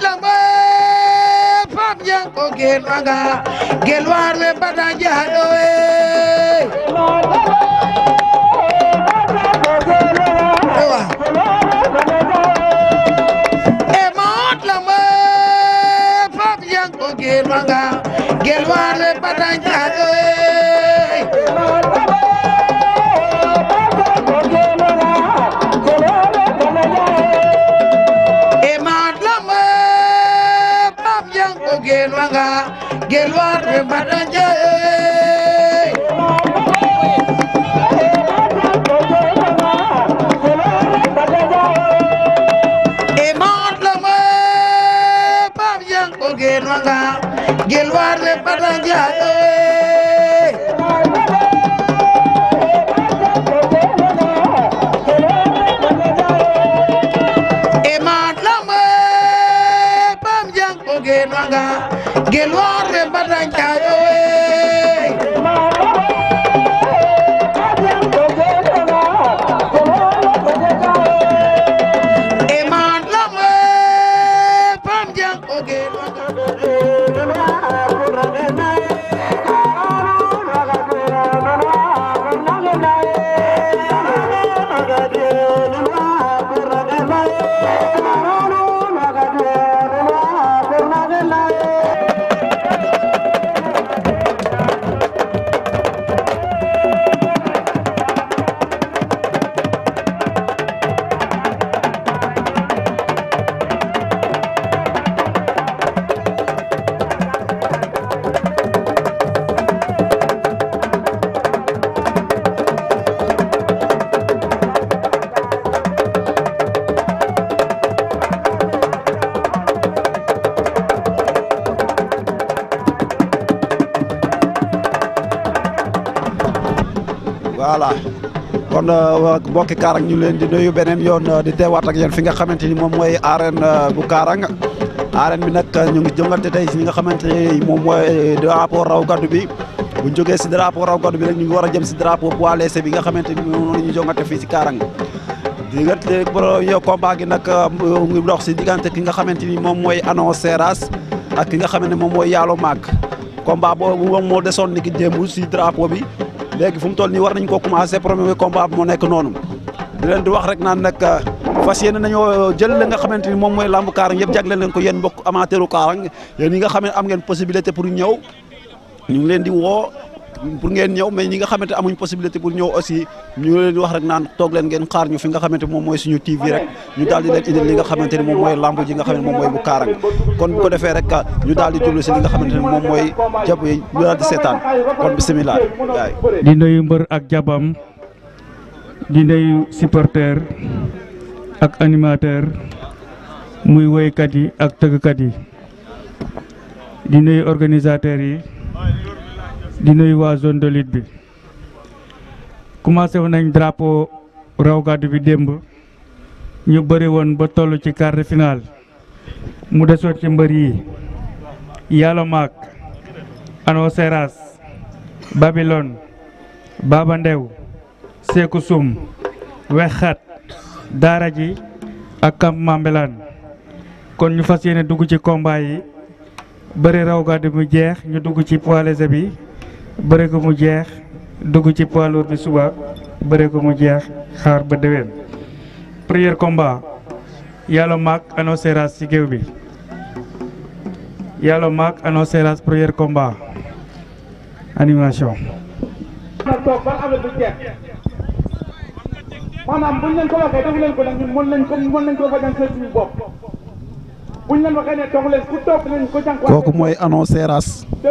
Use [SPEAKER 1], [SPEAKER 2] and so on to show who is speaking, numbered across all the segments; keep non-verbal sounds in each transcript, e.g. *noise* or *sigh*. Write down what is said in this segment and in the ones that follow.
[SPEAKER 1] lamba fab jang ko gel maga gel war we bata jahado e, e mot lamba fab jang ko gel maga gel war we bata jahado e Gilwar we batanje Imot le me pam yang ko Gilwanga Gilwar we batanje Gilwanga gelorre badan
[SPEAKER 2] Euh, mbokki Kaarang ñu leen di nuyu beneen yoon euh, di teewaat ak yéen fi nga xamante ni moom mooy arène euh, bu Kaarang arène bi nag ñu ngi jëngante tey si nga xamante ni moom mooy drapeau raw gàddu bi bu ñu si drapeau raw gàddu bi rek ñu ngi war a jëm si drapeau poids léger bi nga xamante ni moom la fii si Kaarang di nga premier combat gi nag ngi dox si diggante ki nga xamante ni moom mooy Ano Seras ak ki nga xamante ne moom mooy Yalo Mag combat boobu moo desoon ni ki démb si drapeau bi. léegi fu mu toll nii war nañ koo commencé premier combat bi moo nekk noonu di leen di wax rek naan nag euh, fas yéene nañoo euh, jël li nga xamante ni moom mooy lamb Kaarang yëpp jagleel leen ko yéen mbokk amateuru Kaarang yéen ñi nga xam ne am ngeen possibilité pour ñëw ñu ngi leen di woo pour ngeen ñëw mais ñi nga xamante amuñ possibilité pour ñëw aussi ñu leen wax rek naan toog leen ngeen xaar ñu fi nga xamante moom mooy suñu TV rek ñu daal di leen indil li nga xamante ni moom mooy lamb ji nga xamante moom mooy bu kaarang kon bu ko defee rek ñu daal di si li nga xamante ni moom mooy jàpp yi ñu daal di seetaan kon bisimilah waay
[SPEAKER 3] di nuyu mbër ak jabam di nuyu supporter ak animateur muy woykat yi ak tëggkat yi di nuyu organisateurs yi di nuyu waa de lutte bi commencé woon nañ drapeau raw gàddu bi démb ñu bëri woon ba toll ci quart de mu desoon ci mbër yi yàlla maak ano seras Babylone Baba Seeku Sum Wexxat Daara ji ak campement Mbelane kon ñu fas yéene dugg ci combat yi bëri raw gàddu bi jeex ñu dugg ci poids léger bi bëre ko mu jeex dugg ci poids bi suba bëre ko mu jeex xaar ba déwén. premier combat yàlla maak annoncé ci géew bi yàlla maak annoncé raas premier combat animation.
[SPEAKER 4] buñ kooku
[SPEAKER 2] mooy annoncé raas te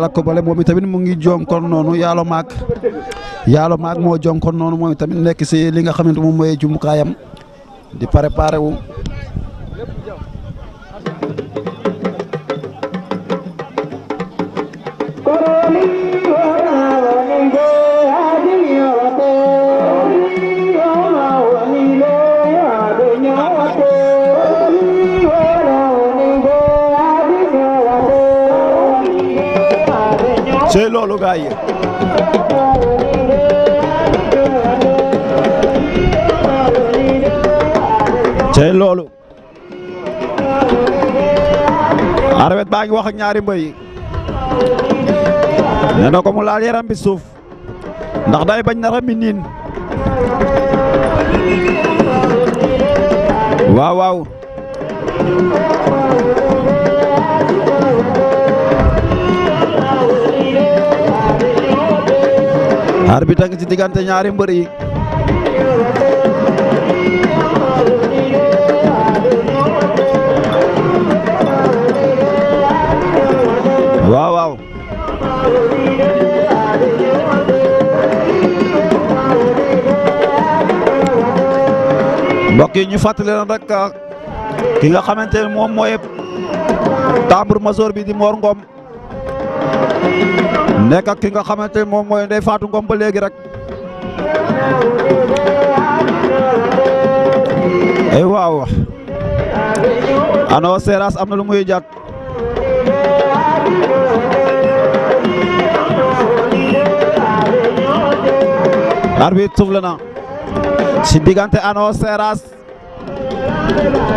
[SPEAKER 2] loo ko bale moom itamit mu ngi jonkoon noonu yàlla maak yàlla maak moo jonkoon noonu moom itamit nekk si li nga xamante moom mooy jumukaayam di préparé wu mooy loolu gaa yi loolu arwet baa ngi wax ak ñaari mbër yi nee na laal yaram bi suuf ndax day bañ na rami waaw waaw arbitre ngi ci diggante ñaari mbër yi waaw waaw mbokk yi ñu fàttali leen rek ki nga xamante ne moom mooy tambour major bi di Mor Ngom nekk ak ki nga xamante moom mooy Ndeye Fatou Ngom ba léegi rek ay eh, waaw ano seeraas am na lu muy jàt arbitre souffle na si diggante ano seeraas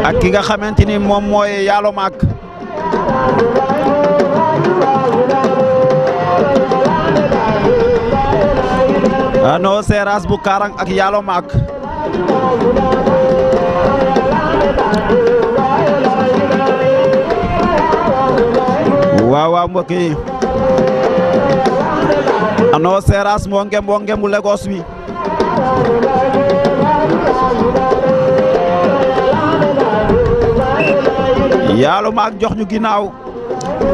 [SPEAKER 2] ak ki nga xamante ni moom mooy Yalo Mack anoo ah, seeraas bu kaarang ak yaalo maak waaw waaw mbokk yi ano ah, seeraas moo ngem moo ngemu Lagos wi yaalo maak jox ñu ginnaaw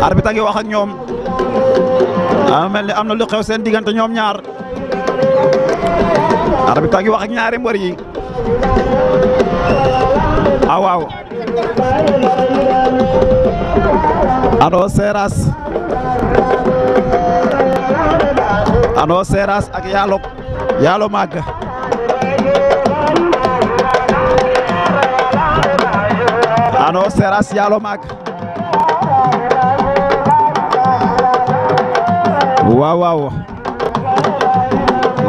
[SPEAKER 2] arbitre ngi wax ak ñoom a ah, mel ni am na lu xew seen diggante ñoom ñaar arbitre baa ngi wax ak ñaari mbër yi ah waaw Ando Seras Ando Seras ak Yalo Yalo Mag Ando Seras Yalo Mag waaw waaw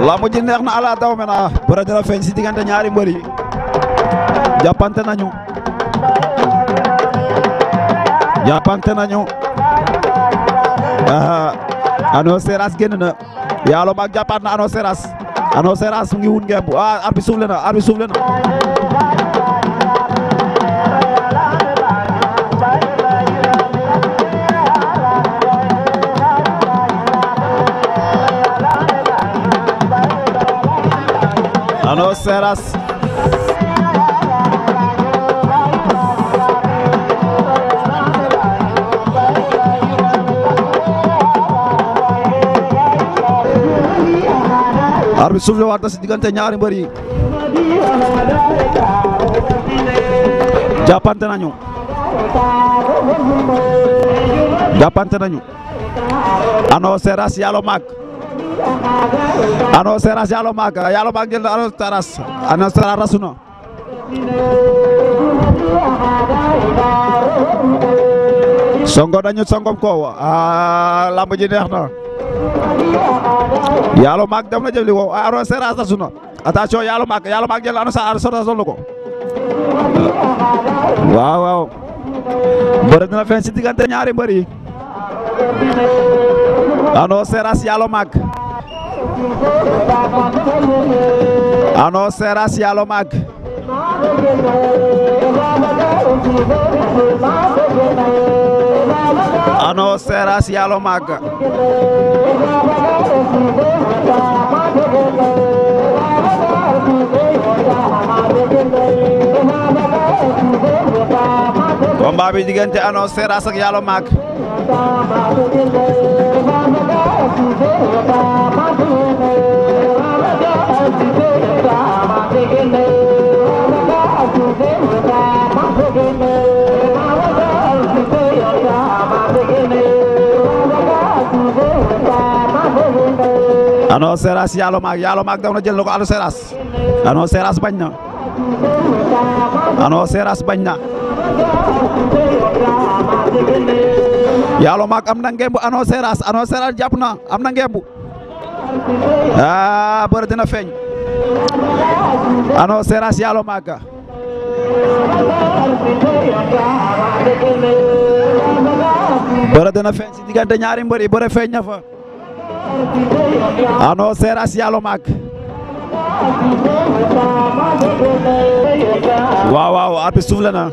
[SPEAKER 2] lamb ji neex na ala daw me na bëre dina feeñ si diggante ñaari mbër yi jàppante nañu jàppante nañu ano seras génn na yaalo maag jàppaat na ano seras ano seras ngi wun ngeem arbi suuf le na arbi suuf le na Ono Seras arbi suuf la waat diggante ñaari mbër yi nañu jàppante nañu ano seras yalo maak ano seras yalo maak yalo maak njel ano seras ano seras rasuna songo dañu ko a lamb neex na yalo maak dem na jëli ko ano seras rasuna attention yalo maak yalo maak njel ano seras rasuna ko waaw waaw bëre dina feeñ ci ñaari mbër yi ano seras maak ano seras yalo mag ano seras yalo mag combat bi diggante ano seras ak yalo mag ano seras yaalo maak yaalo maak daw na jël na ko ano seras ano bañ na ano seras bañ na yaalo maak am na ngembu ano seras ano seras jàpp na am na ngembu aa ah, bëre feeñ ano Seras Yalo Maga bëre dana feeñ si diggante ñaari mbër yi bëre feeñ na fa ano Seras Yalo Mag waaw waaw arbitre souffle na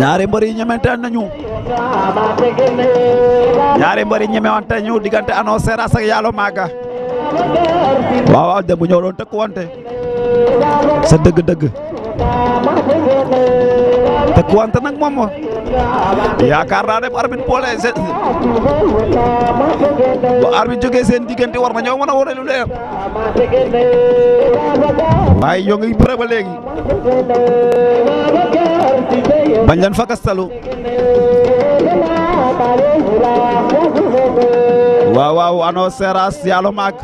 [SPEAKER 2] ñaari mbër yi ñementaan nañu ñaari mbër yi ñemewante nañu diggante Ano Seras ak Yalo Maga waaw waaw dem bu ñëw doon tëkkuwante sa dëgg-dëgg tekkuwante nag moom yaakaar naa ne bu arbitre boole seen bu arbitre jógee seen diggante war na ñoo na a wane lu leer waaye ñoo ngi bëre ba léegi bañ leen fa kastalu waaw waaw ano seras yàlla maag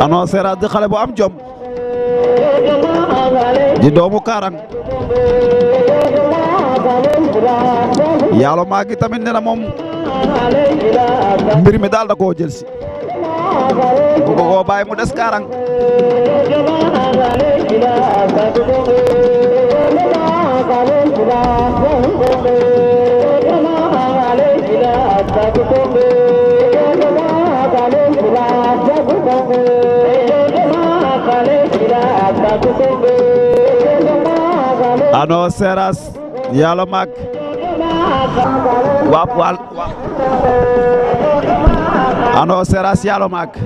[SPEAKER 2] ano di xale bu am jom di doomu Kaarang na moom mbir mi daal da koo jël bu ko koo mu des Kaarang ano seras yalo mak wa wal ano seras yalo mak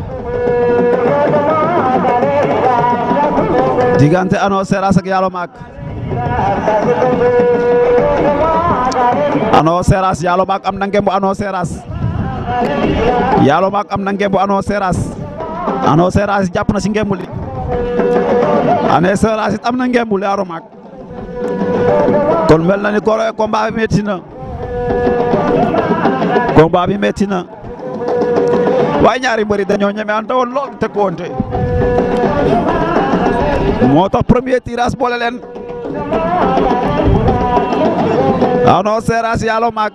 [SPEAKER 2] ano seras ak yalo mak ano seras yalo am na ngembo ano seras yalo mak am na ngembo ano seras ano seras jàpp na si ngembo li année sera sit am na ngeen bu leeru mag kon mel na ni koro combat bi métti na combat bi métti na waaye ñaari mbëri dañoo ñeme anta woon lool te ko moo tax premier tirage boole leen ano ah seras yalo mag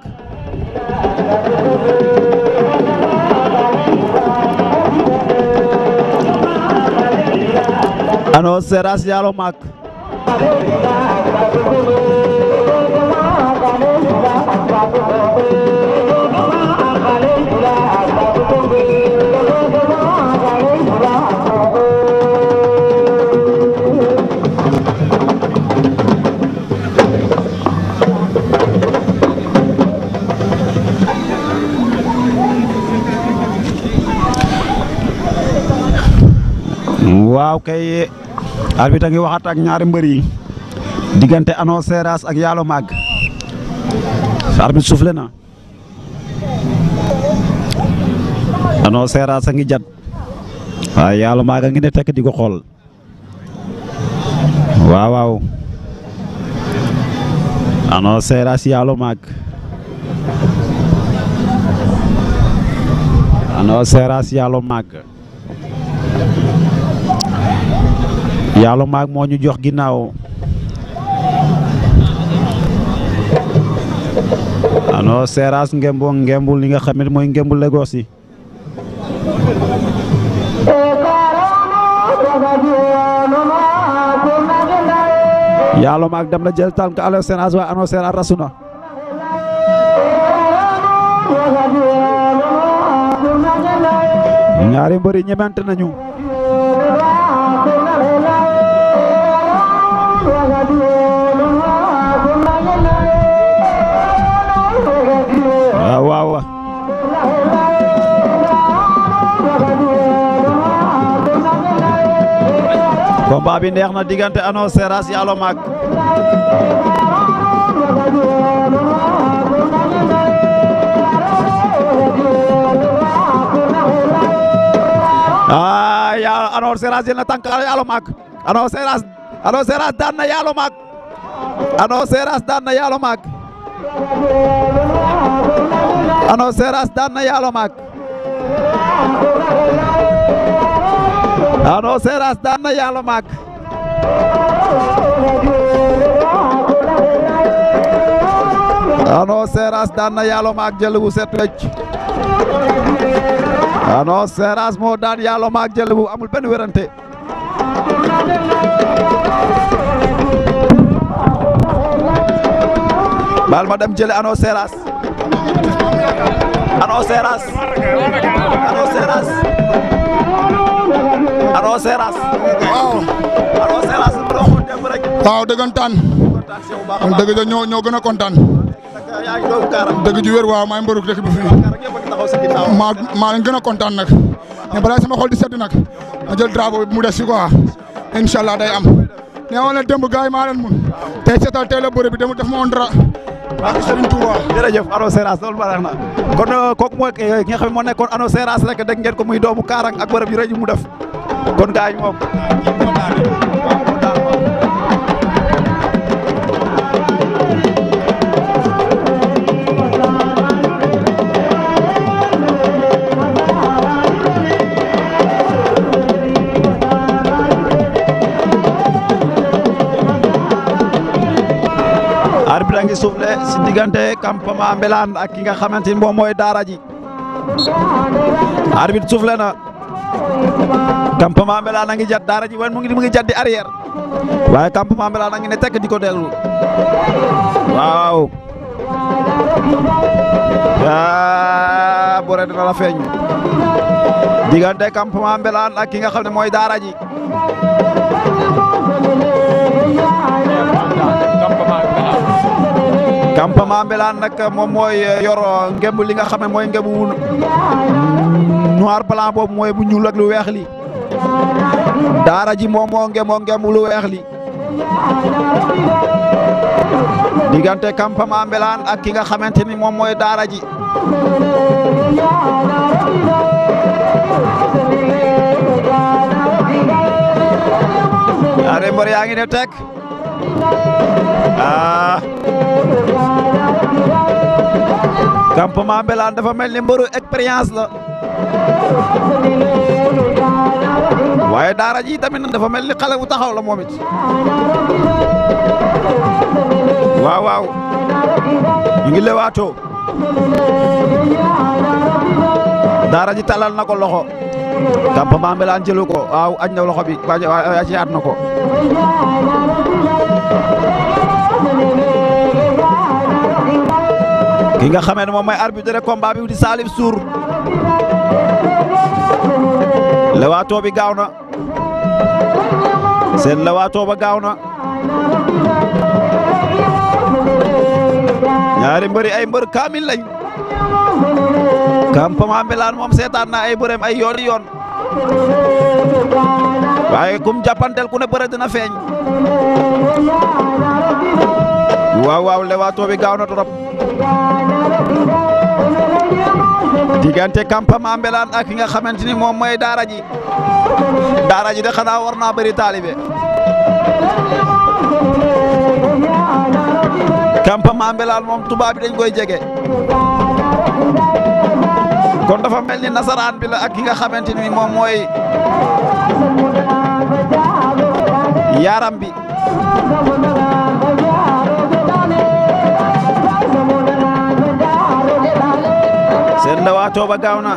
[SPEAKER 2] ano ah Seras Yalo Mak waaw kay a ngi waxaat ak ñaari mbër yi diggante Ano Seras ak Yalo Mag arbitre soufflé na Ano Seras a ngi jat waaye Yalo Mag a ngi ne tekk di ko xool waaw waaw Ano Seras Yalo Mag Ano Seras Yalo Mag yàlla maag moo ñu jox ginnaaw ano seeraas ngemboo ngembul li nga xam mooy ngembul Lagos yi yàlla maag dem na jël tànk alo seeraas waaye ano seeraas rasuna ñaari mbëri ñemente nañu combat bi neex na diggante Ano Seras Yalo Mak ah ya Ano Seras jël na tànk Yalo Mak Ano Seras Ano Seras daan na Yalo Mak Ano Seras daan na Yalo Mak Ano Seras daan na Yalo Mak ah non Seras daan na yàlla màgg ah bu set wecc ah non moo daan yàlla màgg jël bu amul benn wérante baal ma dem jële ano Seras ano Seras allo Seras. waaw. allo Seras
[SPEAKER 5] li ma waxoon démb rek. waaw dëggantaan. dëgg ja ñoo ñoo gën a kontaan. dëgg ju wér waaw maa ngi mbëruk dëkk bi fii. maa maa leen gën a kontaan nag. mais balaa sama xol di sedd nag. ma jël drapeau bi mu des si quoi. incha allah day
[SPEAKER 2] am. nee woon na démb gars yi maa leen mun. tey seetal tey la bëre bi demul def ma woon dara. waaw Serigne Touba jërëjëf Ano Seras loolu baax na kon euh, kooku mooy ki nga xam ne moo nekkoon Ano Seras rek dégg ngeen ko muy doomu Kaarang ak bërëb yu rëy mu def. kon gaañ moom arbitre si diggante campement Mbelane ak ki nga xamante ni moom mooy daara ji arbitre soufflé na campement Mbelane a ngi jat daara ji wan mu ngi mu jat di arrière waaye campement Mbelane a ne tekk di ko déglu waaw yaa bore dina la feeñ diggante campement Mbelane ak ki nga xam ne mooy daara ji campement Mbelane nag moom mooy eh, yoro eh, ngemb li nga xam ne mooy ngemb noir blanc boobu mooy bu ñuul lu weex li daara ji moom moo ngemb lu weex li diggante campement Mbelane ak ki nga xamante ni moom mooy daara ji ñaari mbër yaa ngi ne tekk ah campement Mbelane dafa mel ni mbëru expérience la waaye daara ji tamit dafa mel ni xale bu taxaw la moom it waaw waaw ñu ngi lewaatoo daara ji talal na ko loxo campement Mbelane jëlu ko waaw aj na loxo bi waaw aj na ko ki nga xamee ne moom mooy arbitre combat bi di Salif Sour lewaatoo bi gaaw na seen lewaatoo ba gaaw na ñaari mbëri ay mbër kaamil lañ campement Mbelane moom seetaan na ay bërëm ay yoon yoon waaye kum jàppantel ku ne bëre dina feeñ waaw waaw lewaatoo bi gaaw na trop diggante campement ak ki nga xamante ni moom mooy daara ji daara ji de xanaa war naa bëri taalibe campement Mbelane moom tubaab bi dañ koy jege dafa mel ni nasaraan bi ki nga xamante ni mooy yaram bi seen ndawaatoo ba gaaw na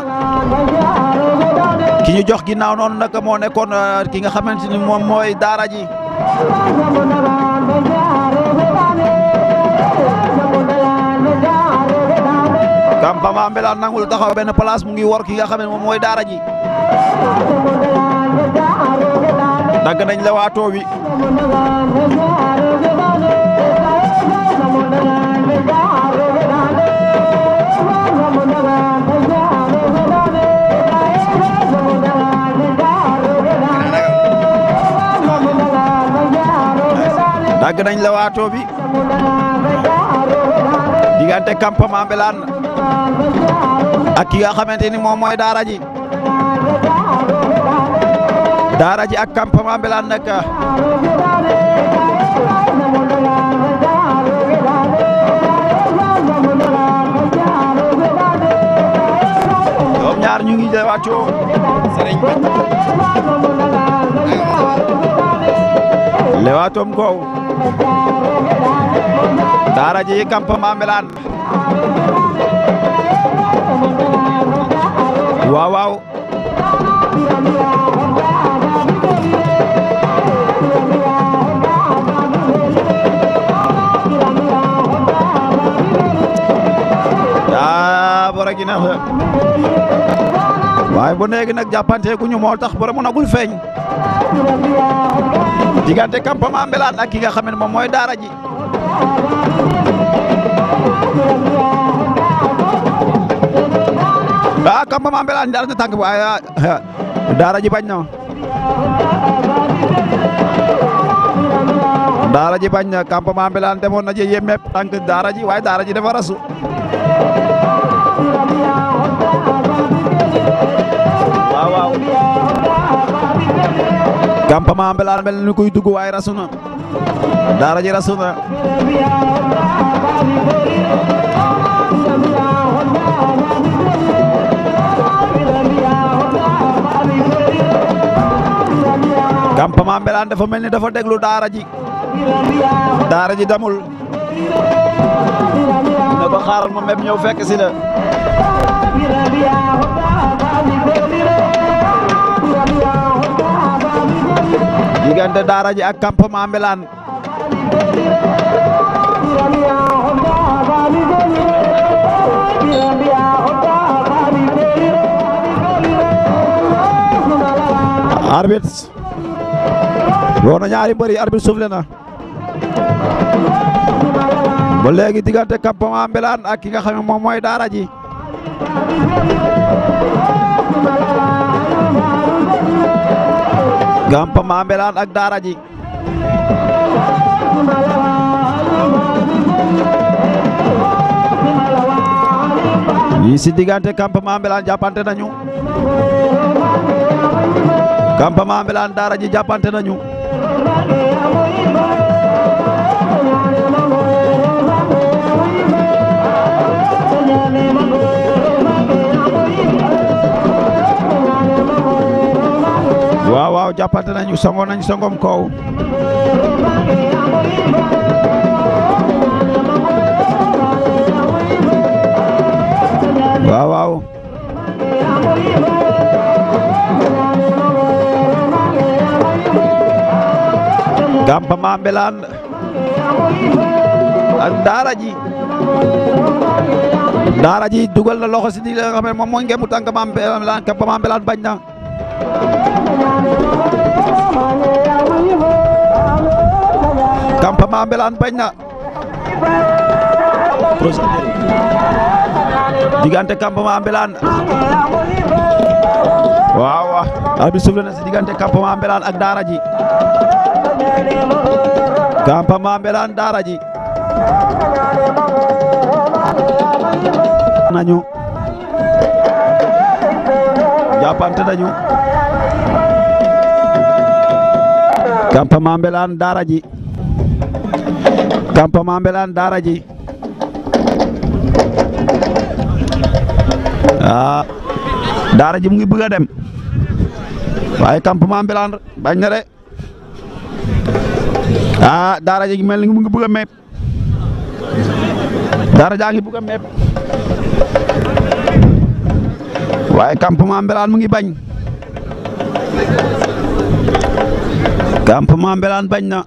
[SPEAKER 2] ki ñu jox ginnaaw noonu nag moo nekkoon euh, ki nga xamante ni moom mooy daara ji Kampama Mbelane nangul taxaw benn place mu ngi wor ki nga xam moom mooy daara ji dagg nañ la waatoo wi nañ la waatoo bi diggante campement Mbelane ak ki nga xamante ni moom mooy daara ji daara ji ak campement Mbelane nag ñoom ñaar ñu ngi jëwaatoo Serigne lewaatoom goow daara ji campement Mbelane waaw neex waaye ba léegi nag jàppanteeku ñu moo tax borom mu nagul feeñ diggante campement Mbelane ak ki nga xam ne moom mooy daara ji ah campement Mbelane daara na tànk bu ay ah, daara ji bañ na daara bañ na campement Mbelane demoon na je yéem tànk daara ji waaye daara ji rasu Kampama Mbelane mel ni dugg waaye rasu na dafa mel ni dafa déglu daara ji damul ne ko xaaral ma meb ñëw fekk si la. diggante daara ji ak campement Mbelane arbitre doon na ñaari mbër yi arbitre na ba léegi diggante campement Mbelane ak ki nga xam ne moom mooy daara ji Gampa Mambelaan ak Daara Ji ñii si diggante Gampa Mambelaan jàppante nañu Gampa Mambelaan Daara Ji nañu jàppante nañu songo nañ songom koow waaw waaw gampa ma mbelaan ak daara ji daara ji dugal na loxo si ni la nga moom mooy ngemu tànk ma mbelaan gampa bañ na campement Mbelane bañ na diggante campement Mbelane waaw waaw abi suuf na si diggante campement Mbelane ak daara ji campement Mbelane daara ji nañu jàppante nañu campement Mbelane daara ji campement Mbelane ah, mu ngi bëgg a dem waaye campement Mbelane bañ na de ah daara ji mel ni mu ngi bëgg a mépp daara ngi bëgg a waaye campement Mbelane mu ngi bañ campement Mbelane bañ na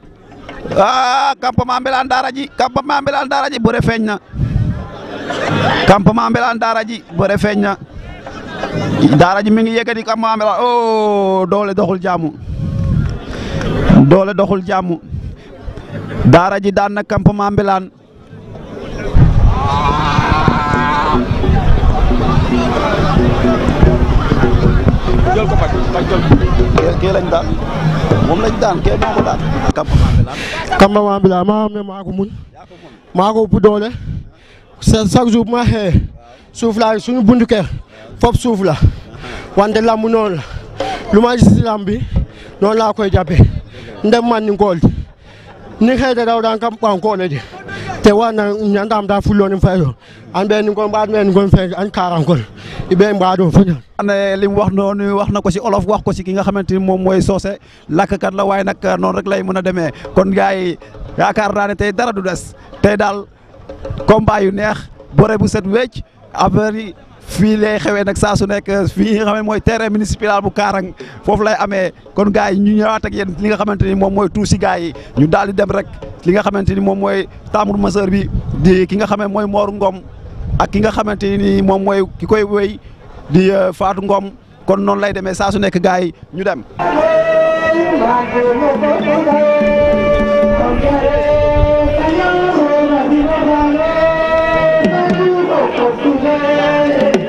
[SPEAKER 2] ah campement Mbelane daara ji campement Mbelane daara feeñ na campement Mbelane daara ji feeñ na daara ji mi ngi yëkkati campement Mbelane oh doole doxul jaamu doole doxul jaamu daara ji daan na campement Mbelane. jël ko faj
[SPEAKER 6] maa xam ne maa ko muñ doole chaque jour ma xëyee suuf laa suñu buntu kër fop suuf wante làmb noonu la lu ma si làmb bi noonu laa koy ndem man ngool ni xëy da daw daan kam ɓaan koole te wannan ñandam da fullonin fayo an ɓe ni gon mbaɗ men gon fe an karankol iɓe mbaɗo foñan ane li mu
[SPEAKER 2] wax noonu wax na ko si olof wax ko si ki nga xamante ni moom mooy soose lakkat la waaye nag noonu rek lay mën a demee kon gars yi yaakaar naa ne tey dara du des tey daal combat yu neex bo bu set wecc affaire yi fi lay xewee nag saa su nekk fii nga xam ne mooy terrain municipal bu Kaarang foofu lay amee kon gars yi ñu ñëwaat ak yéen li nga xamante ni moom mooy tuuti gars yi ñu daal di dem li nga xamante ni moom mooy tambour majeur bi di ki nga xam mooy Mor Ngom ak ki nga xamante ni moom mooy ki koy wéy di euh, Faatu Ngom kon noonu lay demee saa su nekk gars ñu dem.
[SPEAKER 7] Thank you.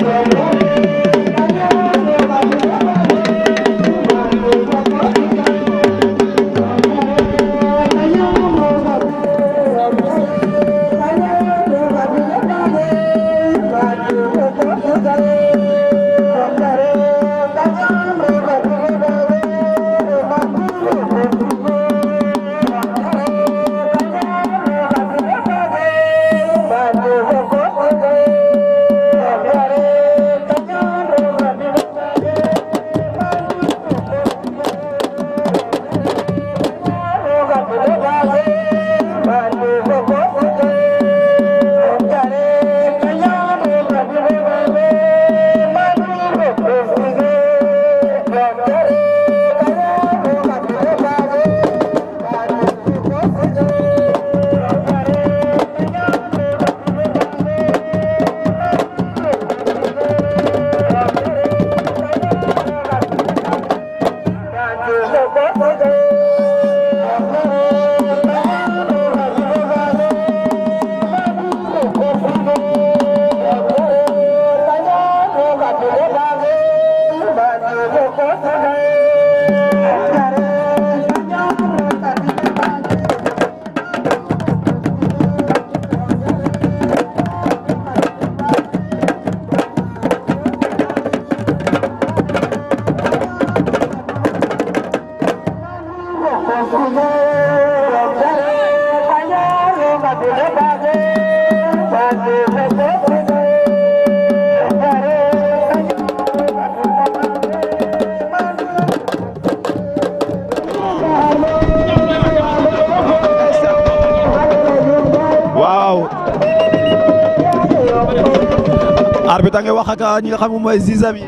[SPEAKER 2] a ñi nga xam ne mooy zizam yi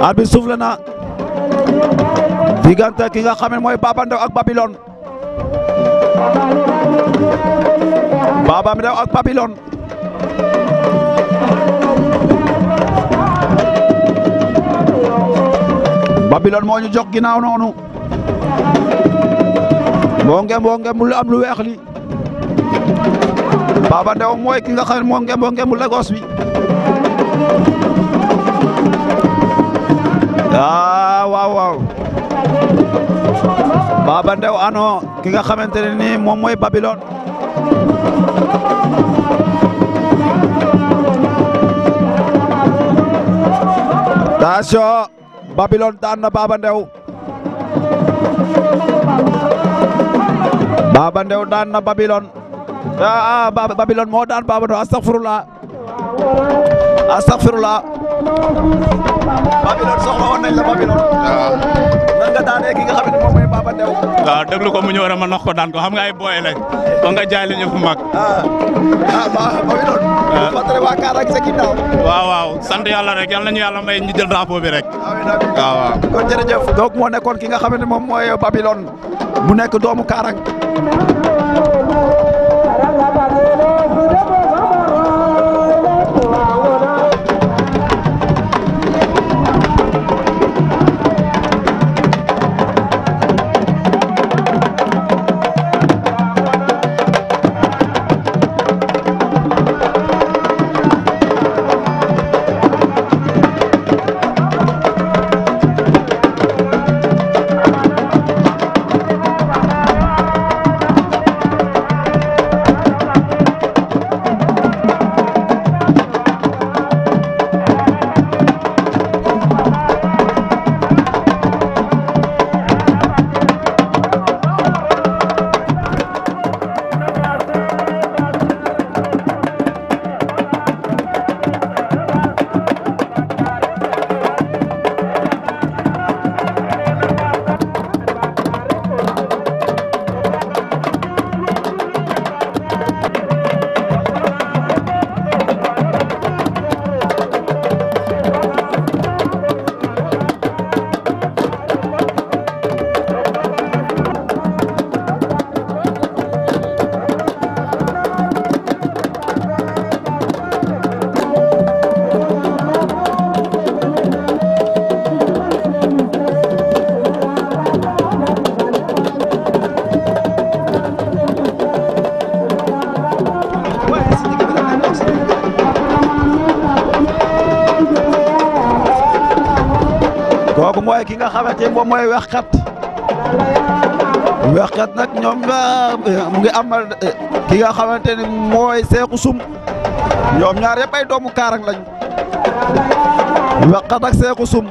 [SPEAKER 2] arbitre souffle na diggante ki nga xam mooy Baba Ndaw ak Babylone Baba Ndaw ak Babylone Babylone moo ñu jox ginnaaw noonu moo ngem moo ngem lu am lu weex li Baba Ndaw mooy ki nga xam moo ngem moo ngem Lagos bi ah waaw waaw ano ki nga xamante ne nii moom mooy Babylone attention Babylone daan na Baba Ndew daan na Babylone ah, ah Babylone moo daan Baba Ndew astaghfirullah Babilone soxla woon nañ la Babilone waaw nan ki nga xam ne mooy Papa
[SPEAKER 8] Ndew waaw ko mu ñu a ma nox ko daan ko xam nga ay booy lañ ba nga jaay li ñu fu mag ah, ah Babilone ah. fàttali waa Kaar yàlla rek yal
[SPEAKER 2] ki nga xam ne moom mooy Babilone mu nekk doomu Kaar ki nga xamante moom mooy wexkat wexkat nag ñoom eh, mu ngi am amal eh, ki nga xamante ni mooy seexu sum ñoom ñaar yëpp ay doomu kaarang lañ wexkat ak seexu sum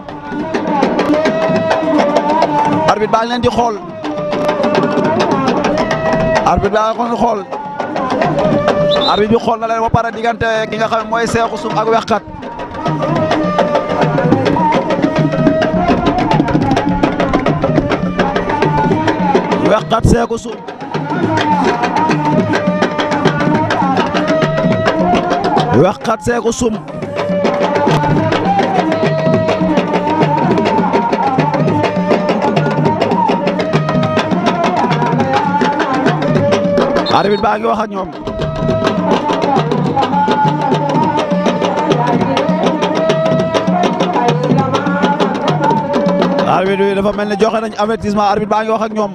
[SPEAKER 2] arbitre baa ngi leen di xool arbitre baa ngi leen di xool arbitre bi xool na leen ba pare diggante ki nga xam ne mooy seexu sum ak wexkat laqat seeku suuf laqat seeku suuf arbitre baa ngi wax ak ñoom arbitre bi dafa mel ni joxe nañ avertissement arbitre baa ngi wax ak ñoom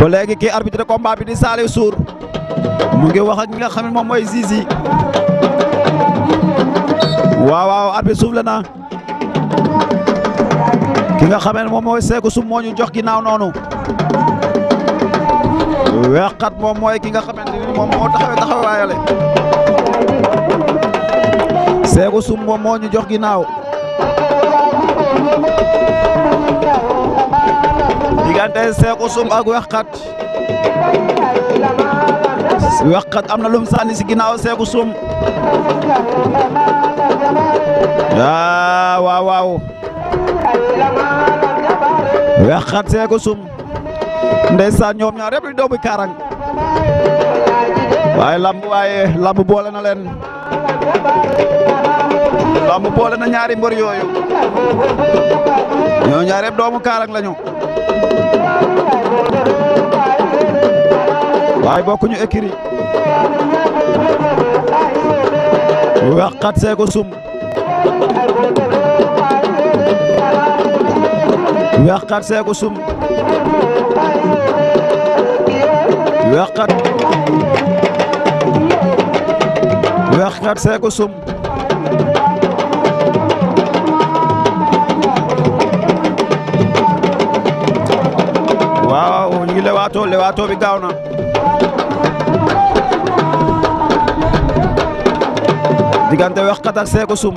[SPEAKER 2] ba léegi ki arbitre combat bi di Saliou Sour mu ngi wax ak ñi nga xam ne moom mooy Zizi waaw waaw arbitre suuf la na ki nga xamee ne moom mooy Seeku Sum moo ñu jox ginnaaw noonu weexat moom mooy ki nga xamante ni moom moo taxawee taxawaayale Sum moom moo ñu jox ginnaaw diggante Seeku Sung ak Wexxat Wexxat am na lum sànni si ginnaaw Seeku Sung waaw waaw waaw Wexxat Seeku Sung ndeysaan ñoom ñaar yëpp di doomu Karang waaye lamb waaye lamb boole na leen lamb boole na ñaari mbër yooyu ñoo ñaar yëpp doomu Kaolack lañu waaye bokkuñu écurie waxat seeko sum waxat seeko sum waxat waxat sum ngi lewaatoo lewaatoo bi gaaw na diggante Wexkat ak Seeku Sum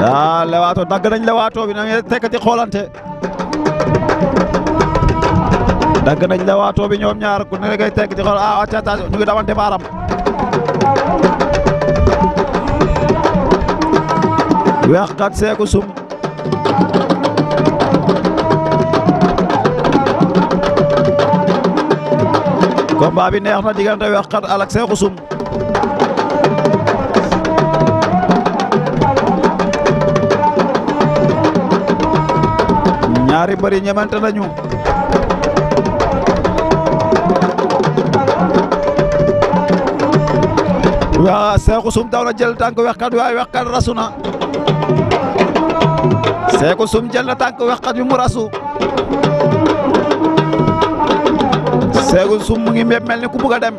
[SPEAKER 2] yaa ah, lewaatoo dagg nañ lewaatoo bi na ngeen tekkati xoolante dagg nañ lewaatoo bi ñoom ñaar ku ne ngay tekkati xool ah attention ñu ngi damante baaram weex kat seeku sum combat bi neex na diggante weex kat alak seeku sum ñaari mbër yi nañu waa seexu sum daw na jël tànk weexkat waaye weexkat rasu na seeku sum jël na tànk wexxat bi mu rasu seeku sum mu ngi mépp mel ni ku bëgg a dem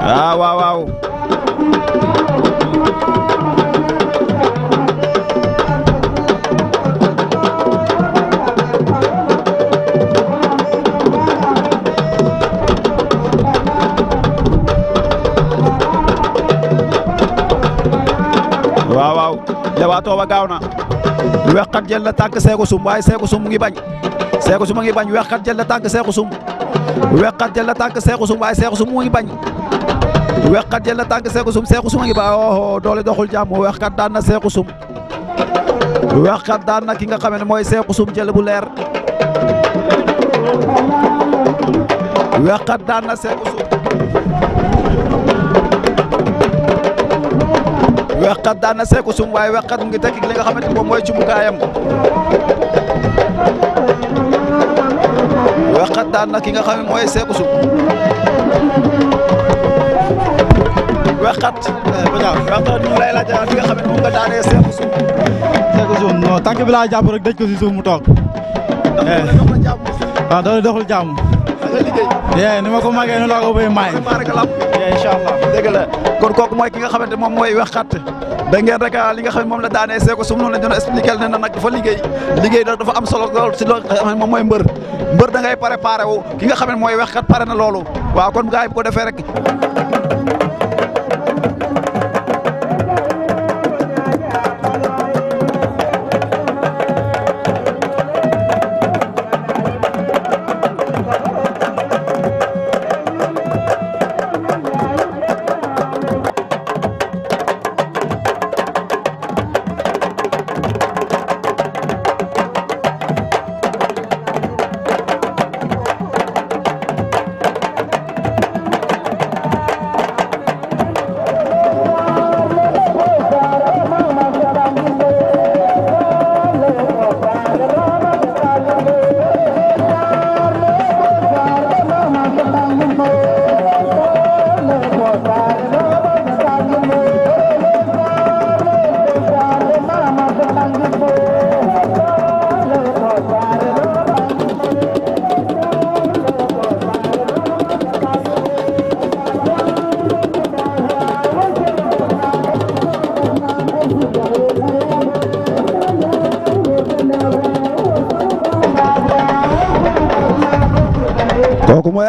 [SPEAKER 2] ah, waaw lewaatoo ba gaaw na wexxat jël na tànk seeku sum waaye seeku sum mu ngi bañ seeku sum a ngi bañ wexxat jël na tànk seeku sum wexxat jël na tànk seeku sum waaye seeku sum mu ngi bañ wexxat jël na tànk seeku sum seeku sum a ngi ba oo doole doxul jàmm wexxat daan na seeku sum wexxat daan na ki nga xam ne mooy seeku sum jël bu leer daan na seeku wexxat daan na seeku sum waaye wexxat mu ngi tekki li nga xamante moom mooy cumukaayam wexxat daan na ki nga xam ne mooy seeku sum wexxat waaw wexxat ñu lay laaj nga xam ne moom nga daanee seeku sum seeku sum
[SPEAKER 8] non tànk bi laa jàpp
[SPEAKER 2] rek mu toog waaw doole eh. doxul jàmm ah, da nga eh, ni ma ko màggee noonu laa ko bay eh, allah dégg kon kooku mooy ki nga xamante moom mooy wexxat da ngeen rek li nga xam ne moom la daanee seeko su mu noonu la doon expliqué ne na nag dafa liggéey liggéey da dafa am solo si loo xam moom mooy mbër mbër da ngay préparé wu ki nga xam ne mooy wexxat pare na loolu waaw kon gars yi bu ko defee rek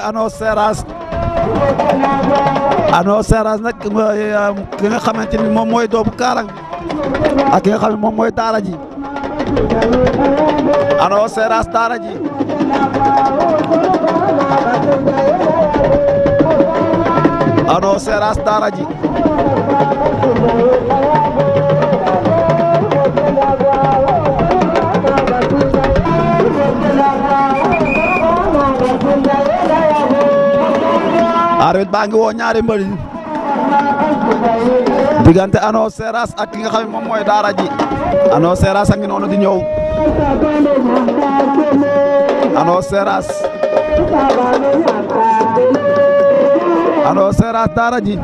[SPEAKER 2] annonce Seras annonce Seras nag ki nga xamante ni moom mooy doomu Kaarang ak ki nga xam ne moom mooy Daara ji annonce Seras Daara ji annonce Seras Daara ji. arbitre baa ngi woo ñaari mbër diggante Ano Seras ak ki nga xam ne moom mooy daara ji Ano Seras a ngi noonu di ñëw Ano Seras Ano daara ji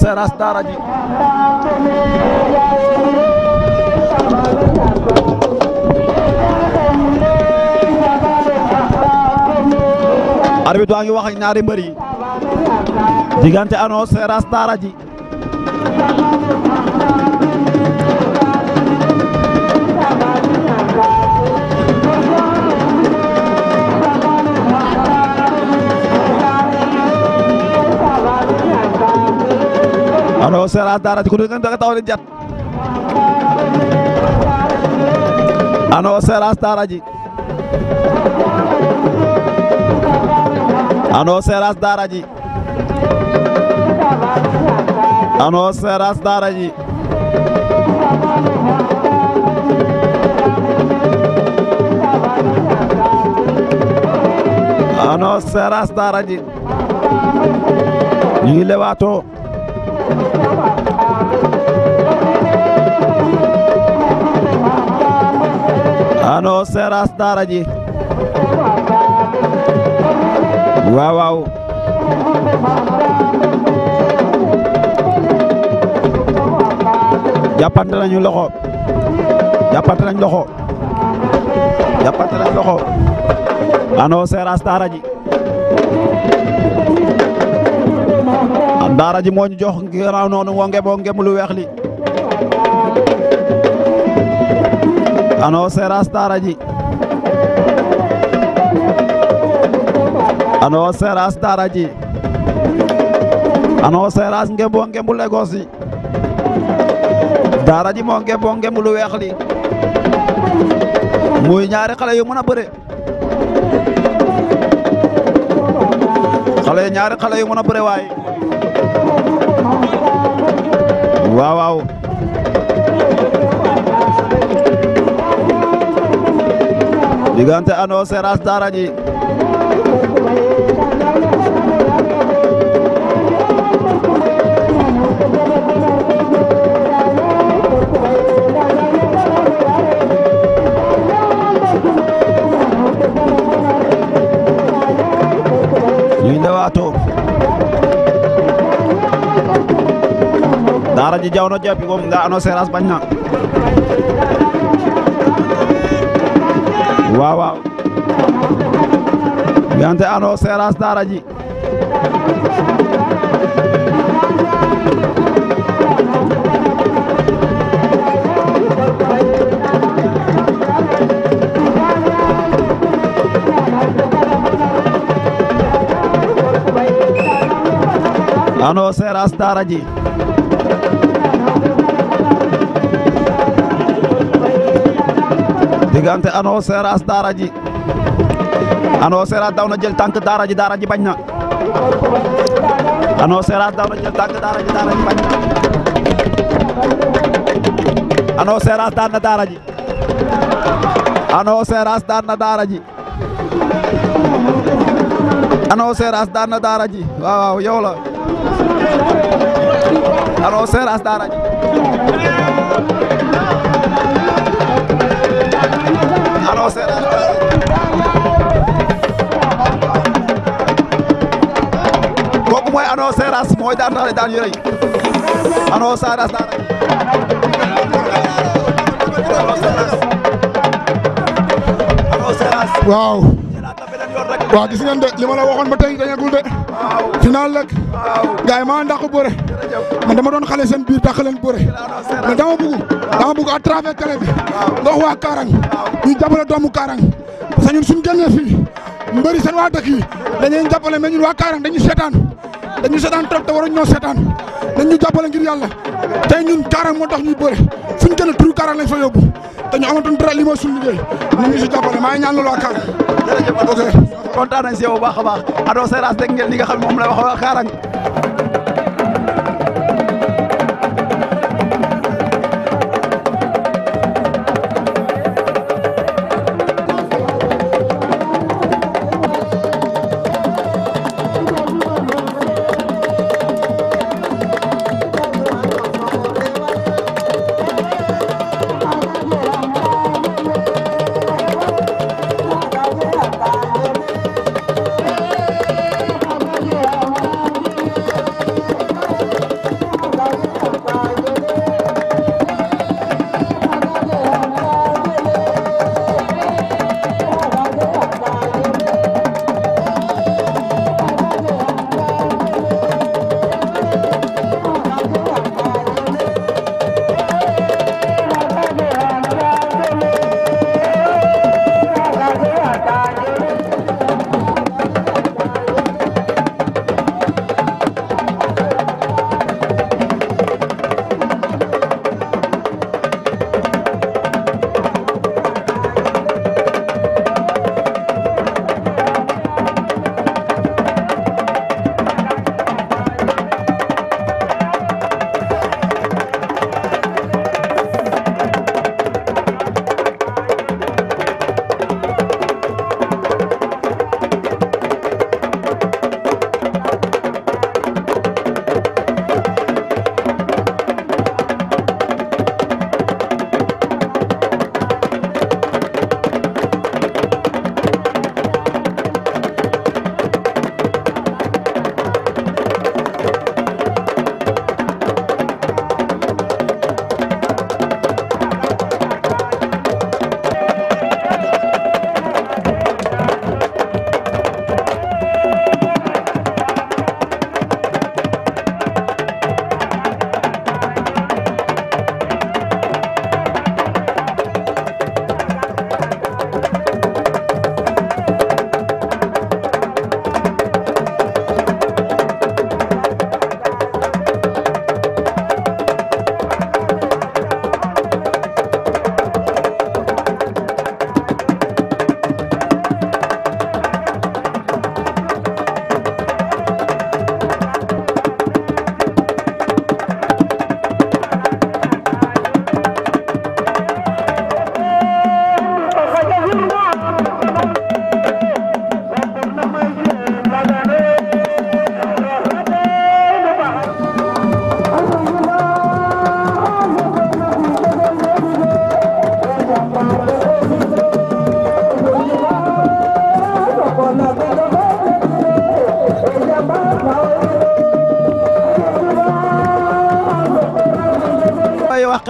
[SPEAKER 2] Seras daara ji arbitre waa ngi wax ak mbër yi Maro Seras dara ci ku nekk da nga taw di jat ano ñu ngi lewaatoo ano seras daara ji waaw waaw loxo jàppante loxo jàppante loxo ano seras daara ji daara ji moo ñu jox ginnaaw noonu moo ngeboo ngemu lu weex li ano seras daara ji ano seras daara ji ano seras ngeboo ngemu Lagos daara ji moo ngeboo ngemu lu weex li muy ñaari xale yu mën a bëre xale ñaari xale yu mën a bëre waaw waaw diggante ano seras darañi ñuy daara ji jaw no japi ko nga ano bañ na waaw waaw yante diggante annonceur as daara ji annonceur as daw na jël tànk daara ji daara ji bañ na annonceur as daw na jël tànk daara ji daara ji bañ na annonceur as daan na daara ji annonceur as daan na daara ji annonceur as daan na daara ji waaw waaw yow la annonceur as daara ji ano Seras mooy daan na xale daan yu rëy ano Seras daan waaw waaw gis
[SPEAKER 5] ngeen de li ma la waxoon ba tey dañagul de final rek gars yi maa ndax bëre man dama doon xale seen biir tax leen bëre mais dama bëgg dama bëgg à travers télé bi nga wax waa Kaarang ñu jàppale doomu Kaarang parce ñun suñu génnee mbëri seen waa dëkk yi dañuy jàppale mais ñun waa Kaarang dañuy seetaan dañu seetaan trop te waroon ñoo seetaan dañ ñu jàppale ngir yàlla tey ñun kaaraan moo tax ñuy bëre fu ñu gën a turu kaaraan lañ fa yóbbu te ñu
[SPEAKER 2] amatoon dara li mooy suñu liggéey ñu jàppale maa ngi ñaan loolu waa kaaraan. jërëjëf ok kontaan nañ si yow baax a baax Ado Seras dégg ngeen li nga xam moom la wax waa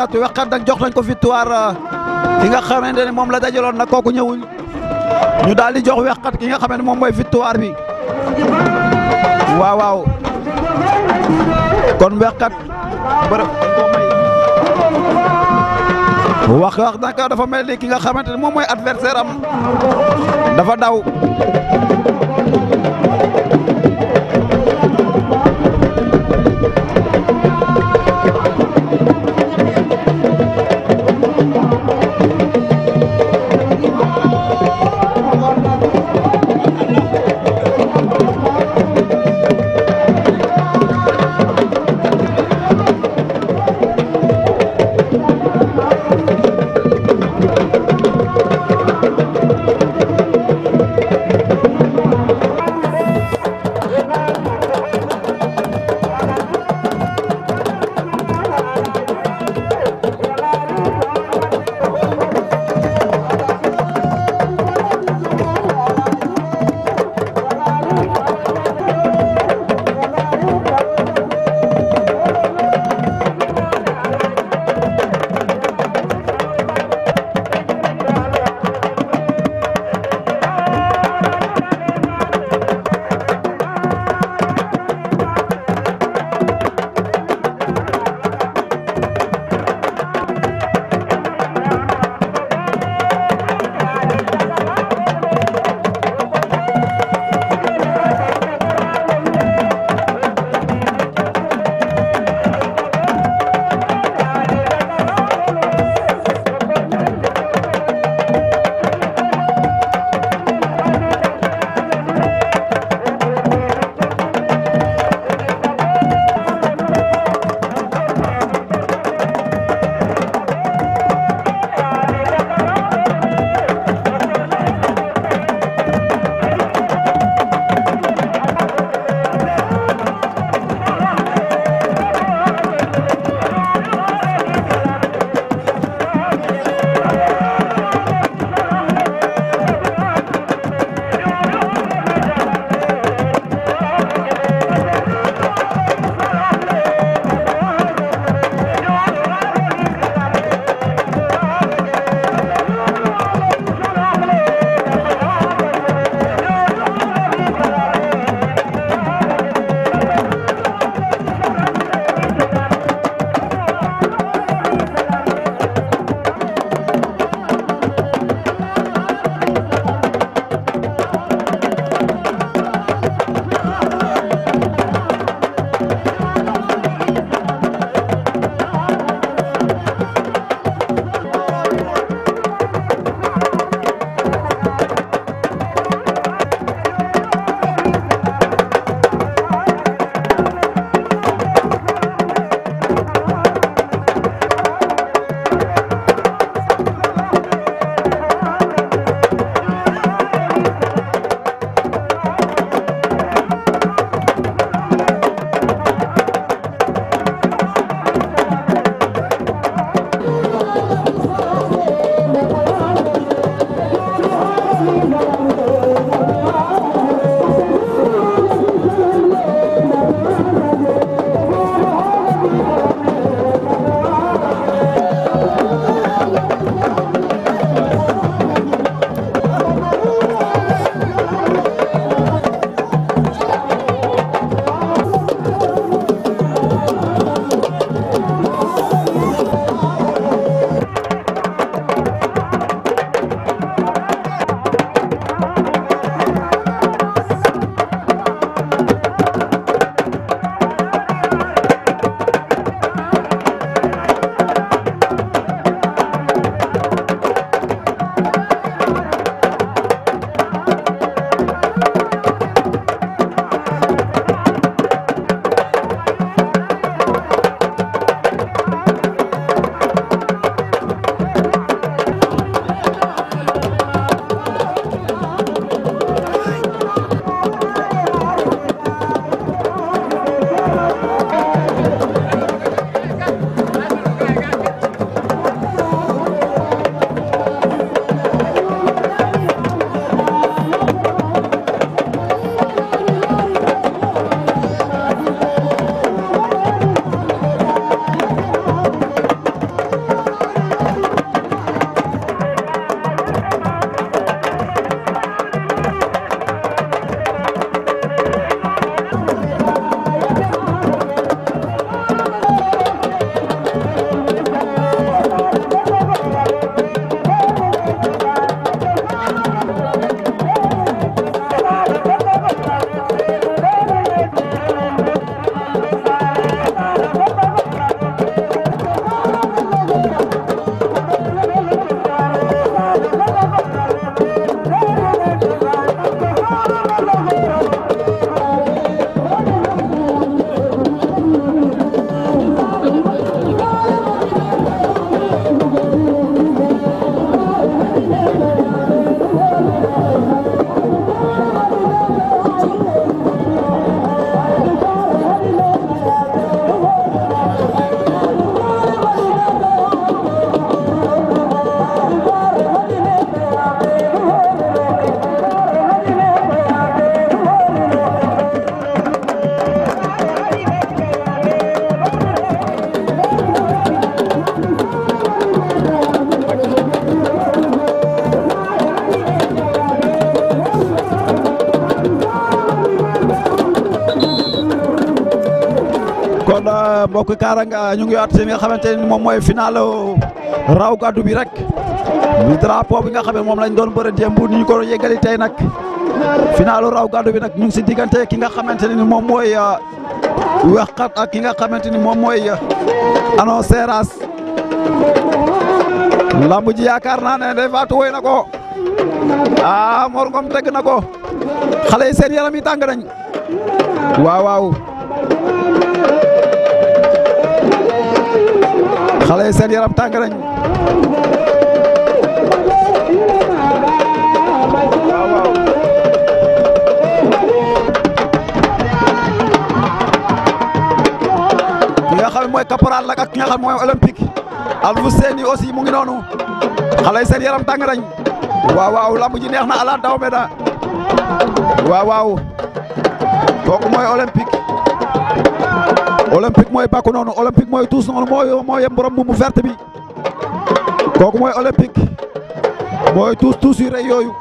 [SPEAKER 2] waqat waqat nag jox nañ ko victoire euh, ki nga xamante ne moom la dajaloon nag kooku ñëwuñ ñu daal di jox waqat ki nga xam ne moom mooy victoire bi waaw waaw kon waqat bërëb wax wax nag dafa mel ni ki nga xamante ne moom mooy adversaire am dafa daw. mbokk Kaaranga ñu ngi at si nga xamante ni moom mooy final raw gàddu bi rek drapeau bi nga xam moom lañ doon bëre démb ni ñu ko yeggali tey nag final raw gàddu bi nag ñu si diggante ki nga xamante ni moom mooy uh, waxkat ak ki nga xamante ni moom mooy uh, annonceras lamb ji yaakaar naa ne day faatu woy na ko ah Mor teg na ko xale yi seen yaram yi tàng nañ waaw waaw. xale yi seen yaram tàng nañ ki nga xam mooy caporal la ak ki nga xam mooy olympique alfu seeni aussi mu ngi noonu xale yi seen yaram tàng nañ waaw waaw lamb ji neex na ala daw da waaw waaw kooku mooy olympique olympique mooy bàkku noonu olympique mooy tuus noonu moo moo yem borom bu mu verte bi kooku mooy olympique mooy tuus tuus yu noonu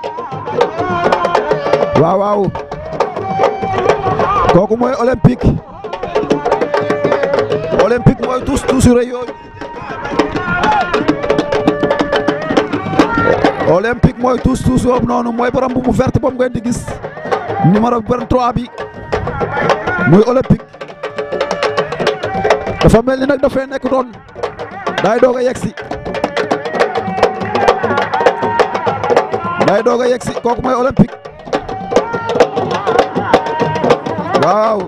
[SPEAKER 2] mooy borom bu mu verte boobu ngeen di gis numéro 23 bi muy olympique. dafa mel ni nag dafay nekk noonu day doog a yegsi day doog a yegsi kooku mooy olympique waaw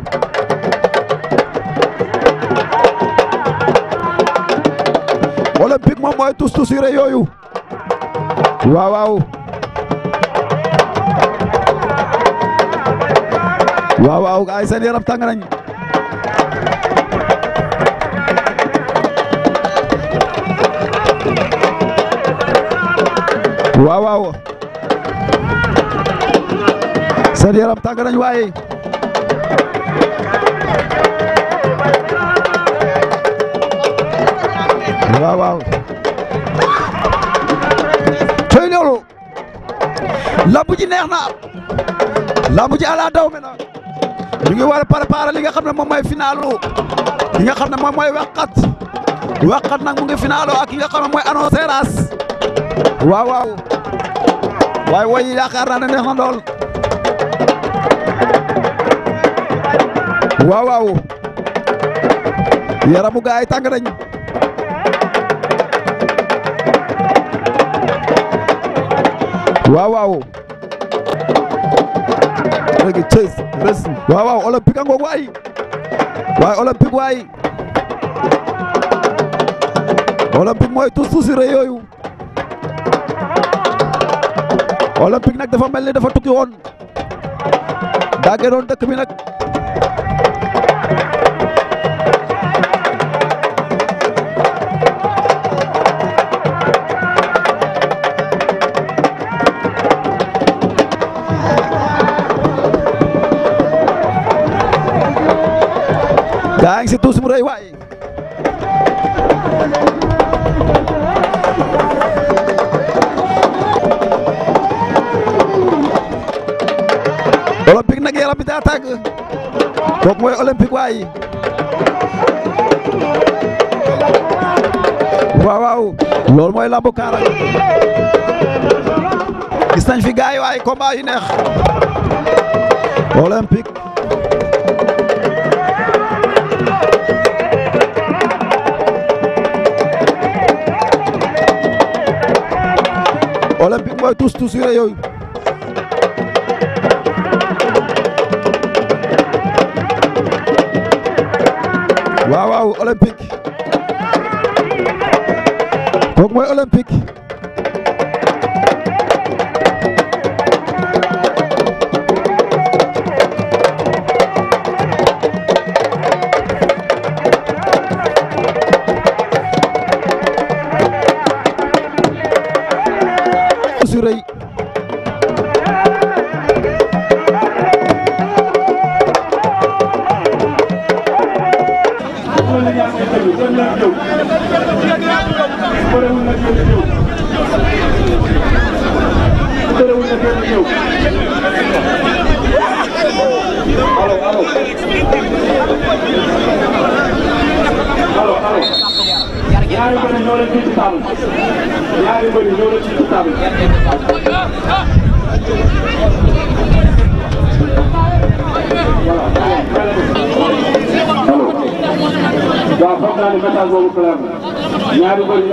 [SPEAKER 2] olympique moom mooy tus tusire yooyu waaw waaw waaw ay seen yaram tàng nañ waaw waaw seen yaram nañ waaye waaw waaw tey loolu lamb ji neex na lamb ji ala daw me na ñu ngi war a préparer li nga xam ne moom mooy finalu li nga xam ne moom mooy waqat waqat nag mu ngi finalu ak ki nga xam ne mooy annonce race waaw waaye woy yi yaakaar naa ne neex lool waaw yaramu gaay tàng nañ regi cës res waaw waaw a ngoog waay waay olympique waay olympique mooy tus tusi re yooyu olympique nag dafa mel ni dafa tukki woon daa génnoon dëkk bi nag daa ngi si mu rëy waay yaram bi daa tàng kooku mooy olympique waay waaw waaw mooy lambu kaarang gis fi gaay waay ko yu neex olympique olympique mooy tous tous yooyu waaw waaw olympique kooku mooy olympique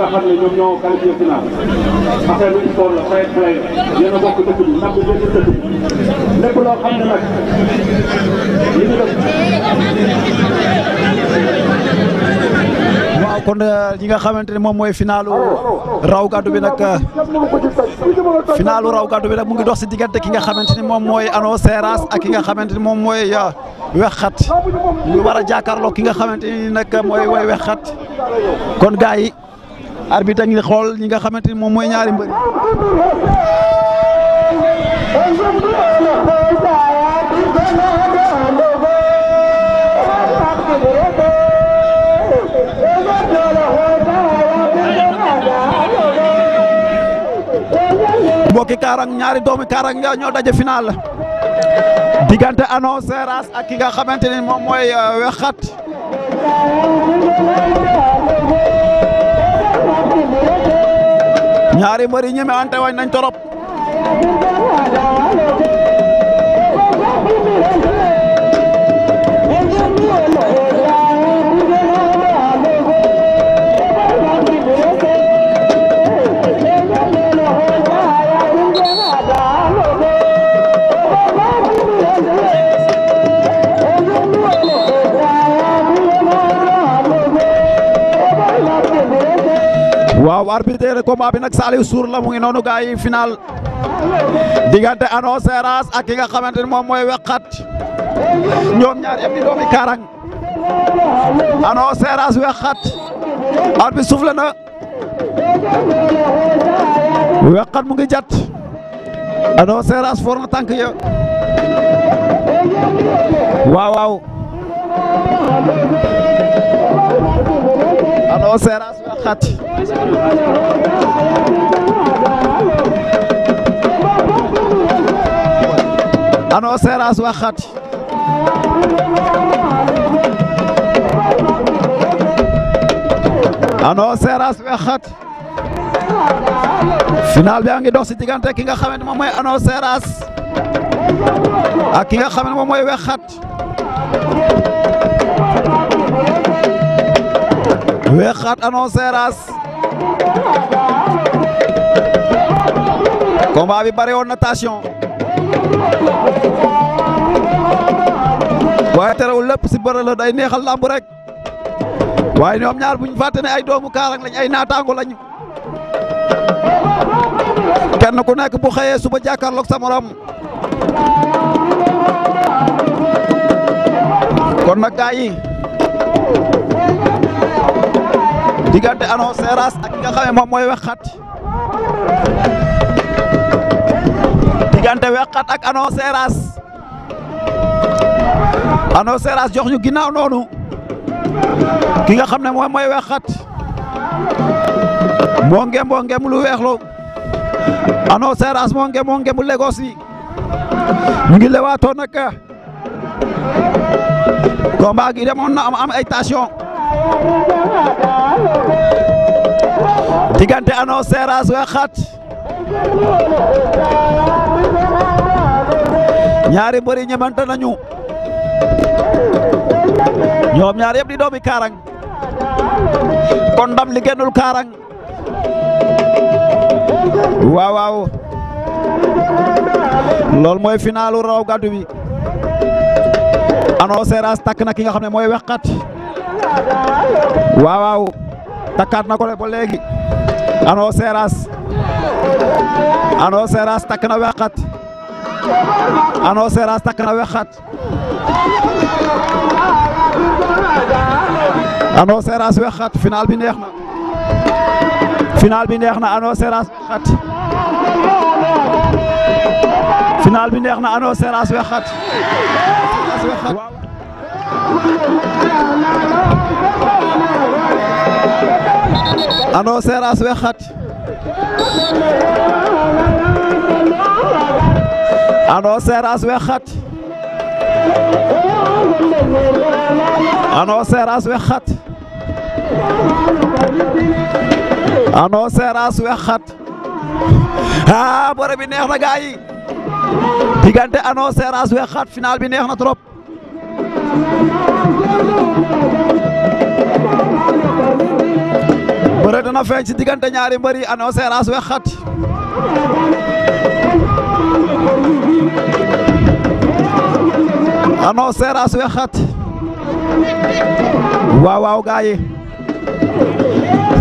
[SPEAKER 2] xam waaw kon euh, ñi nga xamante ne moom mooy finalu raw gàddu bi nag euh, finalu raw gàddu bi nag mu ngi dox si diggante ki nga xamante ni moom mooy ano seras ak ki nga xamante ni moom mooy euh, wexxat ñu war a jàkkaarloo ki nga xamante ni nag mooy wexxat kon gars yi arbitre ngi xool ñi nga xamante ni moom mooy ñaari mbëri mbokki Kaarang ñaari doomi Kaarang ya ñoo daje final diggante Ano Seras ak ki nga xamante ni moom mooy Wexxat euh, ñaari mbër yi ñeme ante wañ nañ torop waaw arbitre combat bi nag Saliou Sour la mu ngi noonu gars yi final diggante Ano Seras ak ki nga xamante ni moom mooy Wekhat ñoom ñaar yëpp di Karang Ano Seras Wekhat arbitre souffle na Wekhat mu ngi jat Ano Seras for na tànk ya waaw Xaati ano seeraas wax Xaati ano seeraas wax Xaati final bi a ngi dox ci diggante ki nga xamante moom mooy ano seeraas ak ki nga xamante moom mooy wex weexaat annonce seeraas combat bi bare woon na tension waaye terewul lépp si bëre la neexal làmb rek waaye ñoom ñaar buñ fàtte ne ay doomu Kaarang lañ ay naataango lañ kenn ku nekk bu xëyee suba jàkkaarloog sa morom kon nag gaa diggante Ano Seras ak ki nga moom mooy Wexxat diggante Wexxat ak Ano Seras Ano Seras jox ñu ginnaaw noonu ki nga xam ne moo ngeem moo ngeem lu weex lu Ano Seras moo ngeem moo ngeem bu Lagos yi ñu ngi lewaatoo gi demoon na am am ay tension diggante ano seeraas we xat ñaari mbër yi ñemante nañu ñoom ñaar yëpp di doomi kaarang kon ndam li kaarang waaw waaw loolu mooy finalu raw gàddu bi ano seeraas takk na ki nga xam ne mooy wexxat waaw waaw takkaat na ko le ba léegi ano seeraas ano seeraas takk na wexxat ano seeraas takk na wexxat ano seeraas wexxat final bi neex na final bi neex na ano seeraas wexxat final bi neex na ano seeraas wexxat ano seras we xat ano seras we xat ano seras we xat ano seras we xat ah, bi neex na gaay diggante ano seras we xat final bi neex na trop bëre feeñ ci diggante ñaari mbër yi annoncé raas wexxati annoncé raas wexxati waaw waaw gaa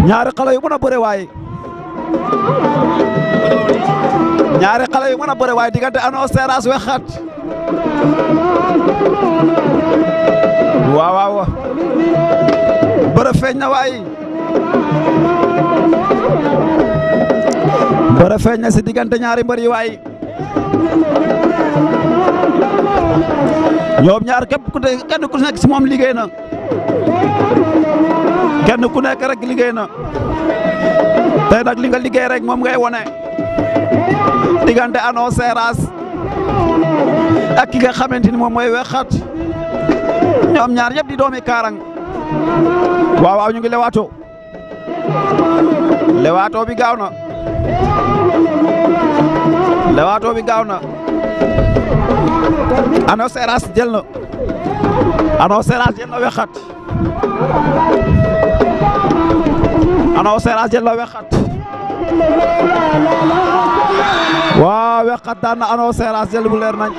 [SPEAKER 2] ñaari xale yu mën a bëre waaye ñaari xale yu mën a bëre waaye diggante annoncé raas wexxati waaw waaw bërëb feeñ na waay bërëb feeñ si diggante ñaari mbër yi waay ñoom ñaar képp ku ne kenn ku nekk si moom liggéey na kenn ku nekk rek liggéey na tey nag liggéey rek moom ngay wone diggante Ano Seras ak ki nga xamante ni moom mooy wexxat ñoom ñaar yëpp di doomi kaarang waaw ñu ngi lewaato lewaato bi gaaw na lewaato bi gaaw na ano seras jël na ano seras jël na wexxat ano seras jël na wexxat waaw weqat daan na anoo seeraas jël bu leer nañ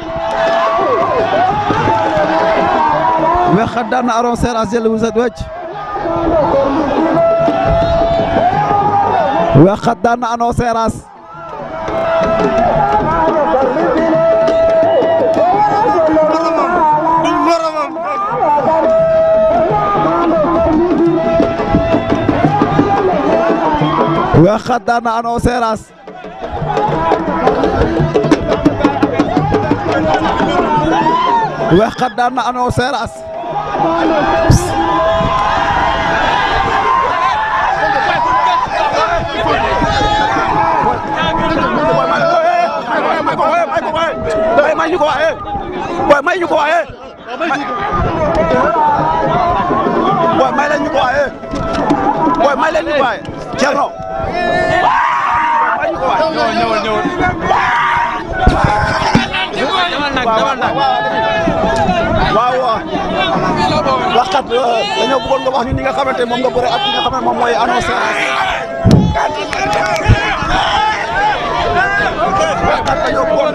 [SPEAKER 2] weqat daan na anoo seeraas jël bu set wecc weqat daan na anoo seeraas waxatana ano seras waxatana ano seras may ñu ko waxe way may ñu ko may leen ñu ko waxe way may leen ñu ko waxe Thierno waxkat dañoo bëggoon nga wax ñu ni nga xamante moom nga bëre ak ki nga xam ne moom nga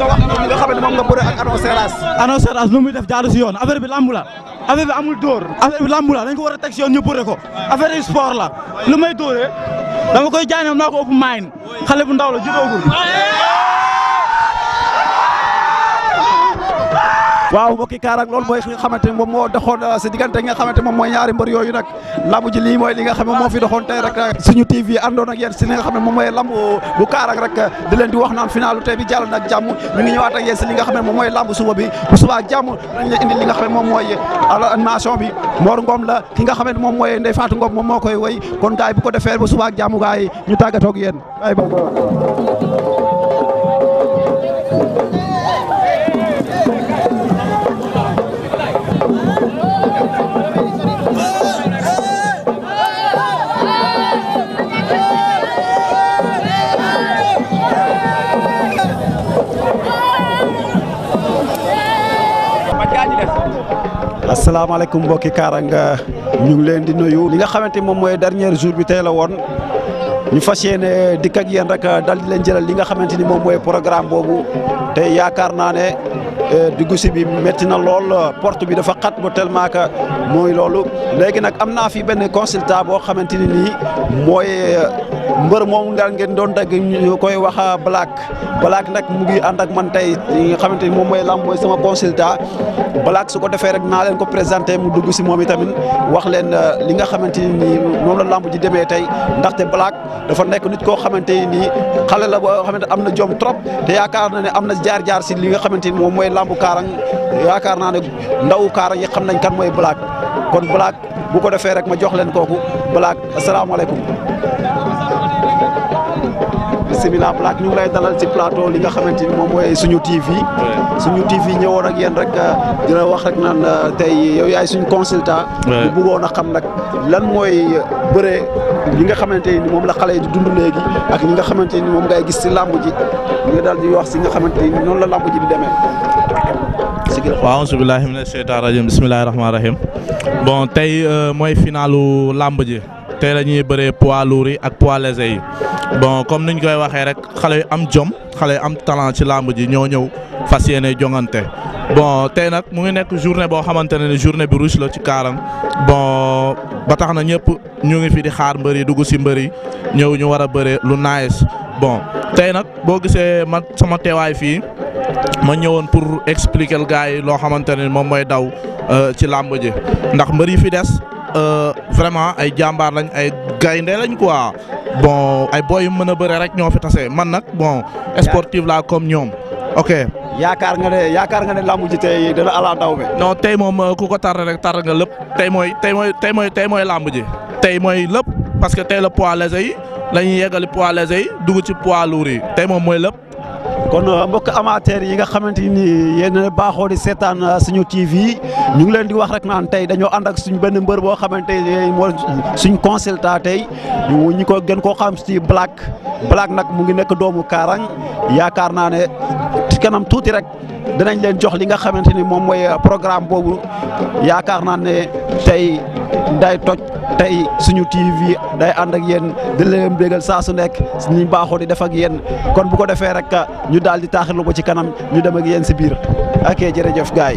[SPEAKER 4] wax ñu nga xamante muy def jaaru si yoon affaire bi lamb la affaire bi amul dóor affaire bi lamb teg si yoon ñu bëre ko lu may dóoree dama koy jaay ne maa ko ëpp xale bu ndaw la judoogul waaw mbokki
[SPEAKER 2] Kaarang loolu mooy nga xamante ni moom moo doxoon euh, si diggante nga xamante moom mooy ñaari mbër yooyu nag lamb ji lii mooy li moo fi doxoon tey rek euh, suñu TV àndoon ak yéen si li nga xam ne moom mooy lamb bu Kaarang rek euh, di leen di wax naan finalu tey jàll nag jàmm ñu ngi ñëwaat ak yéen si li nga ne moom mooy lamb suba bi bu subaa jàmm indi li nga ne moom mooy animation bi Mor Ngom la ki nga xam ne moom mooy Ndeye Fatou Ngom moom moo koy woy kon gaay bu ko defee ba subaa jàmm gaay ñu tàggatoo ak yéen asalaamaaleykum mbokki Kaaranga ñu ngi leen di nuyu. li nga xamante moom mooy dernier jour bi tey la woon ñu fas yéene dikk ak yéen rek dal di leen jëlal li nga xamante ni moom mooy programme boobu te yaakaar naa ne e, dugg si bi métti na lool porte bi dafa xat ba tellement que mooy loolu. léegi nag am naa fi benn consultant boo xamante ni nii mooy. mbër moom nga ngeen doon dagg ñu koy wax ah, Black Black nag mu ngi ànd ak man tey li nga xamante ni moom mooy lamb mooy sama consultant Black su ko defee rek naa leen ko présenté mu dugg si moom itamit wax leen ah, li nga xamante ni moom la lamb ji demee tey ndaxte Black dafa nekk nit koo xamante ni xale la boo xamante am na joom trop te yakaar na ne am na jaar-jaar si li nga xamante ni moom mooy lambu kaarang yaakaar naa ne ndawu kaarang yi xam nañ kan mooy Black kon Black bu ko defee rek ma jox leen kooku Black asalaamaaleykum. Sibila Black ñu ngi lay dalal ci plateau li nga xamante ni moom mooy suñu TV. suñu TV ñëwoon ak yen rek euh, dina wax rek naan euh, tey yow yaay suñu consultant. bu bëggoon a xam nag lan mooy euh, bëre li nga xamante ni moom la xale yi di dund léegi ak ñi nga xamante ni moom ngay gis ci làmb ji nga daal di wax si nga xamante ni noonu la làmb ji di demee.
[SPEAKER 8] waaw asubilaahi mina seytaan rajim bismilaahi rahmaani rahim bon tey mooy finaalu làmb ji. tey la ñuy pois poids lourd yi ak poids léger yi bon comme niñ koy waxee rek xale yu am jom xale yu am talant ci làmb ji ñoo ñëw fas yéene jongante bon tey nag mu ngi nekk journée boo xamante ne ni journée bi ruus ci Karang bon ba tax na ñëpp ñu ngi fi di xaar mbër yi dugg si mbër ñëw ñu war a bëree lu nice bon tey nag boo gisee man sama teewaay fii ma ñëwoon pour expliquer gaa yi loo xamante ne moom mooy daw euh, ci làmb ji ndax mbër fi des. Euh, vraiment ay jàmbaar lañ ay gaynde lañ quoi bon ay boy yu mën a bëre rek ñoo fi tase man nag bon sportif la comme ñoom ok.
[SPEAKER 2] yaakaar nga ne yaakaar nga ne lambu ji tey dana ala ndaw be.
[SPEAKER 8] tey moom euh, ku ko tar rek tar nga lépp tey mooy tey mooy tey mooy tey mooy lambu ji tey mooy lépp parce que tey la poids léger yi la ñuy yeggali poids léger yi dugg ci poids lourd yi tey moom mooy lépp.
[SPEAKER 2] kon euh, mbokk amateur yi nga xamante ni yéen baaxoo di seetaan euh, suñu TV ñu ngi leen di wax rek naan tey dañoo ànd ak suñ benn mbër boo xamante ni moo suñ consultant tey ñu ko gën koo xam si Black Black nag mu ngi nekk doomu Kaarang yaakaar naa ne kanam tuuti rek dinañ leen jox li nga xamante ni moom mooy programme boobu yaakaar naa ne tey day toj tey suñu TV day ànd ak yéen di leen bégal saa su nekk ñu baaxoo di def ak yéen kon bu ko defee rek ñu daal di taaxirlu ba ci kanam ñu dem ak yéen si biir ok jërëjëf gaay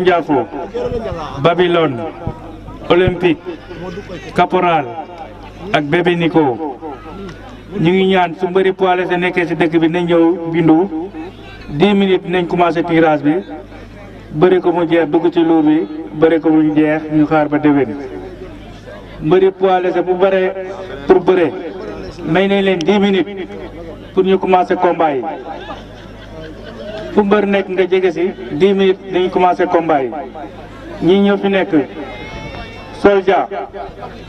[SPEAKER 3] Banjako Babylone Olympique Caporal ak Bébé Nico ñu ngi ñaan su mbëri poids léger nekkee si dëkk bi nañ ñëw bindu 10 minutes nañ commencé tirage bi bëri ko mu jeex dugg ci luur bi bëri ko mu jeex ñu xaar ba déwén mbëri poids léger bu bare pour bëre may nañ leen 10 minutes ñu commencé combat fu mbër nekk nga jege si 10 minutes dañu commencé combat yi ñii ñoo fi nekk Soldia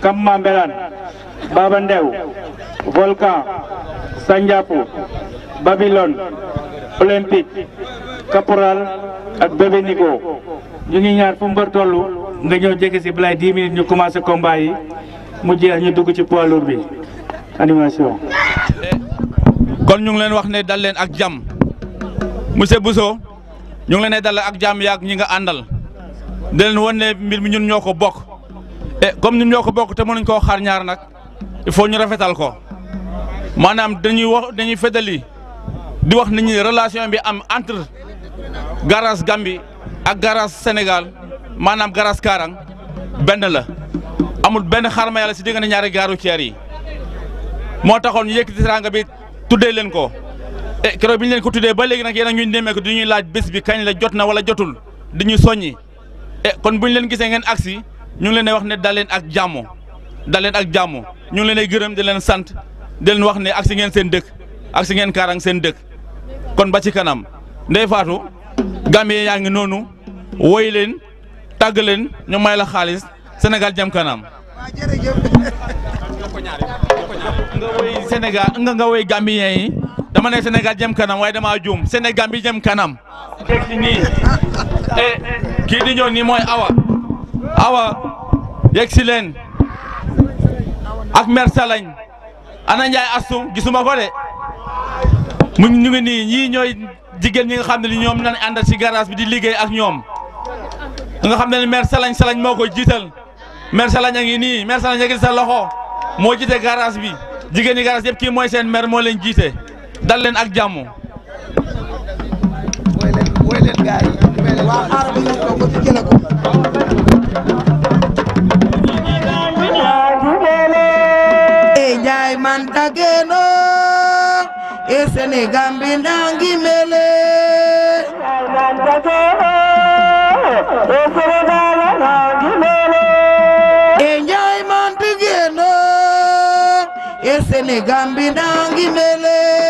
[SPEAKER 3] Kamma Mbelaan Baba Ndew Volcan Sanjapu Babylone ak Bébé ñu ñaar fu mbër toll nga ñëw jege si balay 10 ñu commencé combat mu jeex ñu dugg ci poids bi animation. kon ñu leen wax ne dal ak jàmm.
[SPEAKER 4] monsieur Bousso ñu ngi leen di dalal ak jàmm yaag ñi nga àndal di leen wan mbir mi ñun ñoo ko bokk et comme ñun ñoo ko bokk te mënuñ koo xaar ñaar nag il ñu rafetal ko maanaam dañuy wax dañuy fëddali di wax nañu ñi relation bi am entre garage Gambie ak garage Sénégal maanaam garage kaarang benn la amul benn xarma yàlla si diggante ñaari gaaru ceer yi moo taxoon ñu yëkkati bi tuddee leen ko. e keroog bi ñu leen ko tuddee ba léegi nag yéen a ngi ñu di ñuy laaj bés bi kañ la jot na wala jotul di ñu soññi e kon bu ñu leen gisee ngeen agsi ñu ngi leen di wax ne daleen ak jàmmo dal leen ak jàmmo ñu ngi leen gërëm di leen sant di leen wax ne agsi ngeen seen dëkk agsi ngeen kaarang seen dëkk kon ba ci kanam ndey faatu Gambie yaa ngi noonu woy leen tàgg leen ñu may la xaalis senegal jëm kanam. nga woy Sénégal nga nga woy Gambien yi. dama ne senegal jëm kanam waaye damaa juum Sénégal bi jëm kanam. teg si nii eh, eh, kii di ñëw nii mooy Awa Awa yegg si leen ak mer Salañ ana Ndiaye Astou gisuma ko de mu ñu ngi nii ñii ñooy jigéen ñi nga xam ne ni ñoom nañ àndal si garage bi di liggéey ak ñoom nga xam ne mer Salañ Salañ moo ko jiital mer Salañ a ngi nii mer Salañ a ngi loxo moo jiite garage bi jigéen ñi garage yëpp kii mooy seen mer moo leen jiite. dal leen ak jàmm.
[SPEAKER 9] Eh,
[SPEAKER 1] Njaay man tageno e eh, Sénégal bi nangi mele Njaay man tageno e eh, Sénégal nangi mele e Njaay man tageno e Sénégal bi nangi mele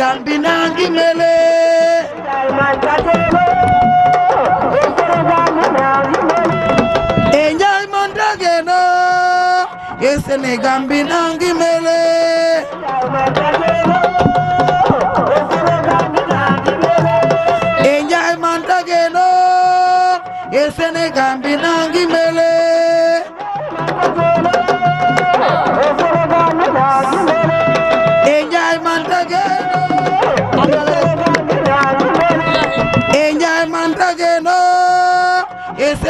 [SPEAKER 1] Gambi naa ngi e njaay man dageno e sene Gambi naa mele e njaay man dageno e sene Gambi naa ngi mele e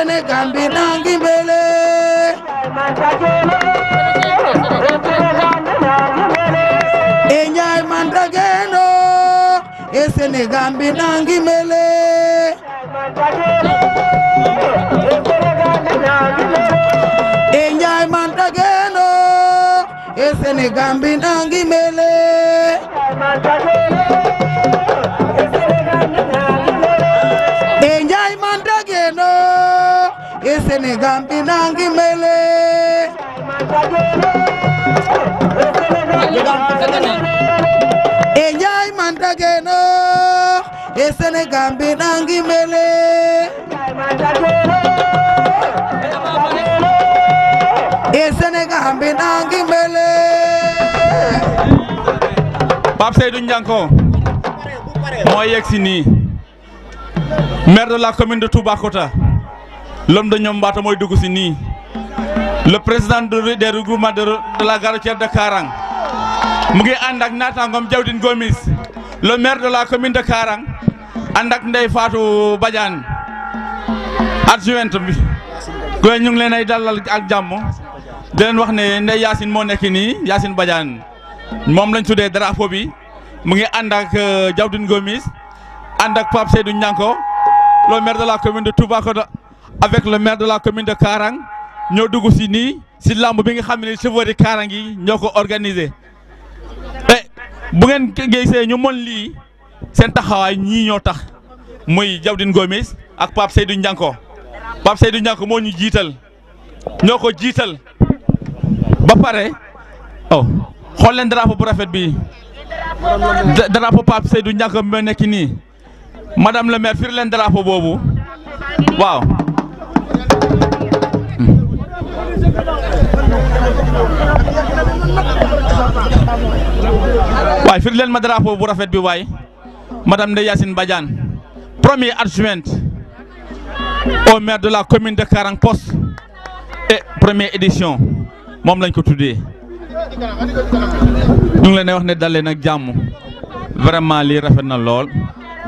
[SPEAKER 1] ne Gàmbi nangi mbele e ñaay man dageno e sene Gàmbi nangi mbele e ñaay man dageno e sene Gàmbi nangi mbele Sénégal bi naa ngi e njaay man dageno e Sénégal bi naa ngi mele e, e Sénégal bi
[SPEAKER 4] e moo yegsi nii maire de la commune de Toubacouta l'homme de Niombato mooy dugg si nii le président de des regroupements de la gare routière de mu ngi ànd ak naataangoom Diawdine Gomis le maire de la commune de Karang ànd ak Ndeye Fatou Badiane adjointe bi koy ñu ngi leen ay dalal ak jàmm di leen wax ne Ndeye Yacine moo nekk nii Yacine Badiane moom lañ tuddee drapeau bi mu ngi ànd ak Diawdine euh, Gomis ànd ak Pape Seydou Nianko le maire de la commune de avec le maire de la commune de Karang ñoo dugg si nii si làmb bi nga xam ne chauffeur yi Karang yi ñoo ko organisé te eh, bu ngeen gisee ñu mën lii seen taxawaay ñii ñoo tax muy Jawdin Gomis ak Pape Seydou Ndianko Pape Seydou Ndianko moo ñu jiital ñoo ko jiital ba pare oh xool leen drapeau bu rafet bi drapeau Pape Seydou Ndianko moo nekk nii madame le maire firi leen drapeau boobu waaw waaye firi leen ma drapeau bu rafet bi waaye madame Ndeye Yacine Badiane premier adjointe au de la commune de Karang Poste et première édition moom lañ ko tuddee ñu ngi leen di wax ne dalee ak jàmm vraiment lii rafet na lool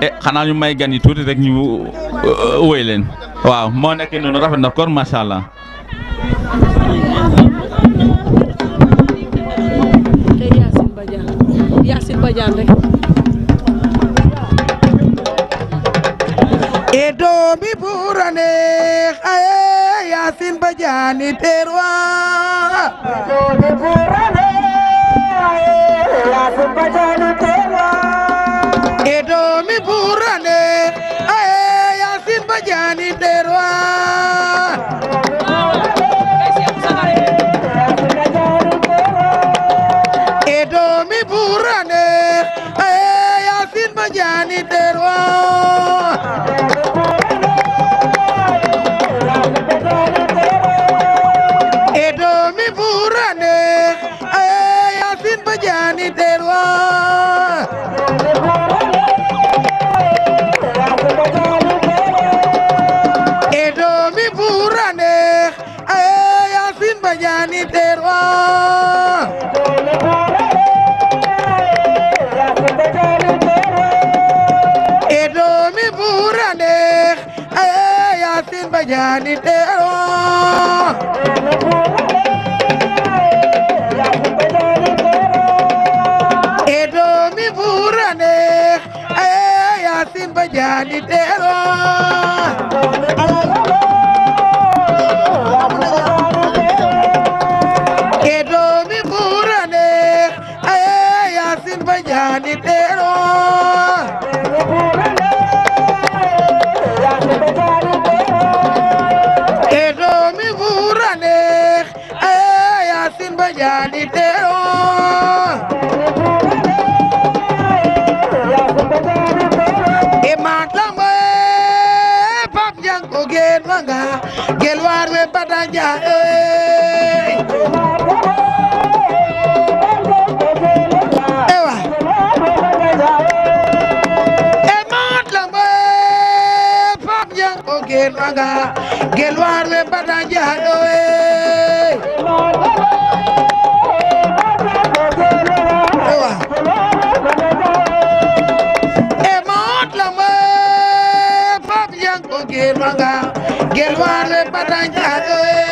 [SPEAKER 4] e xanaa ñu may gan yi tuuti rek ñu eh, wëy leen waaw moo nekk noonu rafet na kon macha allah.
[SPEAKER 10] Yacine Badiane rek
[SPEAKER 1] e doomi buurane aye Yacine Badiane terwa e doomi buurane di
[SPEAKER 9] teeroo
[SPEAKER 1] panga gelwar we bada jahado e ewa e eh, mot la me fab yang ko gelwanga gelwar we bada jahado e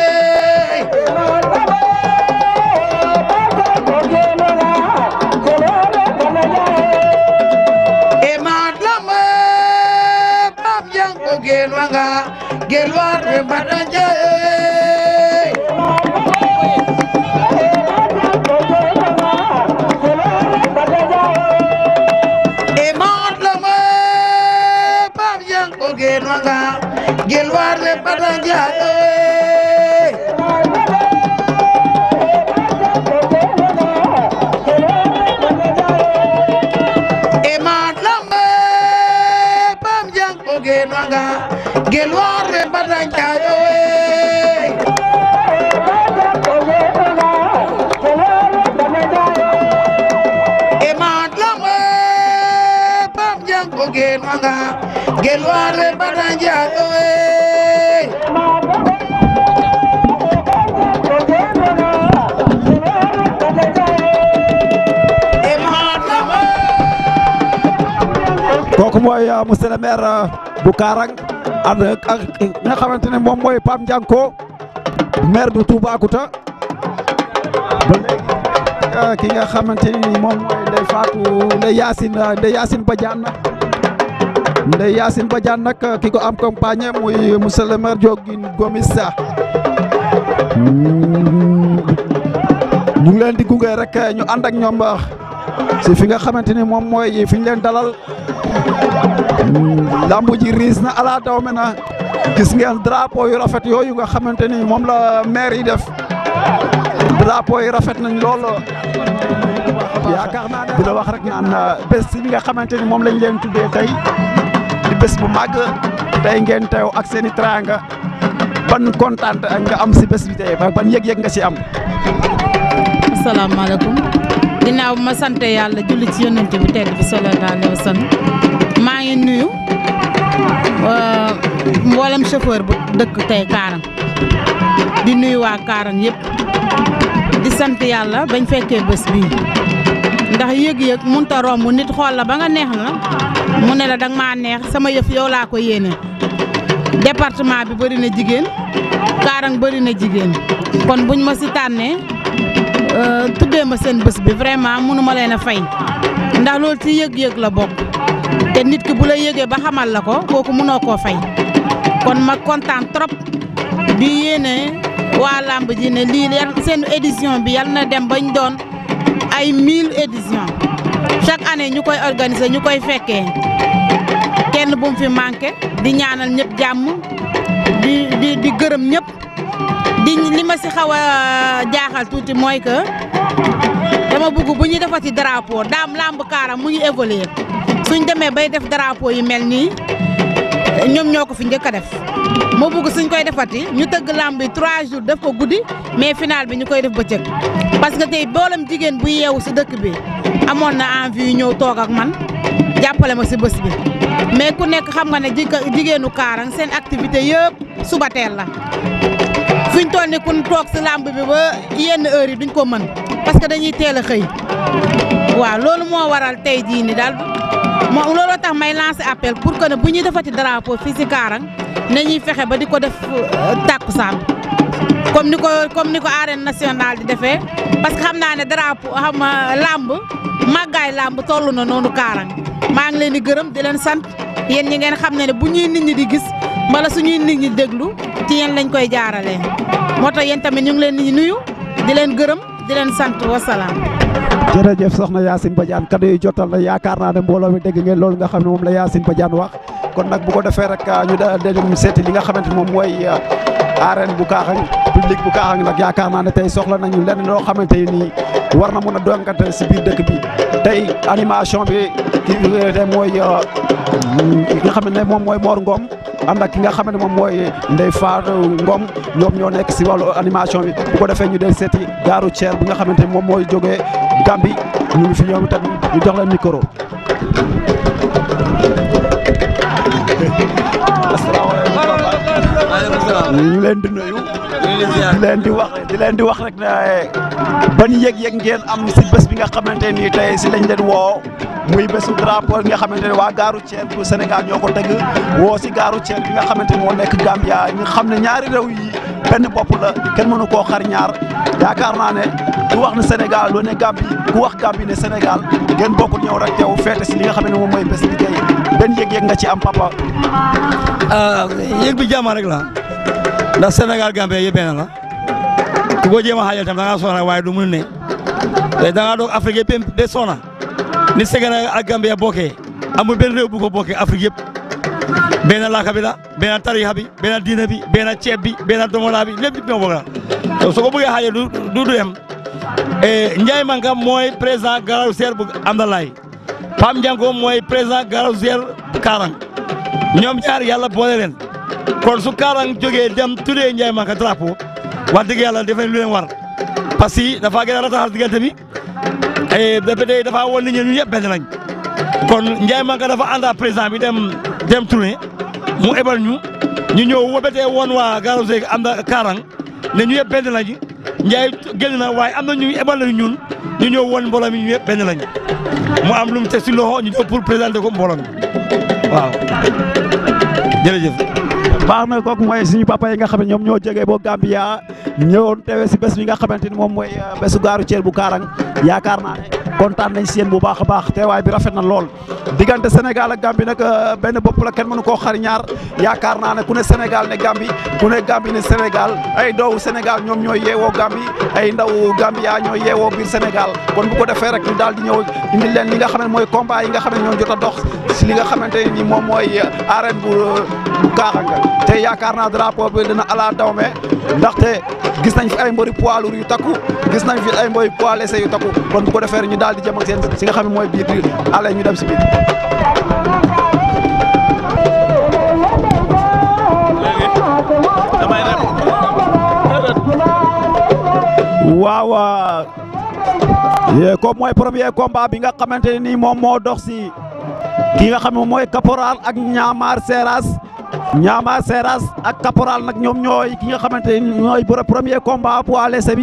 [SPEAKER 1] तलवार बन जाए ren wanga gel war
[SPEAKER 7] we bada njaalo e
[SPEAKER 2] kooku mooy euh, monsieur le maire euh, bu Karang ànd ak ki nga xamante ne moom mooy Pape Ndianko maire bu Toubacouta ba léegi euh, ki nga xamante ne moom mooy Ndeye Fatou Ndeye Yacine Ndeye Yacine Badiane Ndeye Yacine Badiane nag ki kiiko am muy monsieur le maire Dioguine Gomis mm. ñu ngi leen di gunge rek ñu ànd ak ñoom si fi nga xamante ni moom mooy fi ñu leen dalal mm. lambu ji riis na ala daw me na gis ngeen drapeau yu rafet yooyu nga xamante ni moom la maire yi def drapeau yi rafet nañ lool yaakaar naa dina wax rek ñaan bés yi nga xamante ni moom lañ leen tuddee tey bés bu màgg tey ngeen teew ak seen i teraanga ban kontaan nga am si bés bi tey ban yëg-yëg nga si am.
[SPEAKER 11] asalaamaaleykum dinaaw ma sant yàlla julli ci yonent bu tedd bi sallallahu alayhi wa sallam maa ngi nuyu uh, mboolem chauffeur bu dëkk tey Karang di nuyu waa Karang yëpp di sant yàlla bañ fekkee bés bii. ndax yëg-yëg mënut a romb nit xool la ba nga neex na mu ne la danga maa neex sama yëf yow laa ko yéene département bi bëri na jigéen Kaarang bëri na jigéen kon buñ ma si tànnee euh, tuddee ma seen bés bi vraiment mënu ma leen a fay ndax loolu ci yëg-yëg la bokk te nit ki bu la yëgee ba xamal la ko kooku mënoo koo fay kon ma kontaan trop di yéene waa làmb ji ne lii seen édition bi yal na dem bañ doon. ay mille éditions chaque année ñu koy organiser ñu koy fekkee kenn bu mu fi manqué di ñaanal ñëpp jàmm di di gërëm ñëpp di li ma si xaw a jaaxal tuuti mooy que dama bëgg bu ñuy defati drapeau daam làmb kaaram mu ñu évoluer suñ demee bay def drapeau yi mel nii. ñoom ñoo ko fi njëkk a def moo bëgg suñ koy defati ñu tëgg làmb yi trois jours def ko guddi mais final bi ñu koy def bëccëg parce que tey boolam jigéen bu yeewu si dëkk bi amoon na envie yu ñëw toog ak man jàppale ma si bés bi mais ku nekk xam nga ne jigéenu Kaarang seen activité yëpp suba teel la fiñ toll ni kun toog si làmb bi ba yenn heure yi duñ ko mën parce que dañuy teel a xëy waaw loolu moo waral tey jii ni daal moom looloo tax may lancer appel pour que ne bu ñuy defati drapeau fii si Kaarang nañuy fexe ba di ko def euh, tàkkusaan comme ni ko comme ni ko arène nationale di defee parce xam naa ne drapeau xam làmb màggaay làmb toll na noonu Kaarang maa ngi leen di gërëm di leen sant yéen ñi ngeen xam ne ne bu ñuy nit ñi di gis mbala suñuy nit ñi déglu ci yéen lañ koy jaaralee moo tax yéen tamit ñu leen leen ñi nuyu di leen gërëm di leen sant wasalaam
[SPEAKER 2] jërëjëf soxna Yacine Badiane kaddu yi jotal na yaakaar naa ne mbooloo mi dégg ngeen loolu nga xam ne moom la Yacine Badiane wax kon nag bu ko defee rek ah, ñu daal di seeti li nga xamante ni moom mooy ah, arène bu Kaxang public bu Kaxang nag yaakaar naa ne tey soxla nañu lenn loo xamante ni war na mën a donkante si biir dëkk bi tey animation bi kii euh, mooy. Euh, ki nga xam ne moom mooy Mor Ngom ànd ak ki nga xam ne moom mooy Ndeye Faar Ngom ñoom ñoo nekk si wàllu animation bi bu ko defee ñu del seeti gaaru Thiès bi nga xamante moom mooy jógee gàmbi ñu ngi fi ñoom itam ñu jox leen micro. ñu leen di nuyu. di leen di wax di leen di wax rek ba ban yëg-yëg ngeen am si bés bi nga xamante ni tey si lañ leen woo. muy bésu drapeau nga xamante ne waa gaaru Thiel bu Sénégal ñoo ko tëgg woo si gaaru Thiel bi nga xamante moo nekk Gambia ñu xam ne ñaari réew yi benn bopp la kenn mënu koo xar ñaar yaakaar naa ne ku wax ne Sénégal loo ne Gambie ku wax Gambie ne Sénégal ngeen bokkul ñëw rek teew feete si li nga xam ne moom mooy bés liggéey benn yëg-yëg nga ci am papa.
[SPEAKER 4] Ah, yëg bi jàmm rek la ndax Sénégal Gambie yëpp benn la ku ko jéem a xaajal tam da waaye du mun ne da ni Sénégal ak Gambia bokkee amul benn réew bu ko bokkee Afrique yëpp benn laaka bi la benn tarixa bi benn diina bi benn ceeb bi benn domola bi lépp ñoo bokk la donc du du du dem eh, Ndiaye mooy président garaw seer bu Amdalaay Pam Ndiango mooy président garaw seer Kaarang ñoom ñaar yàlla boole kon su Kaarang jógee dem tuddee Ndiaye Manga drapeau wax dëgg yàlla def nañ war parce que dafa gën a rataxal diggante Eh, ba tey dafa woon nit ñi ñun ñëpp benn lañ kon Ndiaye Manga dafa ànd ak président bi dem dem tournée mu ebal ñu ñu ñëw ba tey woon waa Garo Seck am na Kaarang ne ñu yëpp benn lañ Ndiaye na waaye am na ñu ebal lañ ñun ñu ñëw woon mbooloo mi ñu yëpp benn mu am lu mu teg si loxo ñu ñëw pour présenter ko mbooloo mi waaw
[SPEAKER 2] jërëjëf. baax na kooku mooy suñu papa yi nga xam ne ñoom ñoo jógee ba Gambia ñëwoon teewe si bés bi nga xamante ni moom mooy euh, bésu gaaru Thiel bu Kaarang yaakaar naa kontaan nañ si bu baax a baax teewaay bi rafet na lool diggante Sénégal ak Gambie nag euh, benn bopp la kenn mënu koo xar ñaar yaakaar naa ne ku ne Sénégal ne Gambie ku ne Gambie ne Sénégal ay doowu Sénégal ñoom ñooy yeewoo Gambie ay ndaw Gambia ñooy yeewoo biir Sénégal kon bu ko defee rek ñu daal di ñëw indi leen li nga xam ne mooy combat yi nga xam ne ñoo jot a dox si li nga xamante ne nii moom mooy euh, arène bu euh, bu te yaakaar naa drapeau bi dina ala dawme ndaxte gis nañ fi ay mbëri poids lourds yu takku gis nañ fi ay mbëri poids léger yu takku kon bu ko daal di jëm seen si nga xam ne mooy biir àll ñu dem si biir. waaw comme eh, mooy premier combat bi nga xamante ni moom moo dox si ki nga xam ne mooy caporal ak ñaamaar seeraas ñaamaar seeraas ak caporal nag ñoom ñooy ki nga xamante ñooy premier combat bu alese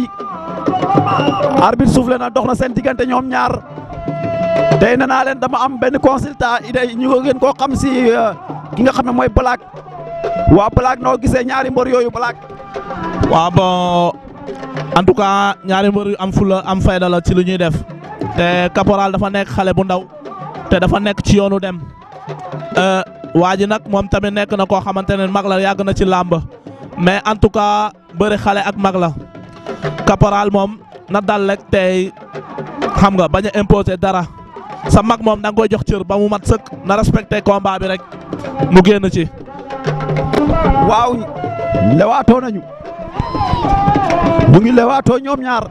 [SPEAKER 2] arbitre soufflé na dox na seen diggante ñoom ñaar tey nee naa leen dama am benn consultant idée ñu ngeen koo xam si euh, ki nga xam ne mooy Black waa Black noo gisee ñaari mbër yooyu Black. waa bon
[SPEAKER 8] en tout cas ñaari mbër yu am fula am fayda la ci lu ñuy def te caporal dafa nekk xale bu ndaw te dafa nekk ci yoonu dem euh, waa ji nag moom tamit nekk na koo xamante ne mag la yàgg na ci làmb mais en tout cas bëri xale ak mag la. caporal moom na dal rek tey xam nga bañ a dara sa mag moom da nga jox ba mu mat sëkk na respecté combat bi rek mu génn ci.
[SPEAKER 2] waaw lewaatoo nañu ñu ngi ñoom ñaar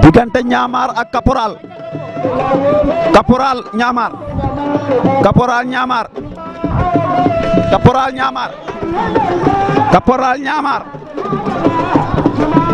[SPEAKER 2] diggante ñaamaar ak caporal caporal ñaamaar caporal ñaamaar caporal ñaamaar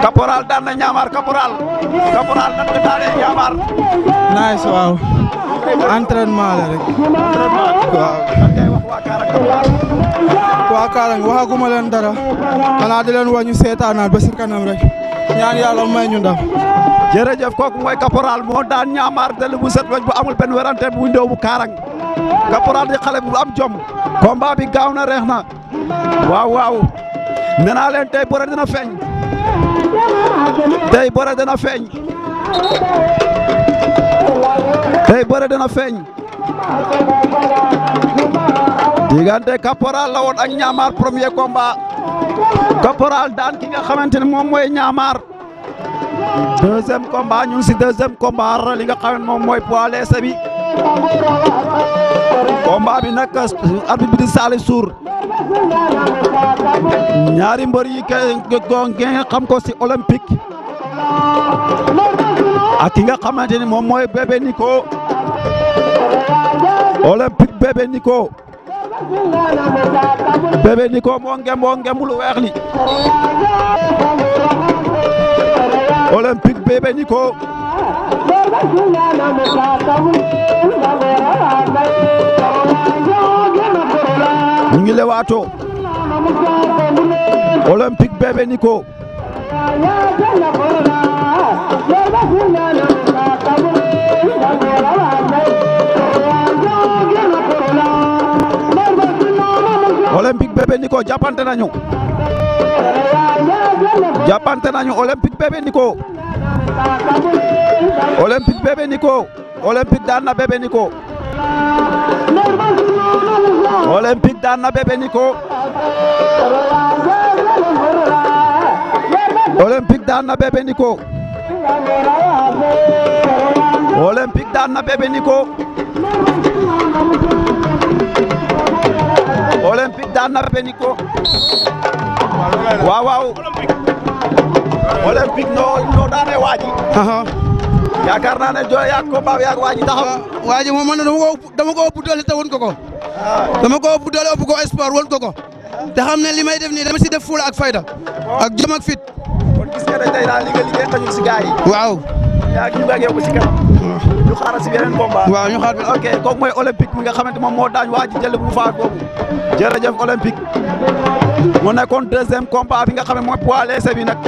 [SPEAKER 2] caporal daan na ñaamaar caporal caporal nan nga daanee ñaamaar. nice waaw entraînement la rek. waa Kaarang waxaguma dara xanaa wañu seetaanaat ba si kanam rek ñaan yàlla may ñu ndam. kooku mooy caporal moo daan ñaamaar dellu bu set wecc bu amul benn werante bu ndaw bu Kaarang caporal di xale bu am jom combat bi gaaw na reex na waaw waaw nee tey bëre dina feeñ. tey bëre dana feeñ tey bëre dana feeñ diggante caporal la woon ak ñaamaar premier combat caporal daan ki nga xamante ne moom mooy ñaamaar deuxième a ñu ngi si deuxième combat li nga xam ne moom mooy poids léger bi combat bi nag arbitre bi di Salif ñaari mbër yi ngeen xam ko ci olympique ak ki nga xamante ni moom mooy bébé Nico olympique bébé Nico bébé Nico moo ngem moo ngemu lu weex li olympique bébé Nico ñu ngi lewaato olympique bébé Nico olympique bébé Nico jàppante nañu jàppante nañu olympique bébé Nico olympique daan na bébé Nico olympique daan na bébé Nico olympique daan na bébé noo noo daane waaji yaakaar naa ne joo yaag ko waaj yaag waa ji taxaw waa ji moom man dama ko dama ko ëpp doole te won ko ah. dama ko ëpp doole ëpp ko espoir won ko ko xam ne li may def nii dama si def fuula ak fayda ak jom fit kon gis nga si gars yi waaw yaa ngi bëgg yow si kanam ñu xaaral si yeneen combat waaw ñu xaar ok kooku nga xamante moom moo daañ waa ji jël bu faat boobu jërëjëf olympique mu nekkoon deuxième nga xam ne mooy poids bi nag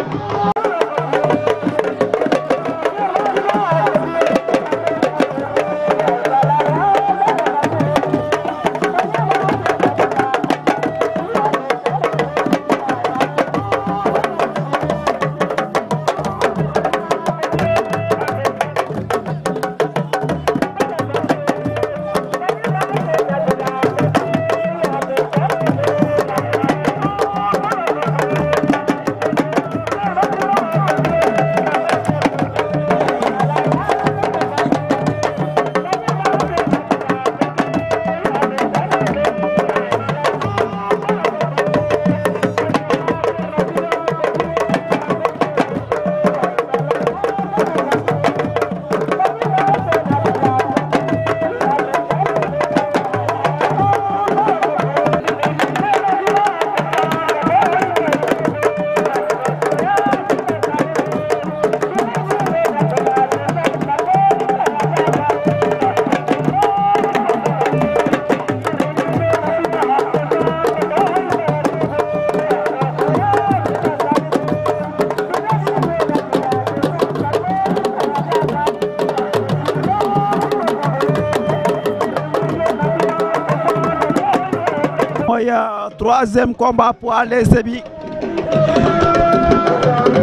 [SPEAKER 2] troisième combat poids léger bi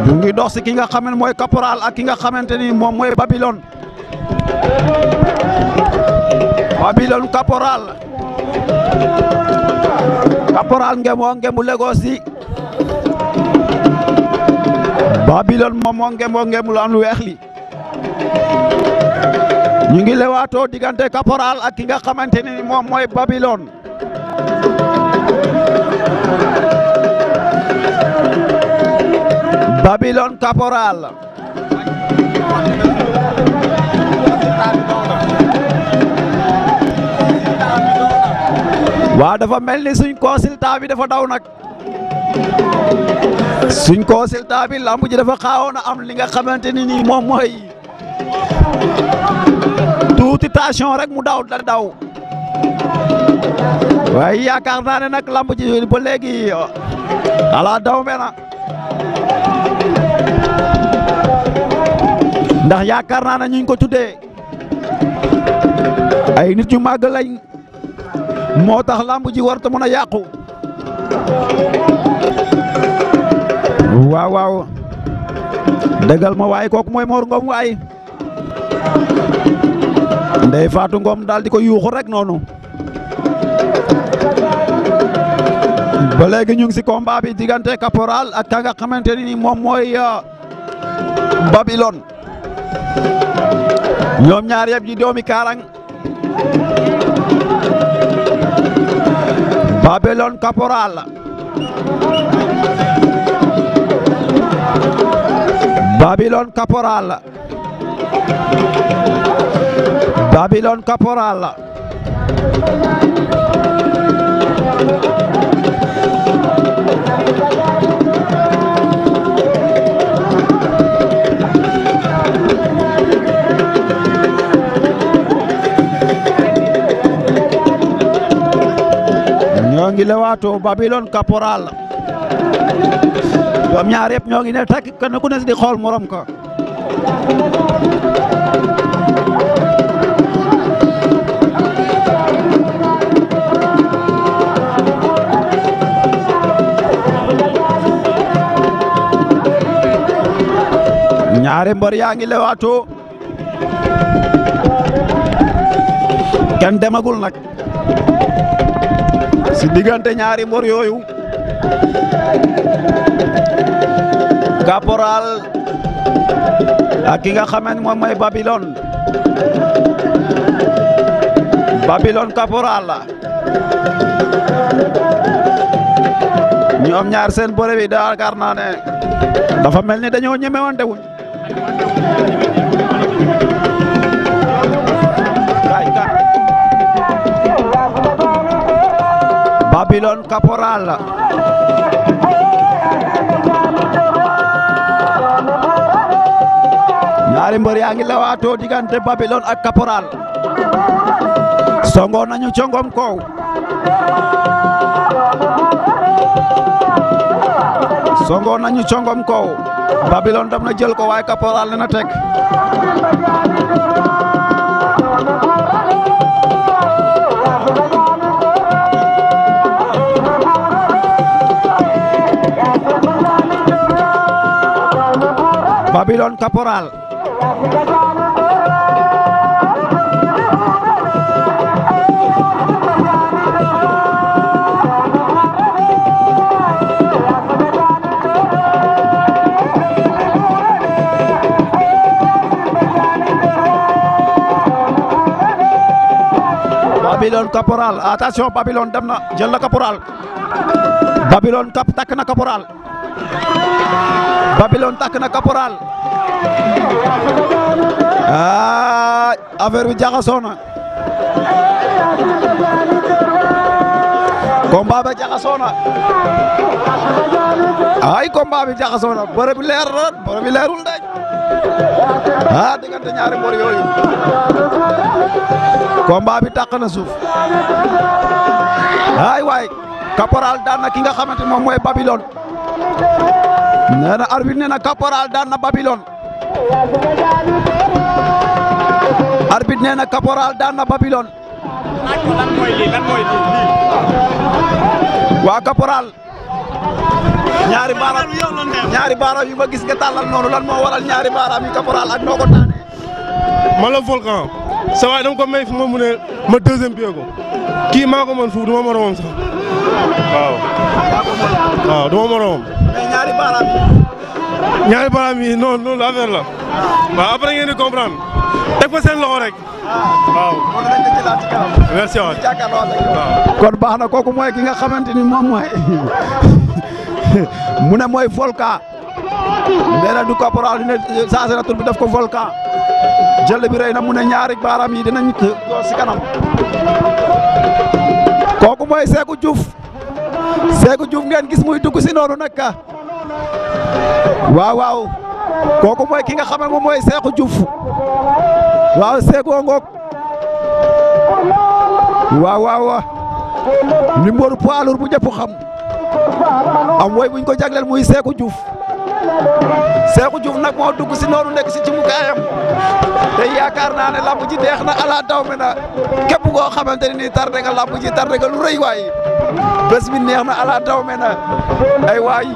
[SPEAKER 2] mu ngi dox si ki nga xam mooy caporal ak ki nga xamante ni moom mooy Babylone Babylone caporal caporal ngeen moo ngeen mu Lagos yi moom moo ngeen moo ngeen mu lan lu weex li ñu ngi lewaatoo diggante kaporal ak ki nga xamante ni moom mooy Babylone. Babylone Caporal waa dafa mel ni suñ consultant bi dafa daw nag suñ consultant bi lamb dafa xaawoon a am li nga xamante ni nii moom mooy tuuti tension rek mu daw da daw waaye yaakaar naa ne nag lamb ji ba léegi daw me ndax yaakaar naa ne ñu ko tuddee ay nit ñu màgg lañ moo tax làmb ji warta mën a yàqu waaw waaw dëggal ma waaye kooku mooy Mor Ngom waay ndey Faatu ngoom daal di ko yuuxu rek noonu ba léegi ñu ngi si combat bi diggante caporal ak ka moom mooy. Euh, Babylone ñoom ñaar yëpp di doomi Karang Babylone caporal Babylone caporal ngi lewaatoo Babylone ngi ne takk kenn ku ne di yaa ngi lewaatoo kenn demagul nag si diggante ñaari mbor yooyu caporal ak ki nga xamante moom mooy Babylone Babylone caporal la ñoom ñaar seen bëre bi daal gar naa dafa mel ni dañoo ñemewante wuñ Babylone Caporal ñaari mbër yaa ngi lewaatoo diggante Babylone ak Caporal songo nañu congom kow nañu congom kow Babylone dam na jël ko waaye Caporal ne na teg Babylone Caporal Babylone Caporal attention Babylone dem na jël na Caporal Babylone kap takk na Caporal aa ah, affaire bi jaxasoo na combat ba jaxasoo na ay combat bi jaxasoo na leer na bërëb leerul de ah ñaari mbor yooyu combat bi tàq suuf ay waay caporal daan na ki nga xamante moom mooy Babylone nee na arbitre nee na caporal daan na Babylone arbitre nee na caporal daan na waa caporal. ñaari baaraam ñaari baaraam yu ma gis nga tàllal noonu lan moo waral ñaari baaraam yu caporal ak noo ko daanee. ma la volcan sa waay dama ko
[SPEAKER 8] may fu ma mu ne ma deuxième pied ko kii maa ko mën foofu du ma moromam sax waaw. waaw du ma moromam. ñaari baaraam yi. noonu noonu la. waaw après ngeen di comprendre teg fa seen loxo rek waaw.
[SPEAKER 2] merci baax na kooku mooy ki nga xamante ni moom mooy *laughs* ne mooy volcan nee na du caporal dina changé def ko volcan jël bi na mu ne ñaari baaraam yi dinañ ko si kanam kooku mooy Seeku Diouf Seeku Diouf ngeen gis muy dugg si noonu nag waaw waaw. kooku mooy ki nga xam moom mooy Seexu Juuf waaw seekoo ngoog waaw waaw numéro poids lourd bu ñëpp xam am woy buñ ko jagleel muy Seexu Juuf Seexu Juuf nag moo dugg si noonu nekk si ci mu te yaakaar naa ne làmb ji deex na ala daw me na képp koo xamante ne nii tardé nga làmb ji tardé nga lu rëy waay bés bi neex na ala na ay waay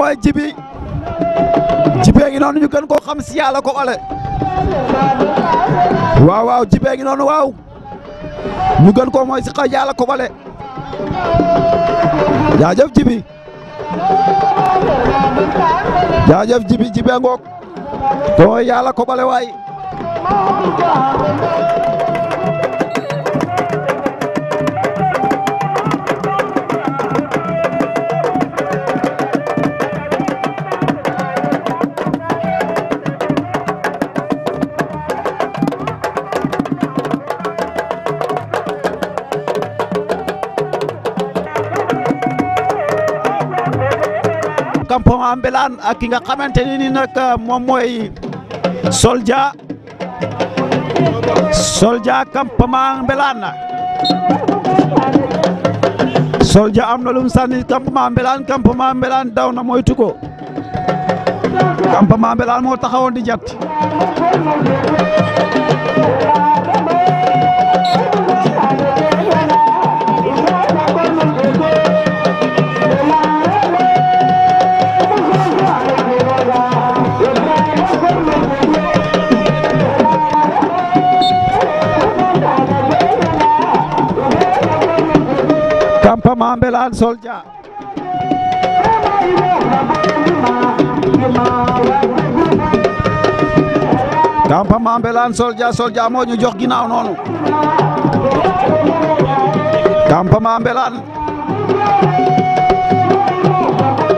[SPEAKER 2] mooy jibi jibee ngi noonu ñu gën koo xam si ko ole waaw waaw jibee ngi noonu waaw ñu gën koo mooy si xaw yàlla ko ole jaajëf jibi jaajëf jibi jibee ngoog to yàlla ko ole waay champion ambulant ak ki nga xamante ni nii nag euh, moom mooy Soldia Soldia campement Mbelane Soldia am na lum sànni campement Mbelane campement daw na moytu ko campement Mbelane moo taxawoon di jat Mambelan soldier. Tampa Mambelan soldier soldier moo ñu jox ginaaw noonu. Tampa Mambelan.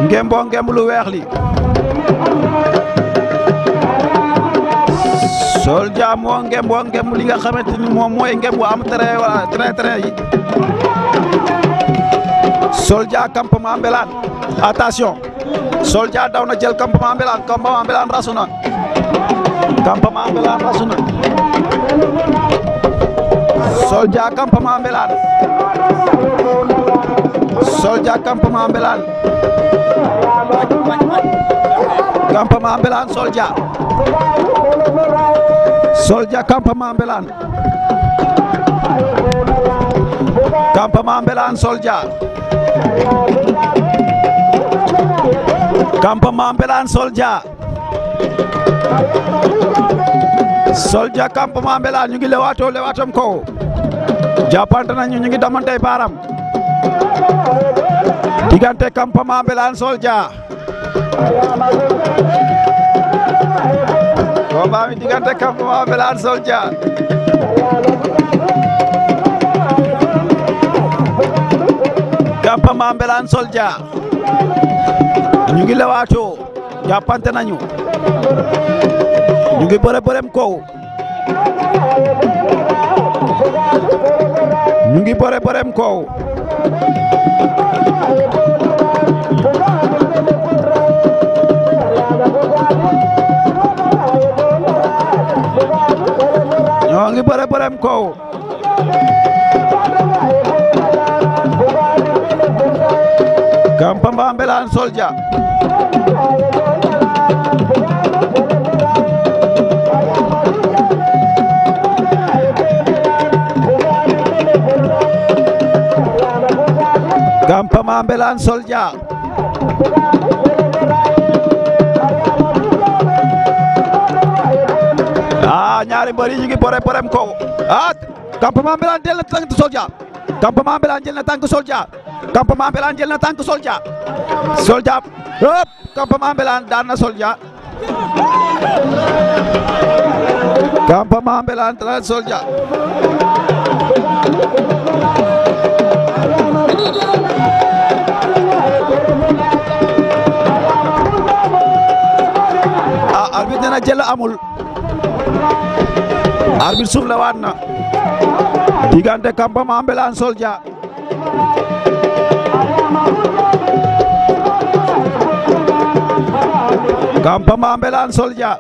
[SPEAKER 2] Ngembo ngemb lu weex li. Soldier moo ngembo ngemb li nga xamante ni moom mooy ngemb am train train train yi. Soldia campement Mbelane attention Soldia daw na jël campement Mbelane campement Mbelane rasu na campement Mbelane rasu na Soldia campement Mbelane Soldia campement Mbelane campement Mbelane Soldia Soldia campement Mbelane campement Mbelane Soldia campement Mbelane Soldia Soldia campement Mbelane ñu ngi lewaatoo lewaatam kaw jàppante nañu ñu ngi damantey baaram diggante campement Mbelane Soldia combat bi diggante campement Mbelane Soldia Mambelaan Soldia ñu ngi lewaatoo jàppante nañu ñu ngi bëre ñu ngi bëre bërem kow ñoo kow Bamba Mbelane Soldia Gampama Mbelane Soldia ah yi ñu bore borem ko ah Gampama Mbelane jël na tànk Soldia Gampama Mbelane jël na tànk Soldia campement Mbelane jël na tànk Soldia Soldia hop campement Mbelane daan na Soldia campement Mbelane daan Soldia ah arbitre nee na jël amul arbitre suuf waat na diggante campement Mbelane Soldia Kam Pama Mbelane Soldia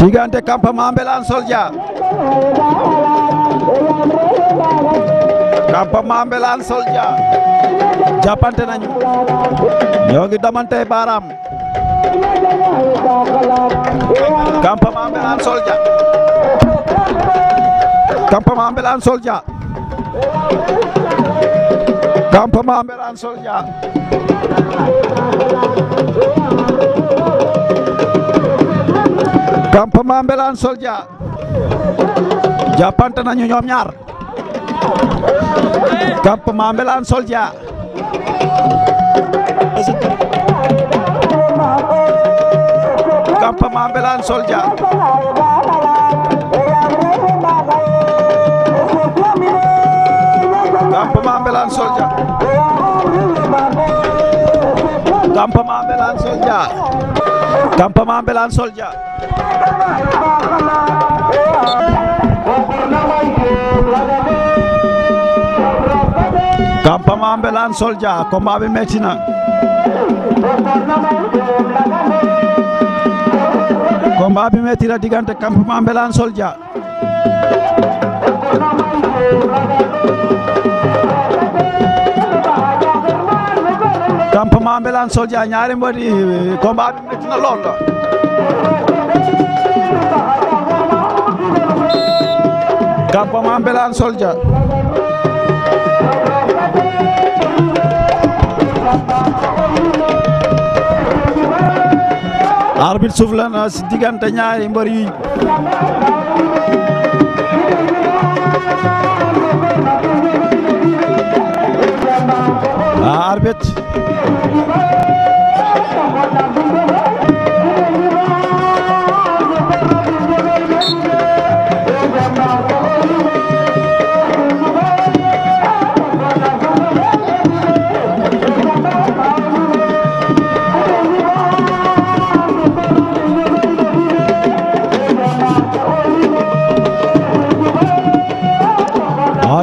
[SPEAKER 2] diggante Kam Pama Mbelane Soldia Kam nañu ñoo ngi damante baaraam campement Mbelane Souldia campement Mbelane Souldia campement Mbelane Souldia campement Mbelane Souldia jàppante nañu ñoom ñaar campement Mbelane Souldia campement Mbelane Soldier campement Mbelane Soldier campement Mbelane Soldier combat bi metti na diggante campement Mbelane Soldia campement Mbelane Soldia ñaari mbër yi combat bi metti na lool campement Mbelane Soldia arbitre suuf la na si diggante ñaari mbër yi ah, arbitre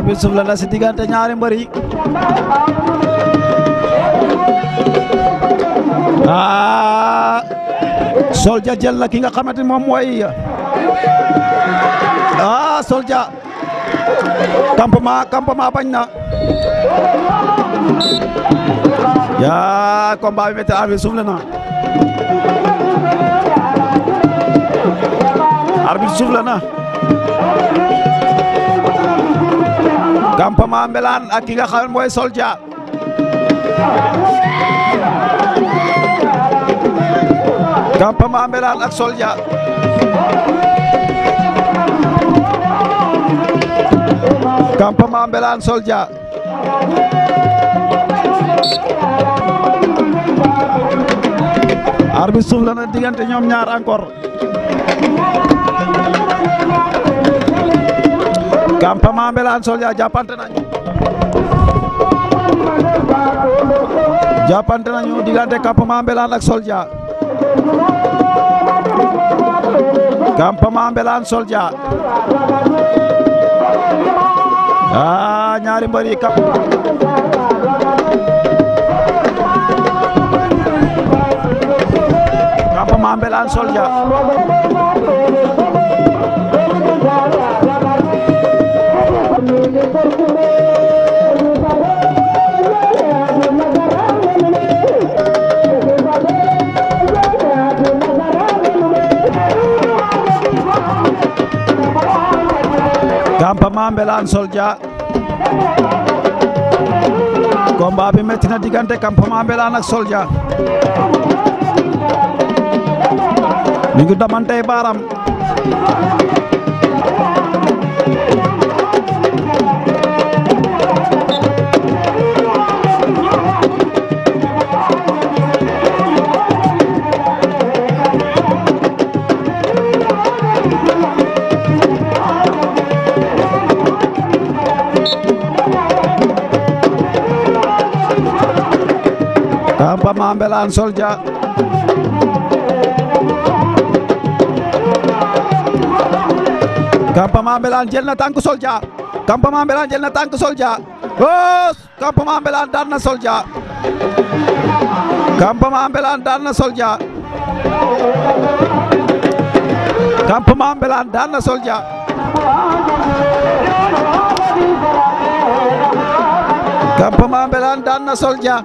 [SPEAKER 2] bi suuf la na diggante ñaari mbër yi ah, ki nga xamante ni moom mooy ah Soldia campement campement bañ na yaa combat bi métti arbitre suuf na arbitre suuf na campement Mbelane ak ki nga xam ne mooy Soldia campement Mbelane diggante ñoom ñaar encore campement Mbelane Solia jàppante nañu jàppante nañu diggante campement Mbelane ak Solia campement Mbelane Solia ah ñaari mbër Campement Mbelane Souldia combat bi metti na diggante Campement Mbelane ak Souldia ñu ngi damantey baaram ma mbelan soldia campement mbelan jël na tànk soldia campement mbelan jël na tànk soldia oh campement mbelan daan daan na soldia campement mbelan daan daan na soldia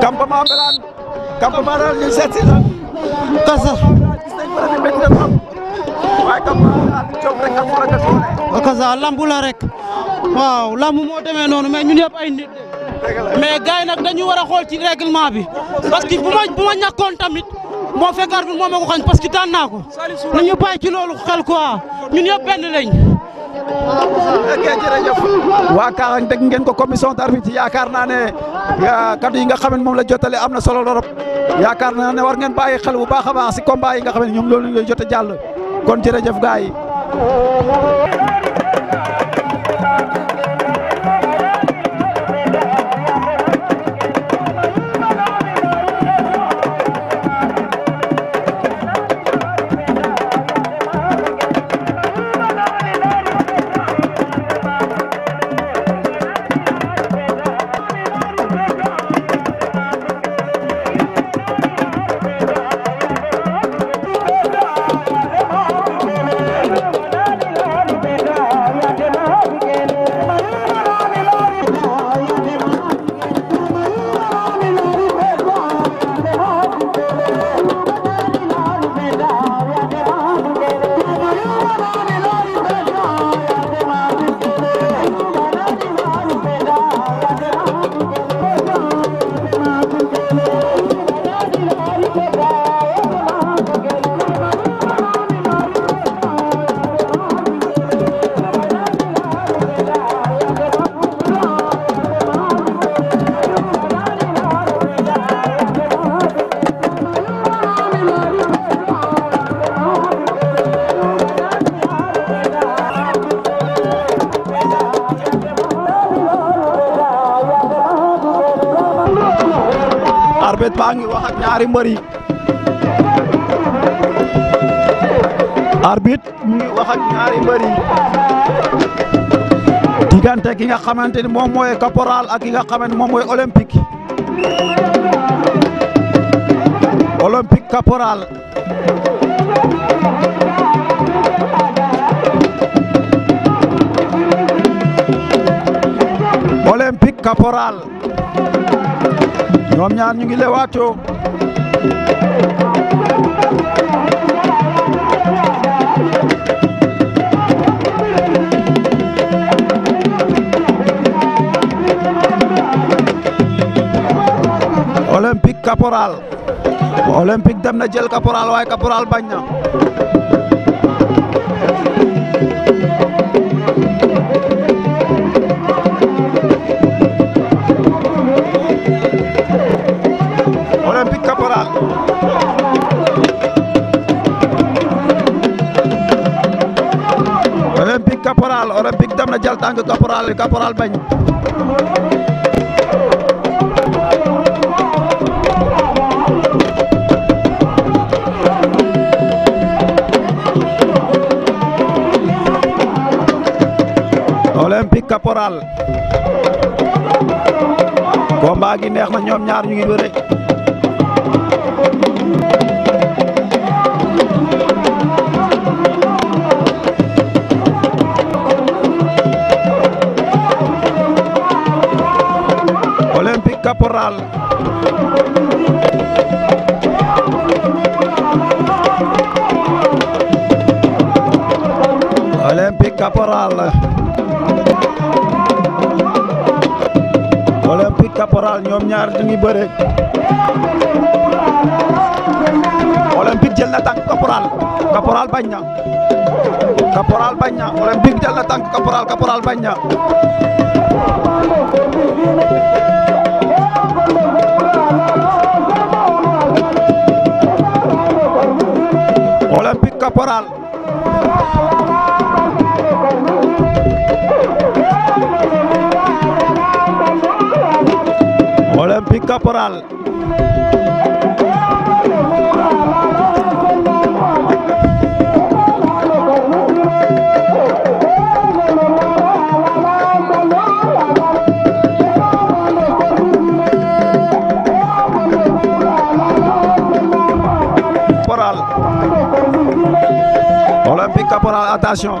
[SPEAKER 2] campement Mbelane campement daal ñu seet si lan. Kasa. waaye campement rek a jot. Kasa lambu rek. waaw lambu moo demee noonu me ñun
[SPEAKER 11] yëpp ay nit. mais gars nag dañu war a xool ci règlement bi. parce que bu ma bu tamit. moo fekk arbitre moo ma xañ parce que daan naa ko. na ñu bàyyi ci ñun
[SPEAKER 2] yëpp benn lañ. waa Kaolack dégg ngeen ko commission d'arbitre ci yaakaar naa ne kaddu yi nga xam ne moom la jotale am na solo trop yaakaar naa ne war ngeen bàyyi xel bu baax a baax si combat yi nga xam ne ñoom loolu lañ koy a jàll kon jërëjëf gars ñaari mbër yi mu ngi wax ak ñaari mbër yi diggante ki nga xamante ni moom mooy caporal ak ki nga xamante moom mooy olympique olympique ñoom ñaar ñu ngi lewaatoo olympique caporal olympique dem na jël caporal waaye caporal bañ na tànk caporal caporal bañ olympique caporal combat gi neex ma ñoom ñaar ñu ngi bëre Fall olympique caporal olympique caporal ñoom ñaar ñu ngi bëre olympique jël na tànk caporal caporal bañ na caporal bañ na olympique jël corporal Olympique caporal attention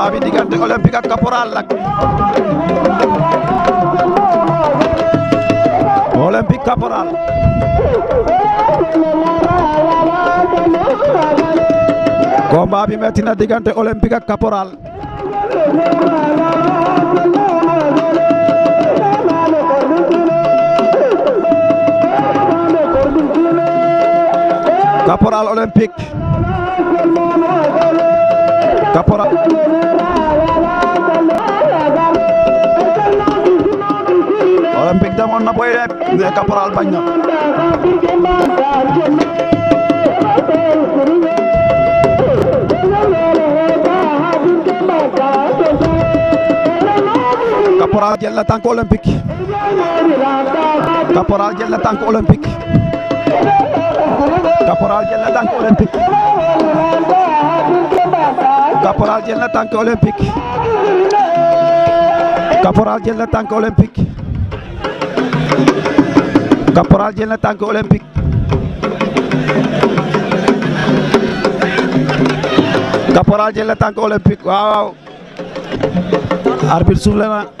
[SPEAKER 2] combat bi diggante olympique ak caporal lak olympique caporal combat bi metti na diggante olympique ak caporal caporal olympique caporal olympique demoon na boy eh, rek mais caporal bañ na caporal jël na tànk olympique caporal jël na tànk olympique caporal jël na tànk olympique caporal jël na tànk olympique caporal jël na tànk olympique caporal jël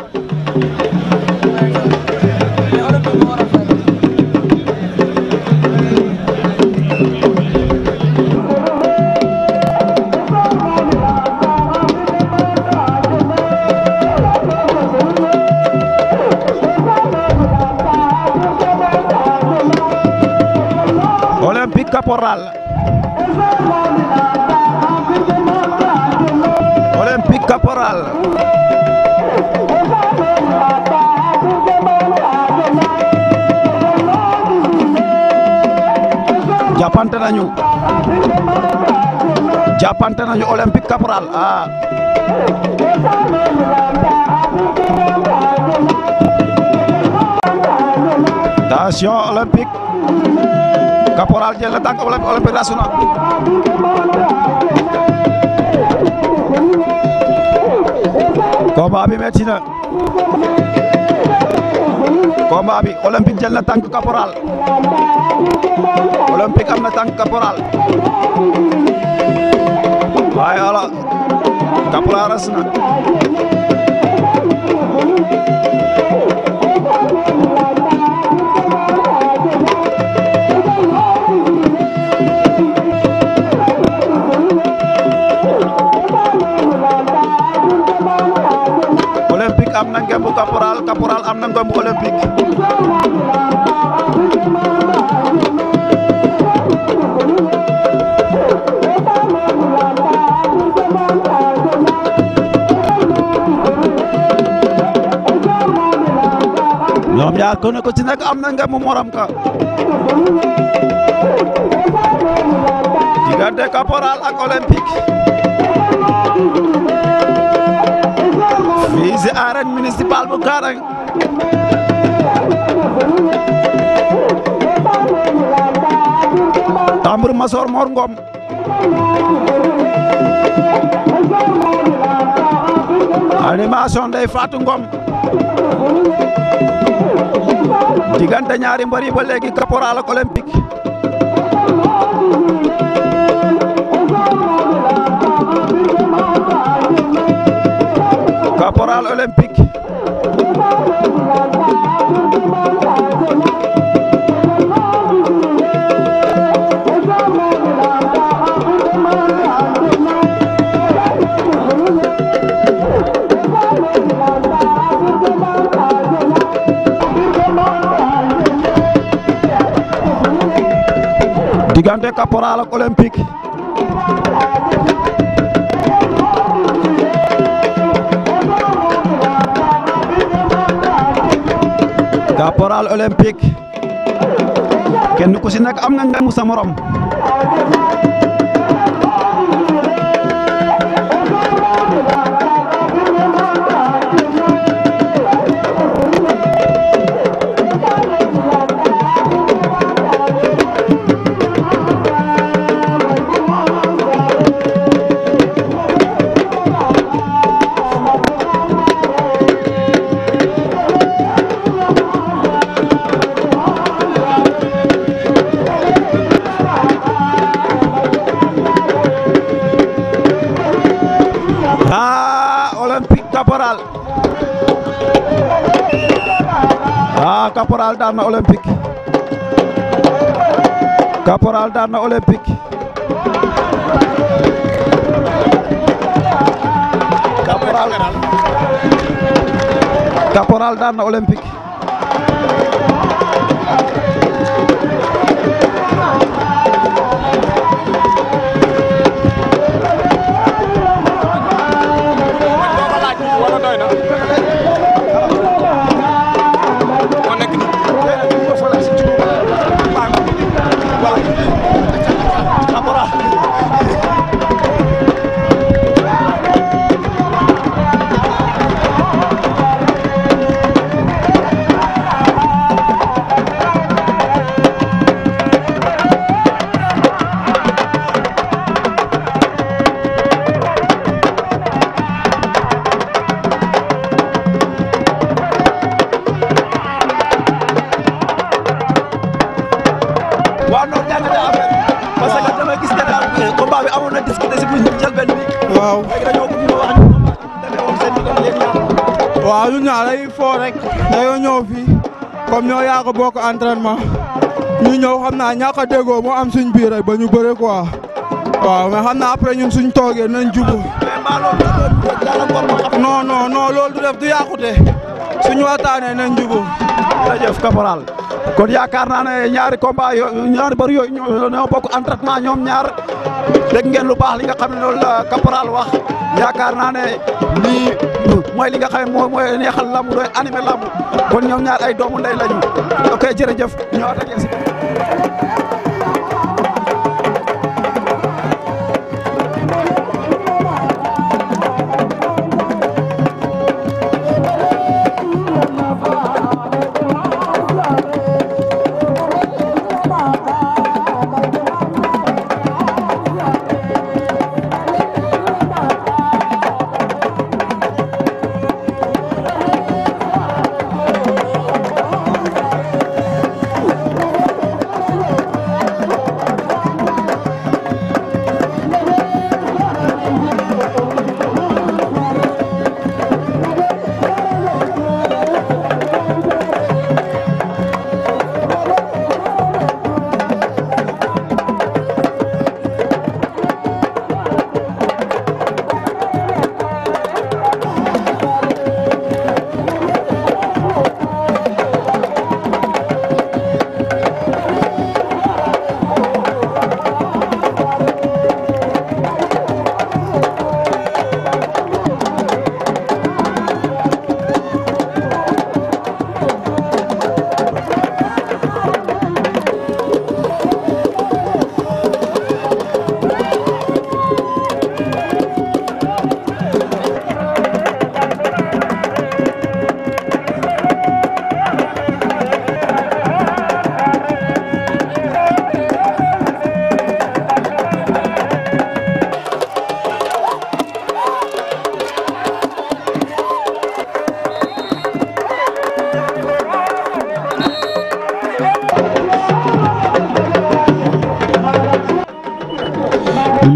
[SPEAKER 2] caporal olympique caporal jàppante nañu jàppante nañu olympique caporal ah attention olympique caporal jël na tànk Olympique National combat bi metti na combat bi jël na tànk caporal Olympique am na tànk caporal waaye ala caporal ras ngembu caporal caporal am na ngembu olympique ñoom yaa ko ne ko ci nekk am na ngembu moram ka diggante caporal ak olympique si arène municipale bu Karang tambour Masor Mor Ngom animation Ndeye Fatou Ngom diggante ñaari mbër ba léegi caporal ak olympique caporal olympique diggante caporal ak olympique caporal olympique kenn ku si nekk am nga ngemu sa morom caporal daan caporal daan olympique naa dañuy foo
[SPEAKER 8] rek dañoo ñëw fii comme ñoo yaa ko bokk entraînement ñu ñëw xam naa ñàkk a déggoo moo am suñ biir rek ba ñu bëre quoi waaw mais xam naa après ñun suñ toogee nañ
[SPEAKER 2] jubóo. non non non loolu du def du yàqute suñu waxtaanee nañ jubóo. jërëjëf caporal kon yaakaar naa ne ñaari combat yooyu ñaari bëri yooyu ñoo bokk entraînement ñoom ñaar dégg ngeen lu baax li nga xam ne loolu la caporal wax yaakaar naa ne lii. mooy li nga xam mooy neexal lamb doy animé lamb kon ñoom ñaar ay doomu ndey lañu ok jërëjëf ñoo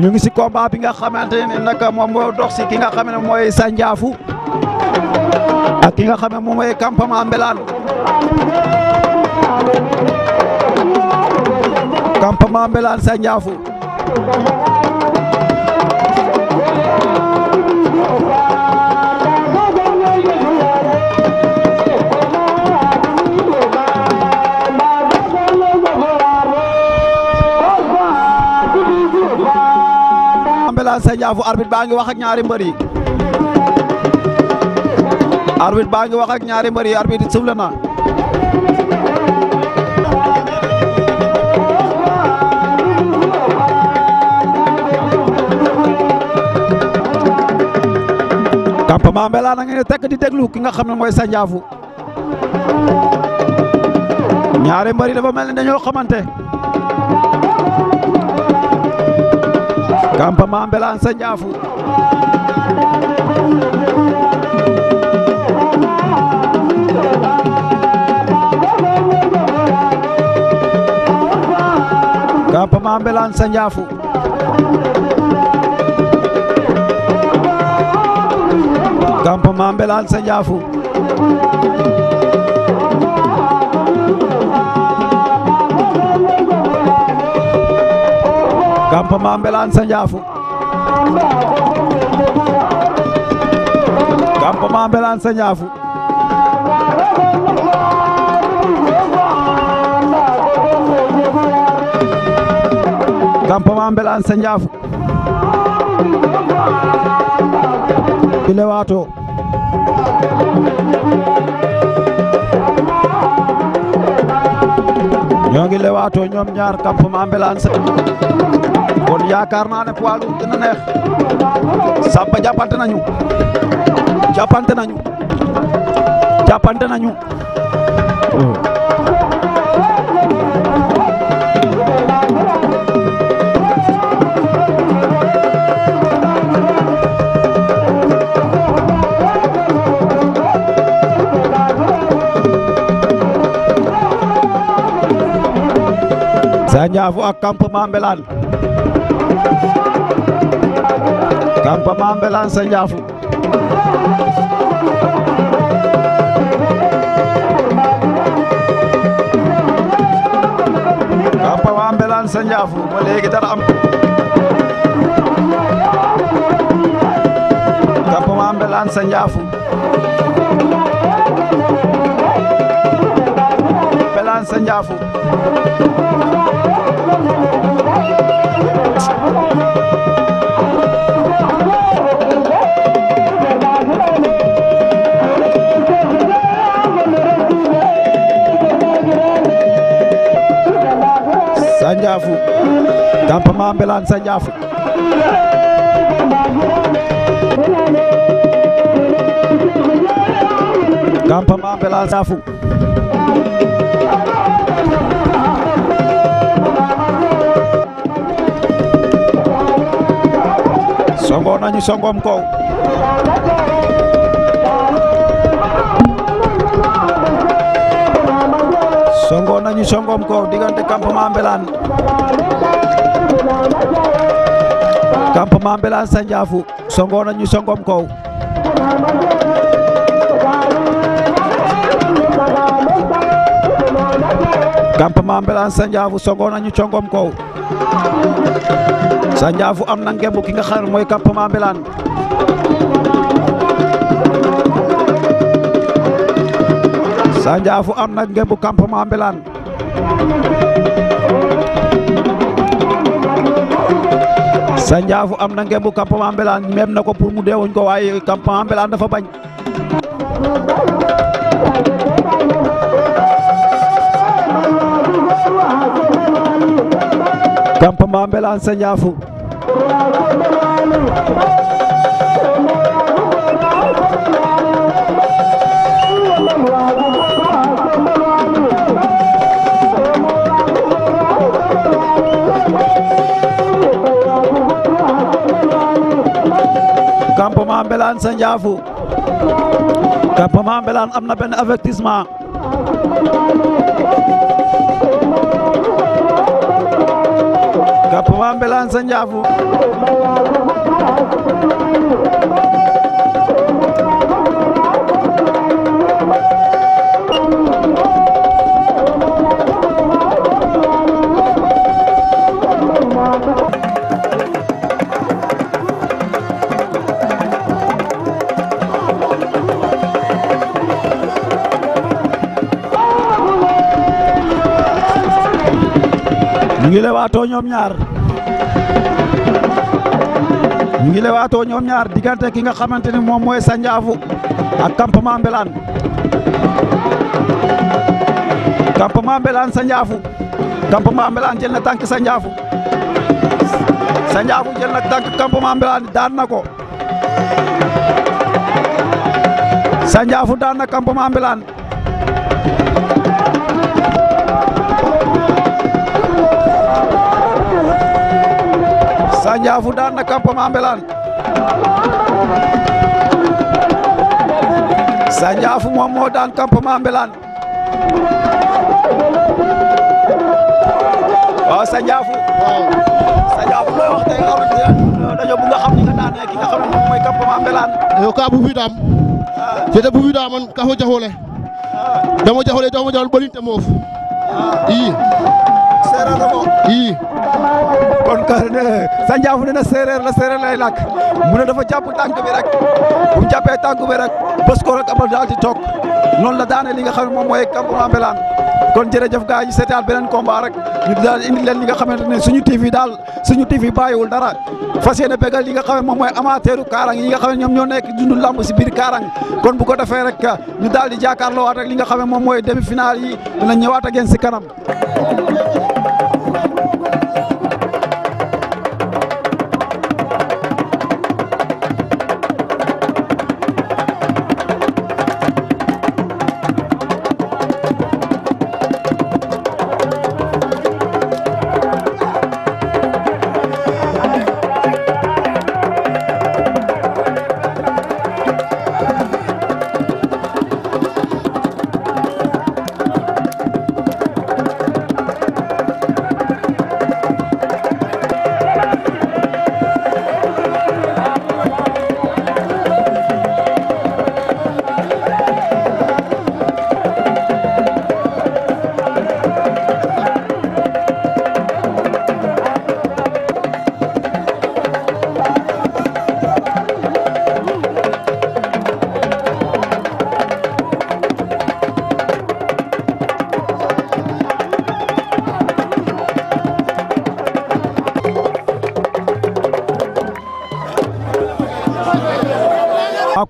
[SPEAKER 2] ñu ngi si combat bi nga xamante ne nag moom moo dox si ki nga xam ne mooy Sandiafou ak ki nga xam ne moom mooy campement Mbelane campement Mbelane Sandiafou Dia Sandiafou arbitre baa ngi wax ak ñaari mbër yi arbitre baa ngi wax ñaari mbër yi arbitre sifle na campement a ngi ne tekk di déglu ki nga xam ne mooy Sandiafou ñaari mbër yi dafa mel ni dañoo xamante campement ambulance Ndiaffou campement ambulance campement Mbelane Sandiafou campement Mbelane ñoo ngi lewaatoo ñoom ñaar campement ambulance kon yaakaar naa ne poids lourd dina neex sàmpa jàppante nañu jàppante nañu jàppante nañu Ndiafou a campement Mbelane campement Mbelane sa Ndiafou sa Ndiafou ba léegi dara am campement Mbelane sa Ndiafou naan sa njaafu sanjaafu campement sanjaafu songo nañu songom kaw songo nañu songom kaw diggante campement Mbelane campement Mbelane Sandiafou nañu songom kaw Sandiafou am na ngemb ki nga xam mooy campement Mbelane Sandiafou am na ngemb campement Mbelane Sandiafou am na ngemb na ko pour mu deewuñ ko waay campement Mbelane dafa bañ campement Mbelane Sandiafou campement Mbelane am na benn avertissement Belane sa Njaafu ñu ngi lewaatoo ñoom ñaar ñu ngi ñoom ñaar diggante ki nga xamante ni moom mooy Sandiafou ak campement Mbelane campement Mbelane jël na tànk Sandiafou Sandiafou jël na tànk campement daan na ko Sandiafou daan na campement Touba Ndiafou daan na campement Mbelane Sa Ndiafou moom moo daan campement Mbelane waaw Sa Ndiafou Sa Ndiafou looy wax tey rajo bu nga xam ni nga daanee ki nga xam ne moom mooy campement Mbelane
[SPEAKER 5] yow ka bu fi daam ah. fete bu fi daam man ka fo jaxole
[SPEAKER 2] dama ah. jaxole dama jaxole bolinte moof ah. i seerana moom i kon ka ne Sanjaafu ne na séeréer la séeréer lay làkk mu ne dafa jàpp tànk bi rek bu mu jàppee bi rek bës rek abal daal di toog noonu la daane li nga xam ne moom mooy campement Mbelane kon jërëjëf gars yi ñu beneen combat rek ñu daal indi leen li nga xamante ne suñu TV daal suñu TV bàyyiwul dara fas yéene bégal li nga xam moom mooy amaateeru Kaarang yi nga xam ne ñoom ñoo nekk dundu lamb si biir Kaarang kon bu ko defee rek ñu daal di jàkkaarloowaat rek li nga xam ne moom mooy demi-finale yi dina ñëwaat ak yéen si kanam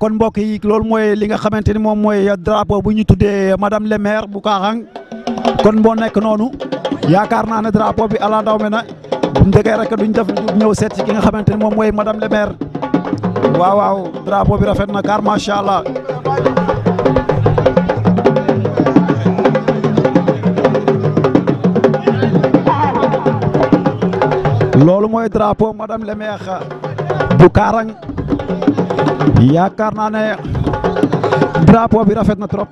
[SPEAKER 2] kon mbokk yi loolu mooy li nga xamante ni moom mooy drapeau bu ñu tuddee madame le maire bu Kaaxang kon boo nekk noonu yaakaar naa ne drapeau bi ala daw me na bu ndegee rek duñ def ñëw seet ci ki nga xamante ni moom mooy madame le maire waaw waaw drapeau bi rafet na car macha allah. loolu mooy drapeau madame le maire bu Kaarang yaakaar naa ne drapeau bi rafet na trop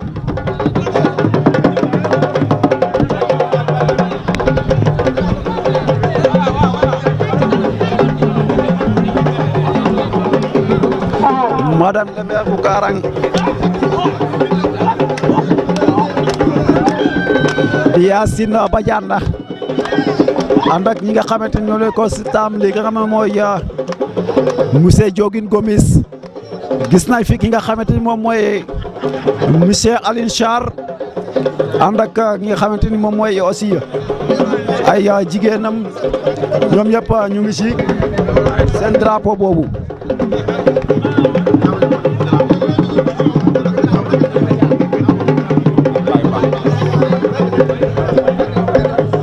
[SPEAKER 2] madame le maire bu Karang Yacine Badiane ànd ak ñi nga xamante ne ñoo lay ko si nga xam ne mooy euh, monsieur Diogine Gomis gis nañ fi ki nga xamante ni moom mooy monsieur Alioune Sarr ànd ak ki nga xamante ni moom mooy aussi ay jigéenam ñoom ñëpp ñu ngi si seen drapeau boobu.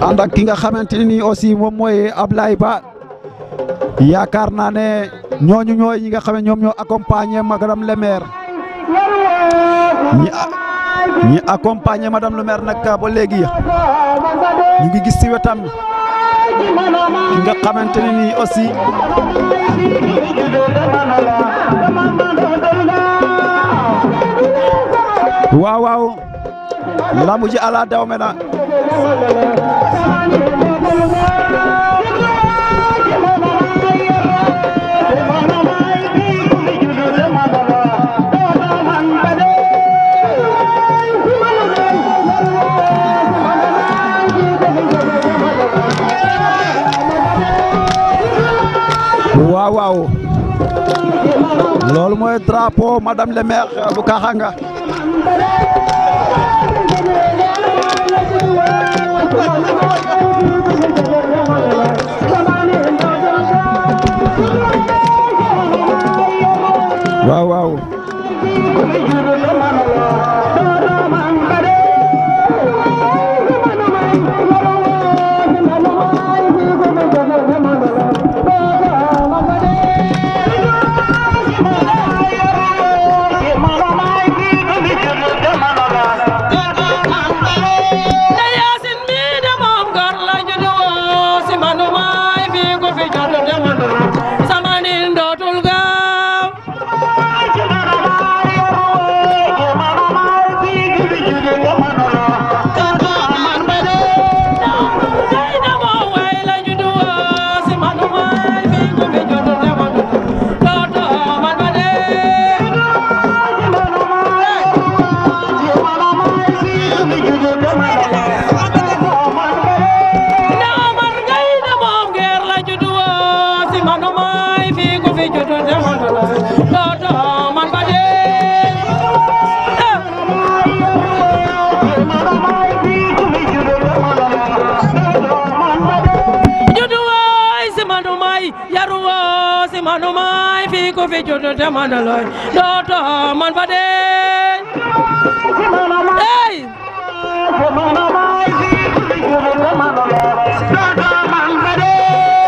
[SPEAKER 2] ànd ak ki nga xamante ni aussi moom mooy Ablaye Ba yaakaar naa ne. ñooñu ñooy ñi nga xam ne ñoom ñoo accompagner madame le maire ñi ñi accompagner le maire nag ba léegi ñu ngi gis ci wetam ki nga xamante ni nii aussi waaw waaw lamb ji ala daw me na loolu mooy drapeau madame le maire euh, bu Kaxanga
[SPEAKER 9] waaw waaw
[SPEAKER 10] fi juddu fa deeñ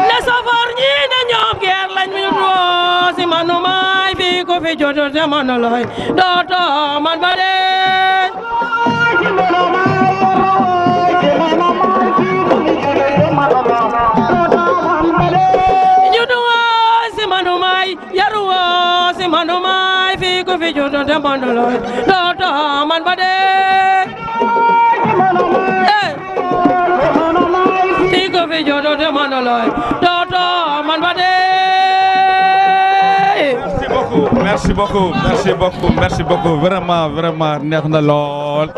[SPEAKER 10] ne sofoor ñi ne ñoom geer lañ mi roosi manu may fi ku fi juddu te man da looy dootoo fa deeñ fi judd ba dee.
[SPEAKER 4] merci beaucoup merci beaucoup merci beaucoup merci beaucoup vraiment vraiment neex na lool.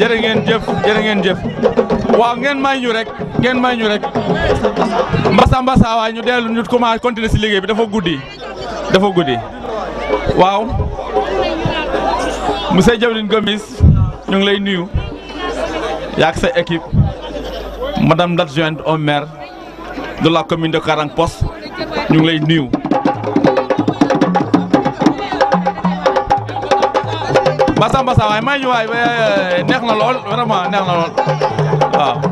[SPEAKER 4] jërë ngeen jëf jërë ngeen jëf waaw ngeen may ñu rek ngeen may ñu rek mbasa mbasa waay ñu dellu ñu commencé continuer si liggéey bi dafa guddi dafa guddi waaw monsieur Diabrine Gomis ñu ngi lay nuyu yaak sa équipe madame l'adjointe au maire de la commune de Karang pos ñu ngi lay nuyu Massamba Sarr waaye may ñu waay neex na lool vraiment neex na lool waaw.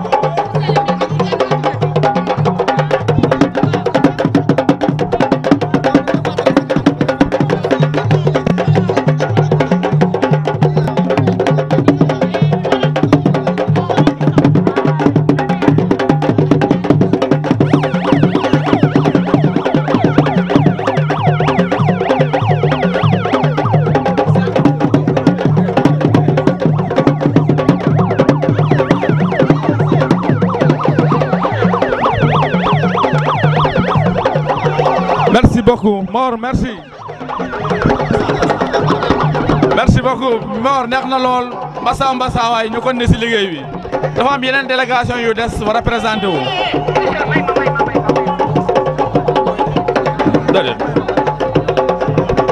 [SPEAKER 4] Mor merci merci beaucoup Mor neex na lool Massamba Saawaay ñu kon ne si liggéey bi dafa am yeneen délégation yu des war a présenté wu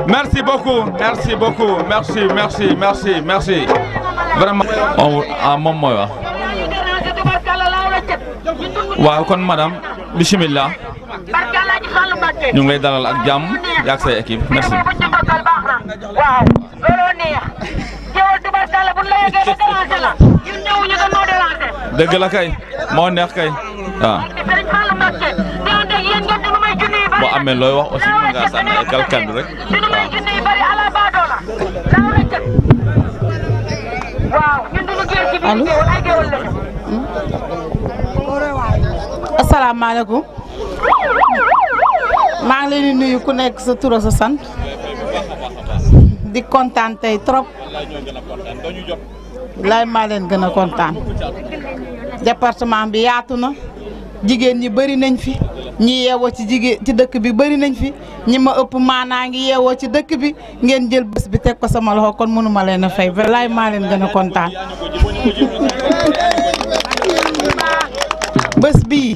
[SPEAKER 4] merci beaucoup merci beaucoup merci merci merci merci
[SPEAKER 1] vraiment a
[SPEAKER 4] ah, moom mooy wax waaw kon madame bismillah
[SPEAKER 1] ñu ngi lay dalal ak jàmm yaag
[SPEAKER 4] say équipe merci. waaw
[SPEAKER 1] looloo neex. yow la kay
[SPEAKER 4] moo neex kay waaw. boo amee looy wax aussi mën ngaa sànni ay kalkan bi rek
[SPEAKER 11] waaw. allo asalaamaaleykum. leen di ku nekk sa tur sa sant di kontaan tey trop lay maa gën a kontaan département bi yaatu na jigéen ñi bëri nañ fi ñi yeewoo ci ci dëkk bi bëri nañ fi ñi ma ëpp maanaa ngi yeewoo ci dëkk bi ngeen jël bés bi teg ko sama loxo kon mënuma leen a fay lay maa gën a kontaan *laughs* bés bii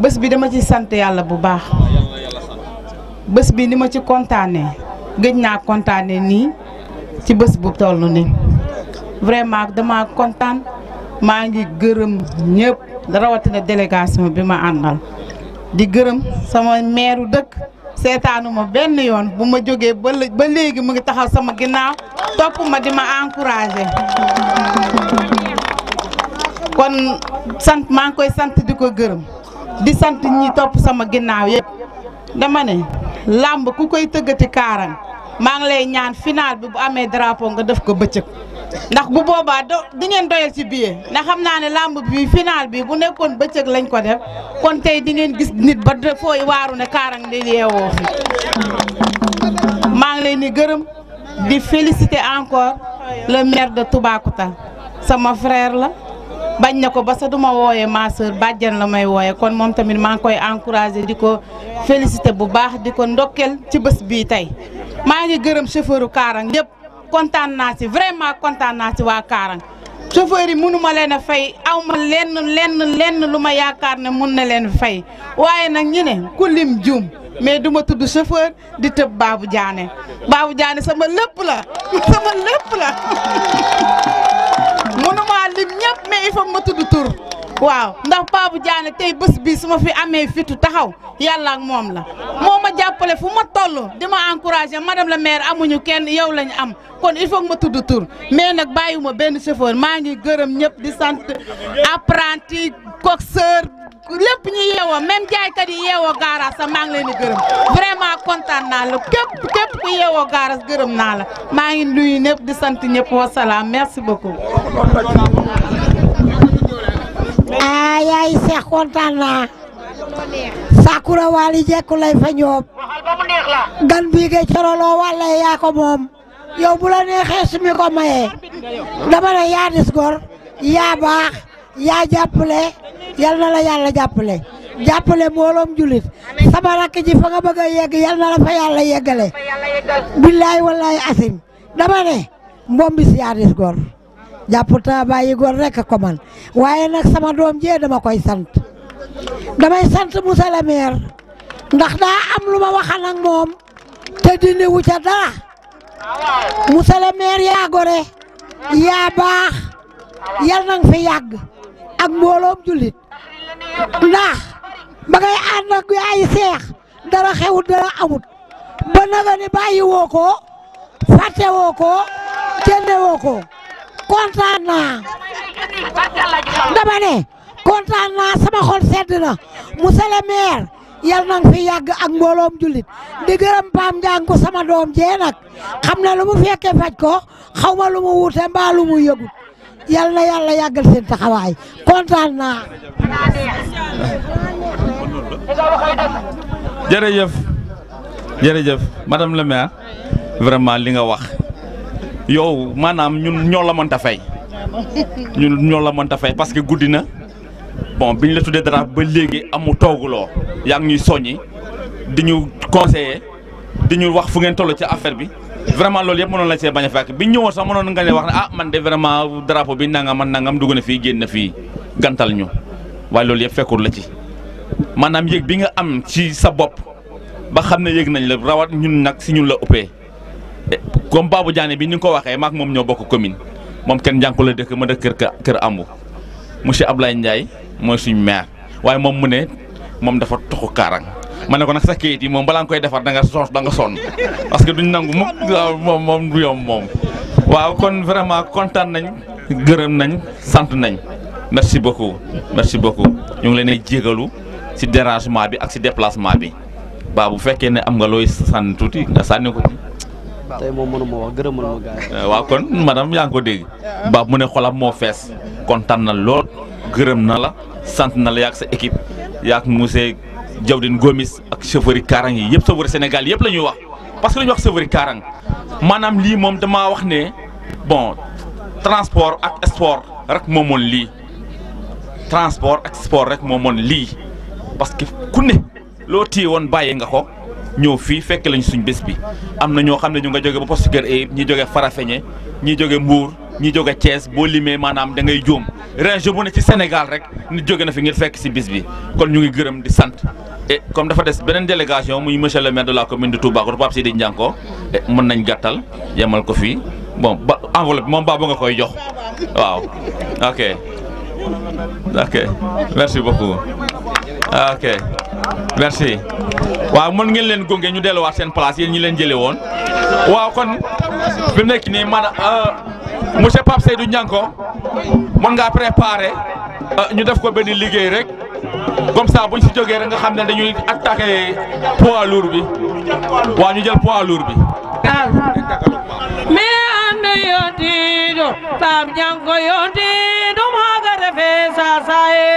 [SPEAKER 11] bés bi dama ci sant yàlla bu baax bés bi ni ma ci kontaanee gëj naa kontaanee nii ci bés bu toll ni vraiment dama kontaan maa ngi gërëm ñëpp rawatina délégation bi ma àndal di gërëm sama meeru dëkk seetaanu ma benn yoon bu ma jógee ba léegi mu ngi taxaw sama ginnaaw topp ma di ma encouragé kon sant maa ngi koy sant di ko gërëm. di sant ñi topp sama ginnaaw yëpp dama ne làmb ku koy tëggati kaaraan maa ngi lay ñaan final bi bu amee drapeau nga def ko bëccëg ndax bu boobaa do di ngeen doyal ci billet ndax xam naa ne làmb bi final bi bu nekkoon bëccëg lañ ko def kon tey di ngeen gis nit ba fooy waaru ne kaaraan di yeewoo fi maa ngi leen di gërëm di félicité encore le maire de Toubacouta sama freer la. bañ na ko ba sa duma wooyee ma sœur la may wooyee kon moom tamit maa ngi koy encouragé di ko félicité bu baax di ko ndokkel ci bés bii tey maa ngi gërëm chauffeur u Kaarang yëpp kontaan naa si vraiment kontaan naa si waa Kaarang chauffeur yi mënuma leen a fay aw ma lenn lenn lenn lu ma yaakaar ne mun na leen fay waaye nag ñu ne ku lim juum mais du ma tudd chauffeur di tëb Babou Diané Babou jaane sama lëpp la sama lépp la *laughs* *laughs* mënuma lim ñëpp mais il faut ma tudd tur waaw ndax Babou jaane tey bés bi su ma fi amee fitu taxaw yàlla moom la moo ma jàppale fu ma toll di ma encouragé madame la maire amuñu kenn yow lañu am kon il faut ma tudd tur mais nag bàyyiwuma benn chauffeur maa ngi gërëm ñëpp di sant apprenti coxeur lépp ñu yeewoo même jaaykat yi yeewoo gaaraas sax maa leen gërëm vraiment kontaan naa la képp képp ku yeewoo gaaraas gërëm naa la maa ngi nuyu ñëpp di sant ñëpp wa salaam merci
[SPEAKER 12] beaucoup. ah yaay Cheikh kontaan naa. Sakura Wali jekku lay fa ñoom. gan bii nga coroloo wàlle yaa ko moom. yow bu la neexee su mi dama ne yaa dis gor. yaa baax yaa jàppale. yal na la yàlla jàppale jàppale mbooloom julit sama rakk ji fa nga bëgg a yegg yal na la fa yàlla yeggale billaay wallaay asim dama ne mboom bis yaa jàpp ta bàyyi góor rek ko man waaye nag sama doom jee dama koy sant damay sant monsieur le ndax daa am lu ma waxan moom te dindi wu dara monsieur le yaa gore yaa baax yal na fi yàgg ak mbooloom julit ndax ba ngay ànd ak ay seex dara xewut dara amut ba bàyyi woo ko fàtte woo ko jënde woo ne kontaan sama xol sedd na monsieur le maire yal na fi yàgg ak mbooloom jullit di gërëm Pam Njàng ko sama doom jee nag xam na lu mu fekkee faj ko xaw ma lu mu wuute mbaa lu mu yëgut yàlla na yàlla yàggal seen taxawaay kontaan naa.
[SPEAKER 4] jërëjëf jërëjëf madame le maire vraiment li nga wax yow maanaam ñun ñoo la mënta fay ñun ñoo la mënta fay parce que guddi na bon bi ñu la tuddee dara ba léegi amu tooguloo yaa ngi ñuy soññi di ñu conseiller di ñu wax fu ngeen toll ci affaire bi. vraiment loolu yëpp mënoon lañ see bañ a fekk bi ñëwoon sax mënoon nga ne wax ne ah man de vraiment drapeau bi nangam man nangam dugg na fii génn na fii gantal ñu waaye loolu yëpp fekkul la ci maanaam yëg bi nga am ci sa bopp ba xam ne yëg nañ la rawat ñun nag si ñun la uppee comme baabu jaane bi ni nga ko waxee maak moom ñoo bokk commune moom kenn jànku la dëkk ma dëkk kër kër ambu monsieur Ablaye Ndiaye mooy suñ maire waaye moom mu ne moom dafa toxu kaarang ma ne ko nag sa kayit yi moom balaa nga koy defar da nga son da nga sonn parce que duñ nangu mukk moom moom du yomb moom. waaw kon vraiment kontaan nañ gërëm nañ sant nañ merci beaucoup merci beaucoup ñu ngi leen di jégalu ci dérangement bi ak ci déplacement bi baa bu fekkee ne am nga looy sànni tuuti nga ko.
[SPEAKER 2] tey moom mënuma wax gërëmal ma gars
[SPEAKER 4] yi waaw kon madame yaa ngi ko dégg mu ne xolam moo fees kontaan na lool gërëm na la sant na la ak sa équipe yaag monsieur Jawdin Gomis ak chauffeur yi Kaarang yi yëpp chauffeur Sénégal yëpp la ñuy wax parce que la ñuy wax chauffeur Kaarang maanaam lii moom damaa wax ne bon transport ak sport rek moo lii transport ak sport rek moo lii parce que ku ne loo téye woon bàyyi nga ko. ñëw fii fekk lañ suñ bés bi am na ñoo xam ne ñu nga jóge ba poste Kër Ayib ñi jóge Farafeñe ñi jóge Mbuur ñi jóge Thiès boo limee maanaam da ngay juum région bu ne ci Sénégal rek nit jóge na fi ngir fekk si bis bi kon ñu ngi gërëm di sant et comme dafa des beneen délégation muy monsieur le maire de la commune de Toubacouta Pape Sidi Ndianko mën nañ gàttal yemal ko fii bon ba enveloppe moom baa bu nga koy jox waaw ok ok merci beaucoup ok merci waaw mën ngeen leen gunge ñu delluwaat seen place yéen ñi leen jëlee woon waaw kon bu nekk nii man euh, monsieur Pape Seydou Nianko mën ngaa préparer euh, ñu def ko benn liggéey rek comme ça buñ si jógee rek nga xam ne dañuy attaqué poids lourd bi waaw ñu jël poids lourd bi.
[SPEAKER 10] hande yontiɗo sam jango yontiɗum haga refe sasaye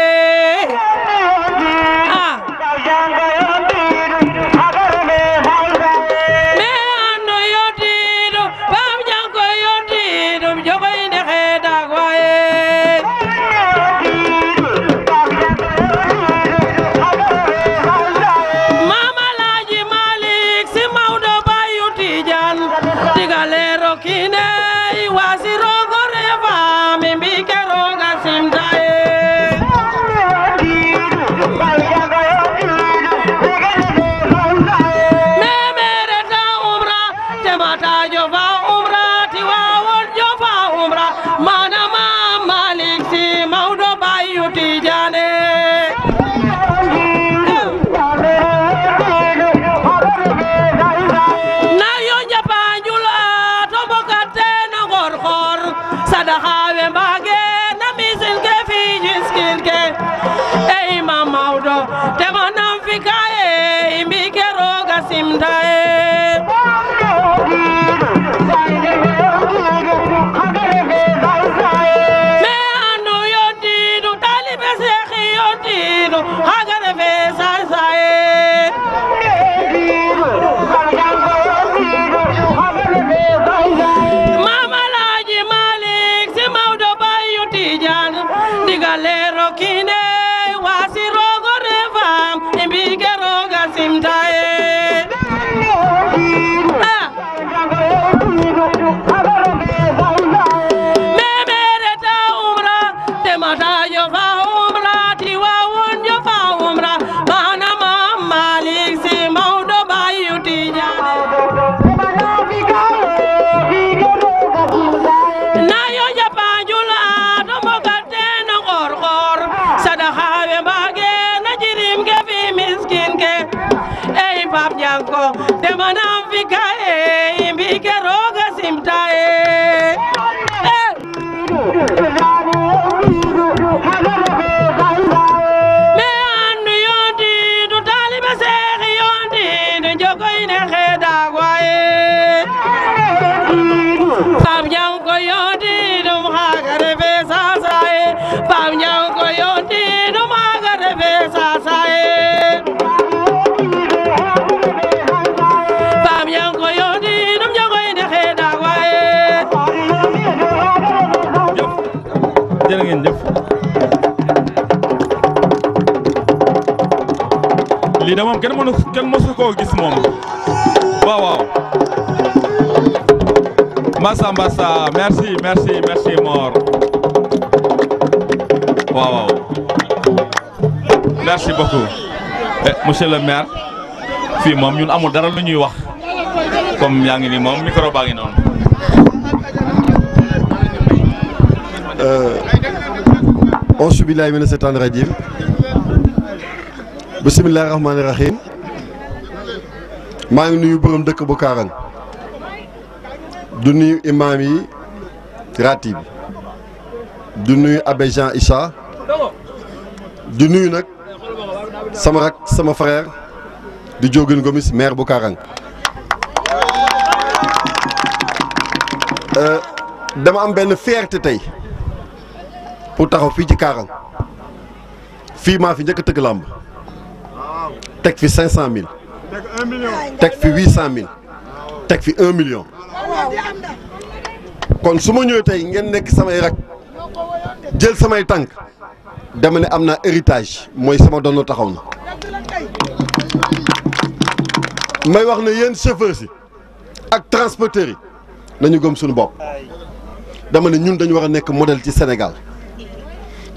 [SPEAKER 10] ma
[SPEAKER 4] lii de moom kenn mënu kenn mësu koo gis moom waaw waaw Mbassa Mbassa merci merci merci waaw waaw merci beaucoup eh, monsieur le maire fii moom ñun amul dara lu ñuy wax comme yaa ngi ni moom micro baa ngi noonu
[SPEAKER 6] auzu euh, billaahi mina seytaani rajiim bisimilah rahmaani rahim maa ngi nuyu borom dëkk bu Kaarang du nuyu imaam yi ratib du nuyu abbé Jean Issa du nuyu nag sama rak sama frère di Diogène Gomis maire bu Kaarang euh, dama am benn fierté tey pour taxaw fii ci Kaarang fii maa fi njëkk a tëgg làmb teg fi 500000 teg fi 800000 teg fi 1 million kon su ma ñëwee tey ngeen nekk samay rak jël samay tànk dama ne am na héritage mooy sama doon taxaw na may wax ne yéen chauffeurs si ak transporteurs yi nañu gëm suñu bopp dama ne ñun dañu war a nekk modèle ci senegal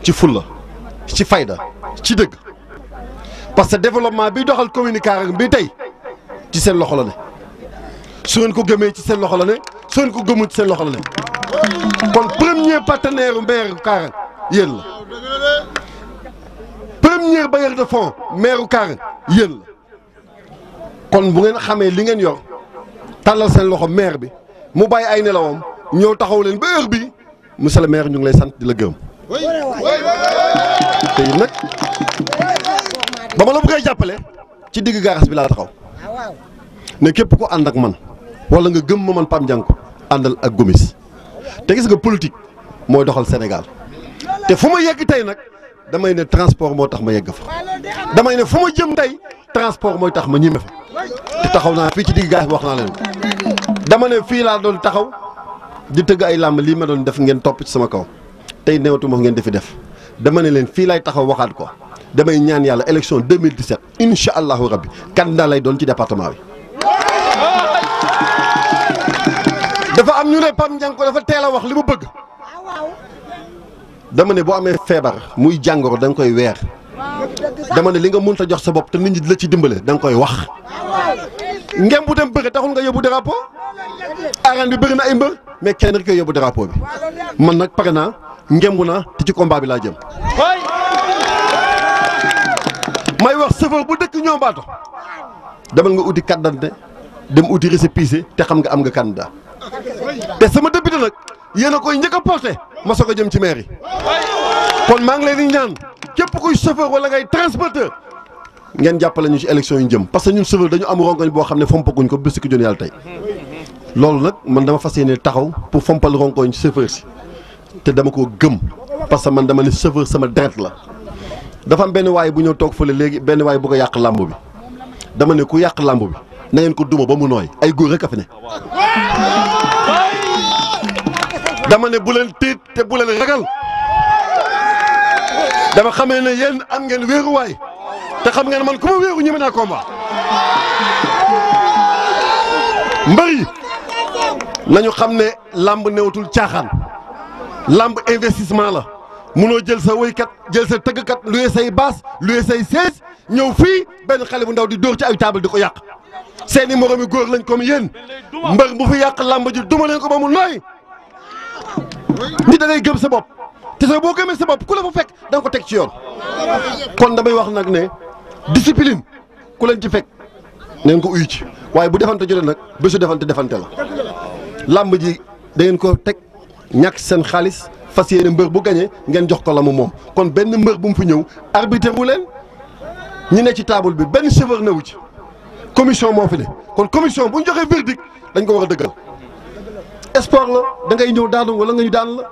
[SPEAKER 6] ci fulla ci fayda ci dëgg. parce que développement bi doxal commune Kaarang bi tey ci seen loxo la ne su ngeen ko gëmee ci seen loxo la ne su ngeen ko gëmul ci seen loxo la
[SPEAKER 5] ne
[SPEAKER 6] kon premier partenaire maire Kaarang yéen
[SPEAKER 5] la
[SPEAKER 6] premier bailleur de fonds maire Kaarang yéen la kon bu ngeen xamee li ngeen yor tàllal seen loxo maire bi mu bàyyi ay nelawam ñëw taxaw leen ba heure bii monsieur le maire ñu ngi lay sant di la gërëm tey nag. ba ma la bëggee jàppale ci digg gaaxas bi laa taxaw ne képp ko ànd ak man wala nga gëm ma man Pape Ndiankou àndal ak Gomis te gis nga politique mooy doxal Sénégal te fu ma yegg tey nag damay ne transport moo tax ma yegg fa damay ne fu ma jëm tey transport mooy tax ma ñime fa te taxaw naa fii ci digg gaaxas bi wax naa leen dama ne fii laa doon taxaw di tëgg ay làmb lii ma doon def ngeen topp ci sama kaw tey newatu ma ngeen dafi def dama ne leen fii laay taxaw waxaat ko. damay ñaan yàlla élection 2017 incha allahu rabbi candidat lay doon ci département bi. dafa am ñu ne Pam Ndianko dafa teel a wax li mu bëgg. dama ne boo amee feebar muy jàngoro da koy weer. dama ne li nga mënut a jox sa bopp te nit ñi la ci dimbale danga koy wax. ngem bu dem bëgg taxul nga yóbbu drapeau. arène bi bëri na ay mbër mais kenn rek koy yóbbu drapeau bi man nag pare naa ngembu naa te ci combat bi laa jëm. may wax sëfër bu dëkk ñoom baato demal nga uti kàddante dem uti récépissé te xam nga am nga candidat te sama député nag yéen a koy njëkk a porté ma jëm ci maire yi kon maa ngi leen di ñaan képp kuy chauffeur wala ngay transporteur ngeen jàppale ñu ci élection yi jëm parce que ñun chauffeur dañu am rongoñ boo xam ne fompaguñ ko bés ki jon yàlla tey loolu nag man dama fas yéene taxaw pour fompal rongoñ chauffeur si te dama ko gëm parce que man dama ne chauffeur sama deret la dafa am benn waay bu ñëw toog fële léegi benn waay bu ko yàq làmb bi dama ne ku yàq làmb bi na ko duma ba mu nooy ay góor rek a fi ne. dama ne bu leen te bu leen ragal dama xamee ne yéen am ngeen wéeruwaay te xam ngeen man ku ma wéeru ñeme naa combat mbër yi nañu xam ne làmb newatul caaxaan làmb investissement la. munoo jël sa woykat jël sa tëggkat luye say baas luye say sees ñëw fii benn xale bu ndaw di dóor ci ay taabal di ko yàq seeni moromi góor lañ comme yéen mbër bu fi yàq làmb ji duma leen ko ba mu nooy nit da ngay sa bopp te soo boo gëmee sa bopp ku la fa fekk da ko teg ci yoon kon damay wax nag ne discipline ku leen ci fekk neen ko uyu waaye bu defante jotee nag bésu defante defante la làmb ji da ngeen ko teg ñàkk seen xaalis fas yéene mbër bu gañee ngeen jox ko la mu moom kon benn mbër bu mu fi ñëw arbitre wu leen ñu ne ci taabul bi benn chauffeur newu ci commission moo fi ne kon commission bu ñu joxee verdict dañ ko war a dëggal sport la dangay ñëw daanu wala nga ñu daan la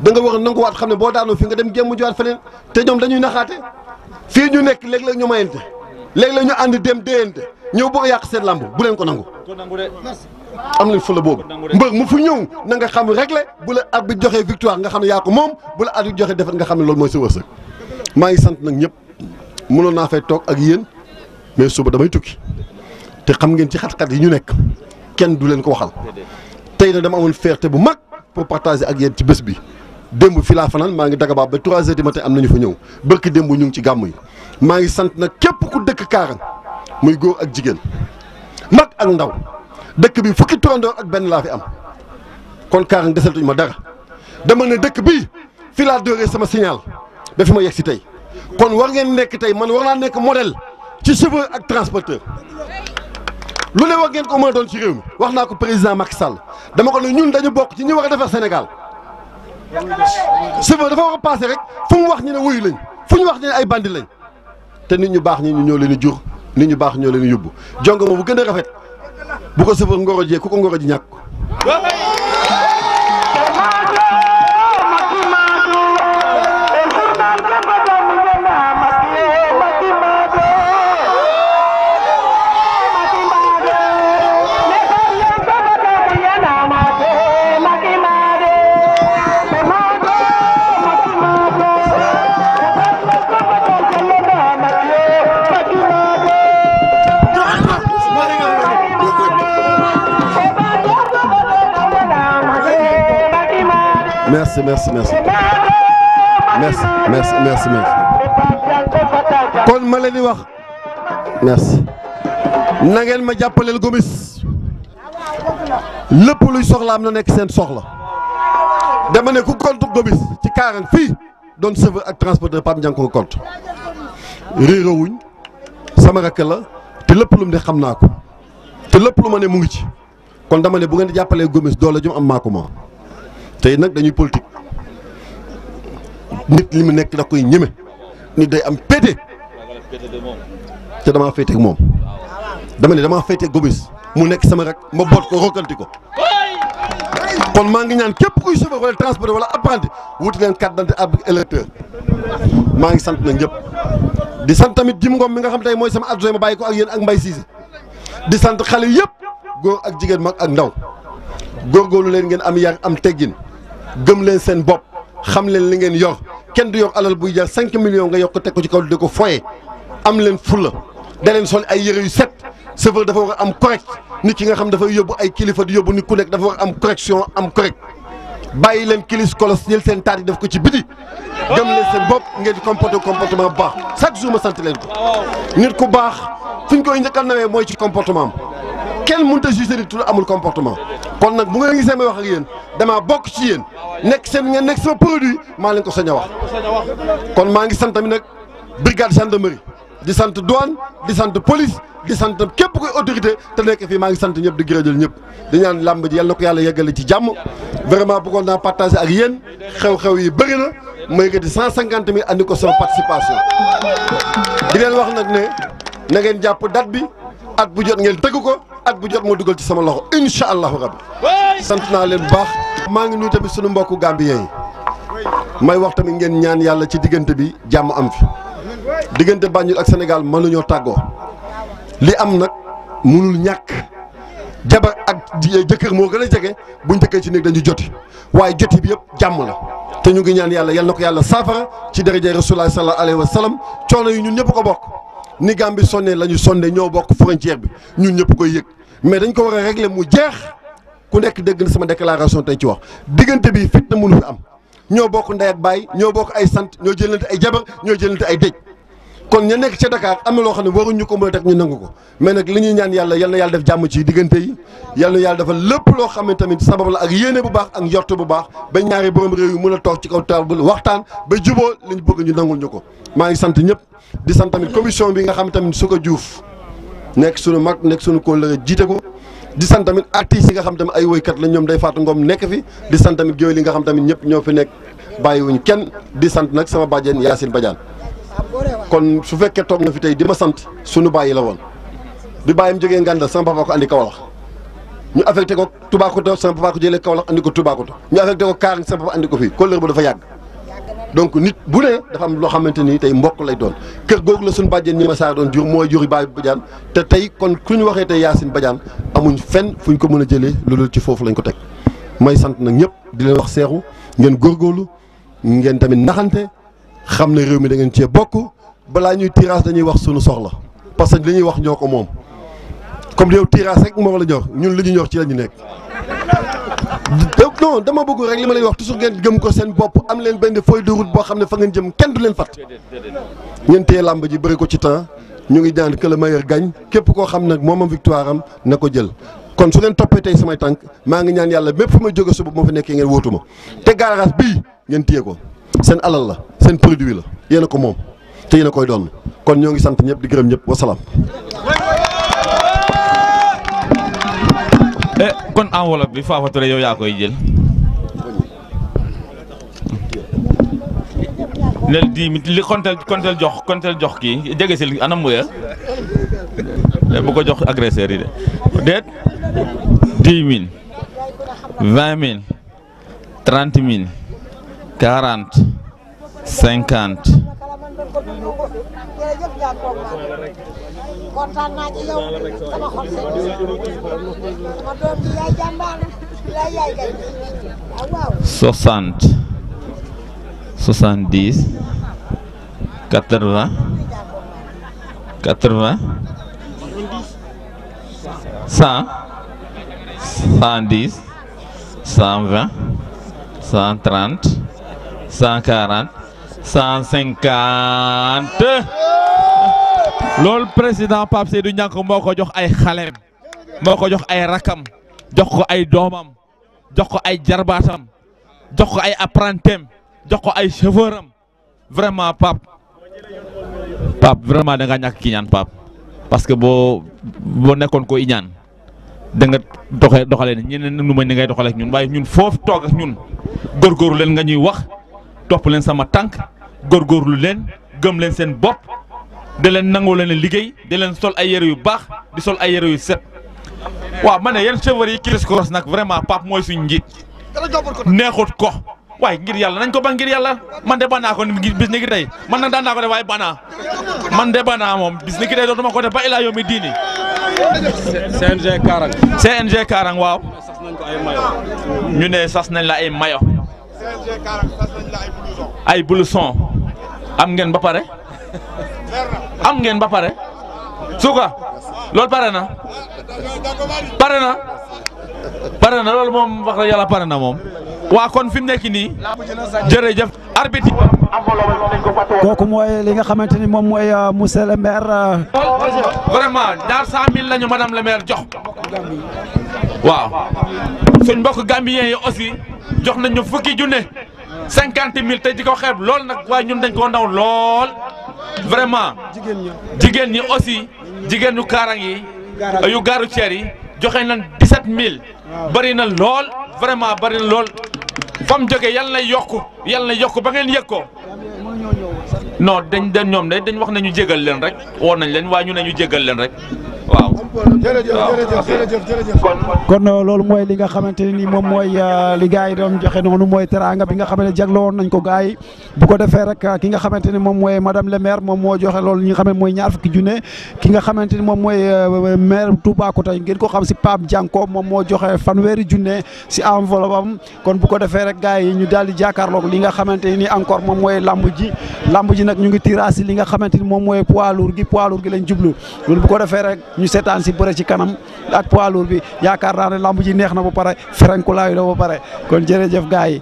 [SPEAKER 6] da nga war a nanguwaat xam ne boo daanoo fi nga dem jéem a jiwaat feneen te ñoom dañuy naxaate fii ñu nekk léeg-léeg ñu mayante léeg-léeg ñu ànd dem déyante ñëw boo yàq seen làmb bu leen ko nangu. am nañ fula boobu mbër mu fu ñëw na nga xam régler bu la at bi joxee victoire nga xam ne yaa ko moom bu la at bi joxee nga xam ne loolu mooy sa wërsëg maa ngi sant nag ñëpp mënoon naa fay toog ak yéen mais suba damay tukki te xam ngeen ci xat yi ñu nekk kenn du leen ko waxal tey nag dama amoon bu mag pour partager ak yéen ci bés bi démb fi laa fanaan maa ngi dagabaab ba trois heures du matin am nañu fa ñëw bërki démb ñu ngi ci gàmmu yi maa ngi sant nag képp ku dëkk Karang muy góor ak jigéen mag ak ndaw dëkk bi fukki turandoo ak benn laa fi am kon Kaarang desaltuñ ma dara dama ne dëkk bi fi laa dóoree sama signal ba fi ma yegg si tey kon war ngeen nekk tey man war naa nekk modèle ci chauffeur ak transporteur lu ne war ngeen ko mën a doon ci réew mi wax naa ko président Macky Sall dama ko ne ñun dañu bokk ci ñi war a defar Sénégal chauffeur dafa war a passé rek fu mu wax ñu ne wuyu lañ fu ñu wax ñu ne ay bandi lañ te nit ñu baax ñi ñu ñoo leen di jur nit ñu baax ñoo leen yóbbu jong bu gën a rafet. bu ko sëfal ngoro jee ku ko ngoro ji ñàkk merci merci merci merci merci merci kon ma leen di wax merci na ngeen ma jàppaleel Gomis lépp luy am na nekk seen soxla dama ne ku compte Gomis ci Kaarang fii doon chauffeur ak transporteur Pape Ndiang ko compte réeroo sama rakk la te lépp lu mu ne xam naa ko te lépp lu ma ne mu ngi ci kon dama ne bu ngeen di jàppalee Gomis doole jum am maako ma tey nag dañuy politique nit li mu nekk da koy ñeme nit day am pété te damaa féeteeg moom dama ne damaa féeteeg Gomis mu nekk sama rek ma boot ko rokkanti ko kon maa ngi ñaan képp kuy chauffeur wala transporteur wala apprenti wuti leen carte d'identité ab électeur maa ngi sant na ñëpp di sant tamit Jim Ngom mi nga xam tey mooy sama adjoint ma bàyyi ko ak yéen ak Mbaye Cissé di sant xale yëpp góor ak jigéen mag ak ndaw góorgóorlu leen ngeen am yar am teggin gëm leen seen bopp xam leen li ngeen yor kenn du yor alal buy jar cinq millions nga yokk ko teg ko ci kaw di ko foye am leen fulla da leen ay yëre yu set chauffeur dafa war a am correct nit ki nga xam dafay yóbbu ay kilifa di yóbbu nit ku nekk dafa war a am correction am correct bàyyi leen kilis kolos jël seen taat yi def ko ci biti gëm leen seen bopp ngeen di comporté comportement bu baax chaque jour sant leen ko nit ku baax fi ñu koy njëkk nawee mooy ci comportement am kenn mënut a juger nit lu amul comportement kon nag bu nga gisee may wax ak yéen damaa bokk ci yéen nekk seen ngeen nekk sama produit maa leen ko sañ a wax kon maa ngi sant tamit nag sant gendarmerie di sant douane di sant police di sant képp koy autorité te nekk fii maa ngi sant ñëpp di gërëjël ñëpp di ñaan làmb ji yal na ko yàlla yeggale ci jàmm vraiment bëggoon naa partager ak yéen xew-xew yi bëri na may yëkkati cent cinquante andi ko sama participation di leen na ngeen jàpp date bi. ak bu jot ngeen tëgg ko ak bu jot moo dugal ci sama loxo incha allahu rabbi sant naa leen bu baax. maa ngi nuyu tamit suñu mbokku Gambien yi may wax tamit ngeen ñaan yàlla ci diggante bi jàmm am fi diggante Banjul ak Sénégal mënuñoo tàggoo li am nag munul ñàkk jabar ak eh, jëkkër moo gën a jege bu jëkkee ci néeg dañu joti waaye joti bi yëpp jàmm la te ñu ngi ñaan yàlla yal na ko yàlla saafara ci daraja Rasulullah sallallahu alayhi wa sallam coono yi ñun ñëpp ko bokk. ni bi sonnee la ñu sonne ñoo bokk ceer bi ñun ñëpp koy yëg mais dañ ko war a régler mu jeex ku nekk dégg na sama déclaration tey ci wax diggante bi fitna mënu fi am ñoo bokk ndey ak baay ñoo bokk ay sant ñoo jëlante ay jabar ñoo jëlante ay dëj kon ña nekk ca Dakar am na loo xam ne waruñu ko mën a tax ñu nangu ko mais nag li ñuy ñaan yàlla yal na yàlla def jàmm ci diggante yi yal na yàlla defal lépp loo xam ne tamit sabab la ak yéene bu baax ak njort bu baax ba ñaari borom réew yi mën a toog ci kaw table waxtaan ba juboo li ñu bëgg ñu nangul ñu ko maa ngi sant ñëpp di sant tamit commission bi nga xam tamit su ko juuf nekk sunu mag nekk suñu kóllëre jiite ko di sant tamit artistes yi nga xam tamit ay woykat la ñoom day faatu ngoom nekk fi di sant tamit yi nga xam tamit ñëpp ñoo fi nekk bàyyiwuñ kenn di sant nag sama bàjjen Yacine Badiane kon su fekkee toog na fi tey di ma sant suñu bàyyi la woon bi bàyyam jógee Nganda sama papa ko andi Kaolack ñu affecté ko Toubacouta sama papa ko jëlee Kaolack andi ko Toubacouta ñu affecté ko Kaar sama papa andi ko fi kóllëre bu dafa yàgg donc nit bu ne dafa am loo xamante ni tey mbokk lay doon kër googu la suñu bàjjen ñi ma saar doon jur mooy juri baay Badiane te tey kon ku ñu waxee tey Yacine Badiane amuñ fenn fuñ ko mën a jëlee loolu ci foofu lañ ko teg may sant nag ñëpp di wax seexu ngeen góorgóorlu ngeen tamit naxante xam ne réew mi da ngeen cee bokk balaa ñuy tirage dañuy wax suñu soxla parce que li ñuy wax ñoo ko moom comme yow tirage rek moom la ñor ñun li ñu ñor ci la ñu nekk. non dama bëgg rek li ma lay wax toujours ngeen jëm ko seen bopp am leen benn feuille de route boo xam ne fa ngeen jëm kenn du leen fàtt ngeen làmb ji bari ko ci temps ñu ngi daan këla le meilleur gagne képp koo xam nag moomam victoire am na ko jël. kon su leen toppee tey samay tànk maa ngi ñaan yàlla bépp fu may jóge suba moo fi nekkee ngeen wóotu ma te garage bii ngeen téye ko. seen alal la seen produit la yéen a ko moom te yéen a koy doon kon ñoo ngi sant ñëpp di gërëm ñëpp wasalaam.
[SPEAKER 4] Eh, kon enveloppe bi Fafa Touré yow yaa koy jël. nel di li kontel kontel jox kontel jox kii jege si anam mu weer eh, bu ko jox agresseur yi de déet dix mille vingt mille trente mille quarante cinquante ah, soixante soixante-dix quatre-vingts cent cent dix cent vingt cent trente cent quarante cent cinquante loolu président Pape Seydou Niank moo ko jox ay xaleem moo ko jox ay rakkam jox ko ay doomam jox ko ay jarbaatam jox ko ay apprentem jox ko ay chauffeur vraiment pap Pape vraiment da nga ñàkk ki ñaan Pape parce que boo boo nekkoon ko iñaan da nga doxee doxalee ne ñeneen nu ma ni ngay doxalee ñun waaye ñun foofu toog ñun góorgóorlu nga ñuy wax. topp leen sama tànk góorgóorlu leen gëm leen seen bopp da leen nangoo leen liggéey da leen sol ay yére yu baax di sol ay yére yu set waaw ma ne yenn chauffeur yi Chris Cross nag vraiment Pape mooy suñu njiit neexut ko waaye ngir yàlla nañ ko ba ngir yàlla man de naa ko bis ni ki tey man nag daan naa ko def waaye banaa man de banaa moom bis ni ki tey dootuma ko def ba ilaa yawmi diini CNG Karang CNG Karang waaw ñu ne sas nañ la ay mayo ay blouson am ngeen ba pare am ngeen ba pare suuka loolu pare na pare na pare na loolu moom wax na yàlla pare na moom waa kon fi mu nekk nii jërëjëf arbitre
[SPEAKER 2] kooku mooy li nga xamante ni moom mooy euh, monsieur le maire euh.
[SPEAKER 4] vraiment daar cent mille lañu madame le maire jox waaw suñ mbokk gambien yi aussi jox nañu fukki junne cinquante mille te di ko xeeb lool nag waaye ñun dañ koo ndaw lool vraiment jigéen ñi aussi jigéen ñu kaarang yi yu gaaru ceer yi joxe nañ 17000. waaw bëri na lool vraiment bëri na lool fam jógee yal na yokku yal na yokku ba ngeen yëg ko. non dañ dañ ñoom day dañ wax nañu jégal leen rek woon nañ leen waa ñu ne ñu jégal leen rek waaw.
[SPEAKER 5] jërëjëf jërëjëf
[SPEAKER 2] kon euh, loolu mooy li nga xamante ne ni moom mooy euh, li gars yi doon joxe noonu mooy teraanga bi nga xam ne jagloo woon nañ ko gars yi bu ko defee rek ki nga xamante ne moom mooy madame le maire moom moo joxe loolu ñi nga xam ne mooy ñaar fukki junne ki nga xamante ni moom mooy euh, maire Toubacouta ko xam si Pape Dianko moom moo joxe fanweeri junne si enveloppe am kon bu ko defee rek gars yi ñu daal di jàkkaarloog li nga xamante ni encore moom mooy lamb ji lamb ji ñu ngi tirage si li nga xamante ni moom mooy poids lourd gi poids lourd gi lañ jublu loolu bu ko defee rek ñu seetaan si bëre ci kanam ak poids lourd bi yaakaar naa ne lamb ji neex na ba pare ferenkulaayu la ba pare kon jërëjëf gars yi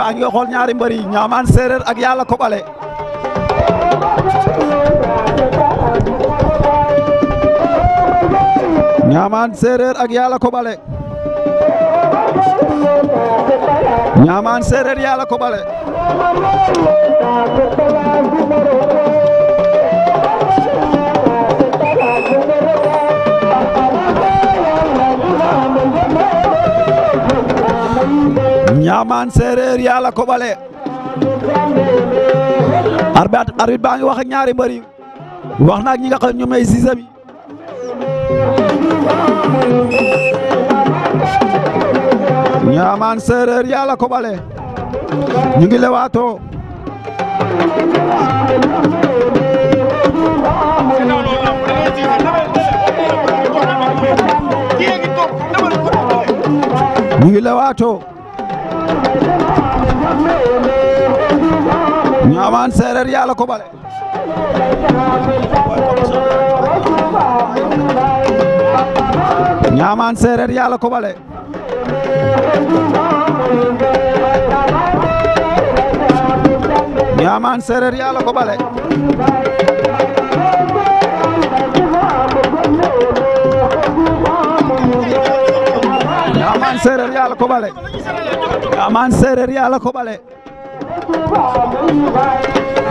[SPEAKER 2] paax ngi xool ñaari mbër yi ñaamaan séeréer ak yàlla kobale ñaamaan séeréer ak yàlla kobale ñaamaan séeréer yàlla ñaamaan séeréer yàlla ko bale arbitre arbitre baa ngi wax ak ñaari mbër yi wax na ak ñi nga xam ne ñoom ay sixième yi ñaamaan séeréer yàlla la bale ñu ngi lewaatoo ñu ñaamaan seereer yàlla ko bale yàlla ko bale ñaamaan ko bale séeréer yaa la ko séeréer yaa la ko bale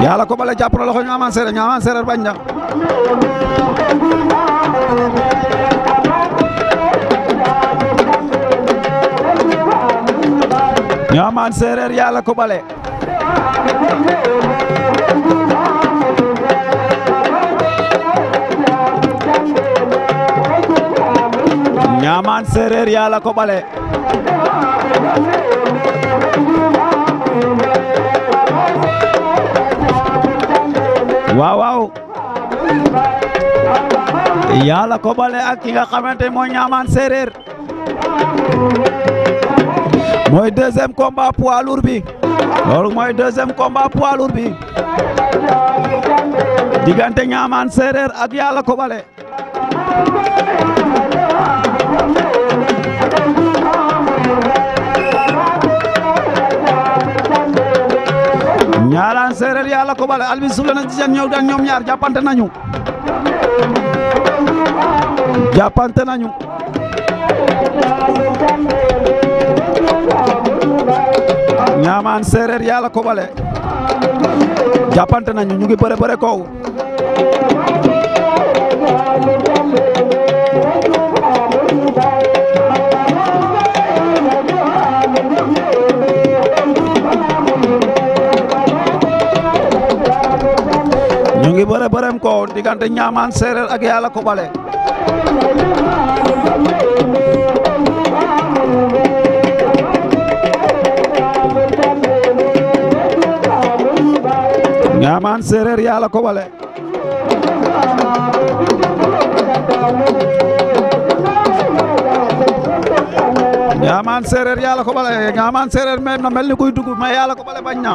[SPEAKER 2] yaa la ko bale séeréer ñu amaan yaa la ko bale ñaamaan séeréer yaa ko bale waaw waaw ak ki nga xamante mooy ñaamaan séeréer mooy deuxième combat poids lourd bi loolu mooy deuxième diggante ñaamaan séeréer ak yaa la ñaaraan séeréer yàlla ko bale albi suuf la na jijeen ñëw dan ñoom ñaar jàppante nañu jàppante nañu ñaamaan séeréer la ko bale jàppante nañu ñu ngi bëre bëre koow ngi bëre bërem ko diggante ñaamaan séeréer ak yàlla ko bale ñaamaan séeréer yàlla ko bale ñaamaan seereer yàlla ko bale ñaamaan seereer mem na mel ni kuy dugub mais yàlla ko bale bañ na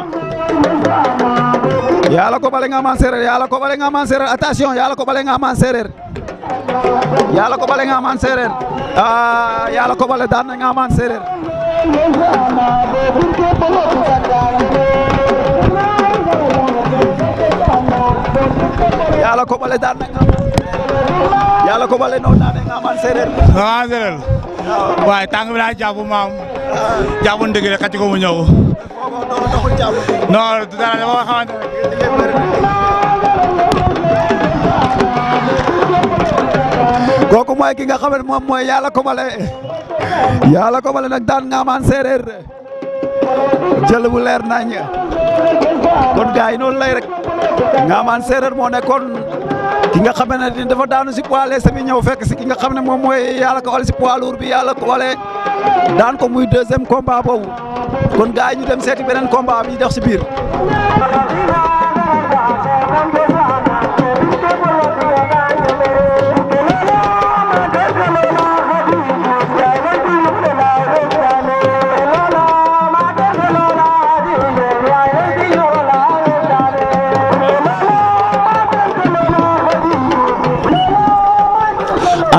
[SPEAKER 2] yàlla ko bale ñaamaan seereer yàlla ko bale ñaamaan seereer attention yàlla ko bale ñaamaan seereer yàlla ko bale ñaamaan seereer ah yàlla ko bale daan na ñaamaan seereer yàlla ko bale daan na yàlla ko bale noonu daanee nga amaan séeréer. waaw séeréer waaye ko mu ñëw. kooku mooy ki nga xam moom mooy yàlla ko bale yàlla ko bale nag daan nga amaan séeréer jël bu leer kon gaay noonu lay rek nga amaan séeréer ki nga xam ne dafa daanu si poids léger bi ñëw fekk si ki nga xam ne moom mooy yàlla ko wale si poids lourd bi yàlla ko wale daan ko muy deuxième combat boobu kon gars ñu dem seeti beneen combat bi dox si biir.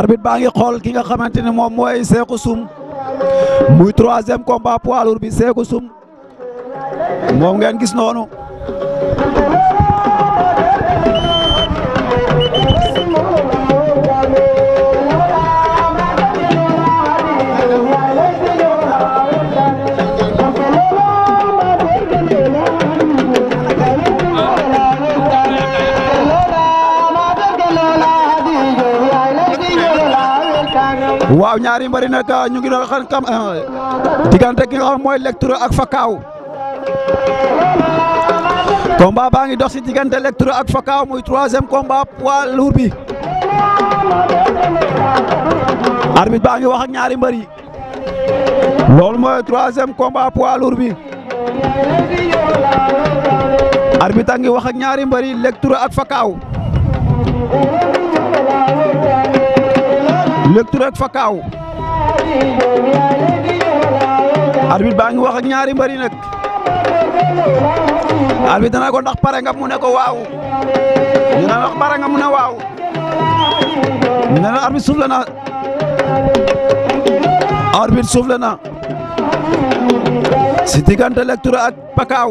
[SPEAKER 2] bit baa ngi xool ki nga xamante ne moom mooy Seeku Sum muy troisième combat poids lourd bi Seeku Sum moom ngeen gis noonu waaw ñaari mbëri nag ñu ngi doon xam kam eh, diggante ki nga mooy Lectro ak Fakaaw combat baa ngi dox si diggante Lectro ak Fakaaw muy troisième combat poids lourd bi arbitre baa ngi wax ñaari mbëri loolu mooy troisième combat ngi wax ak ñaari mbëri Lectro ak Fakaaw Lecture ak Fakaaw arbitre baa ngi wax ak ñaari mbëri nag arbitre dana ko ndax pare nga mu ne ko waaw dina wax pare nga mu ne waaw nee na arbitre suuf la na arbitre suuf la na si diggante Lecture ak Pakaaw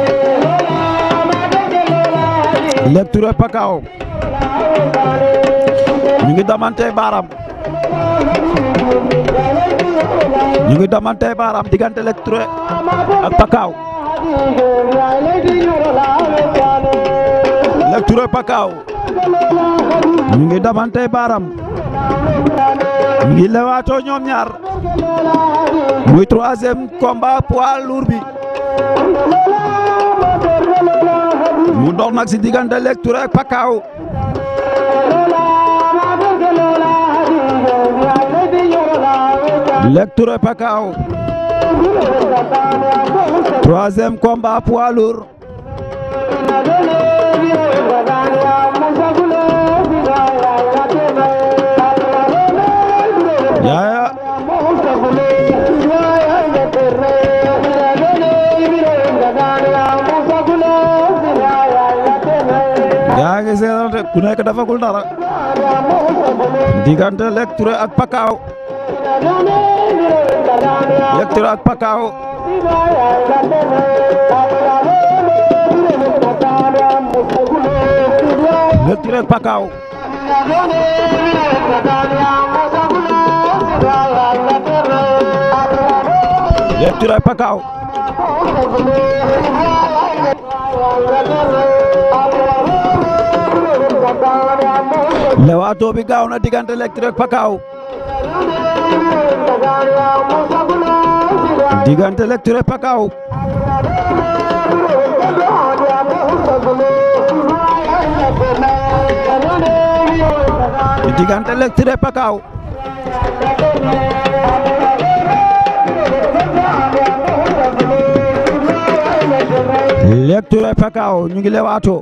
[SPEAKER 2] Lac Touré ñu ngi damante baaraam ñu ngi damante baaraam diggante Lac ñu ngi damante baaraam ñu ngi lewaatoo ñoom ñaar muy troisième combat poids lourd mu dox nag si diggante Leeg Touré ak Pakaaw Leeg Touré Pakaaw ku nekk dafagul dara ak Pakaaw Lek lewato bi gaaw na diggante Electric Pakaaw diggante Electric Pakaaw diggante ñu ngi lewato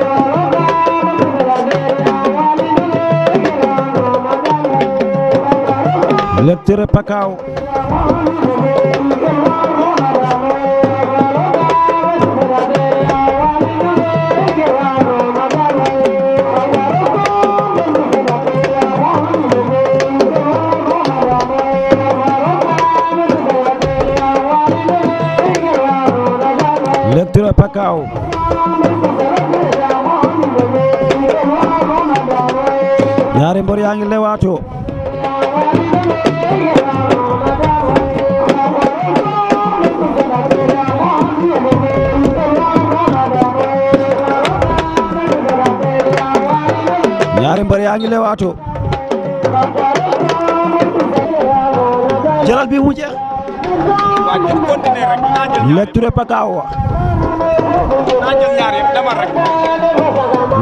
[SPEAKER 2] le tere pakaaw le tere pakaaw ñaari yaa ngi lewaatoo ñaari mbër yaa ngi leewaato jëlal bi mu jeex lecture pakaaw wa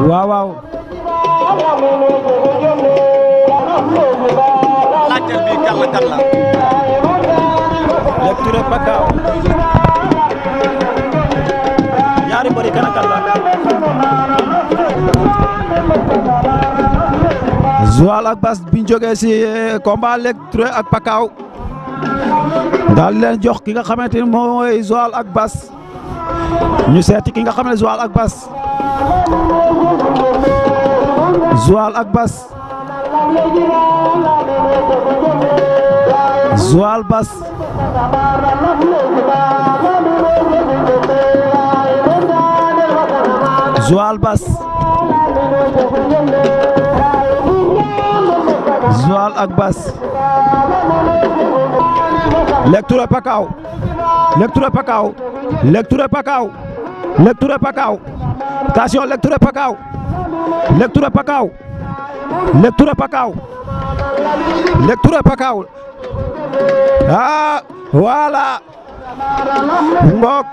[SPEAKER 2] waaw waaw Yàlla kan la lecture Pakao ñaari mbër yi kan la Joal ak Bass biñ jógee ci eh, combat lecture ak daal leen jox ki nga xamante ni mooy Joal ak Bass ñu seeti ki nga xam ne Joal ak Bass Joal ak Bass Joal Bass Joal Bass Joal ak Bass Lecture Pakaaw Lecture Pakaaw Lecture Pakaaw Lecture Pakaaw Pakaaw Lektura Pakao Lektura Pakao ah voilà Ngok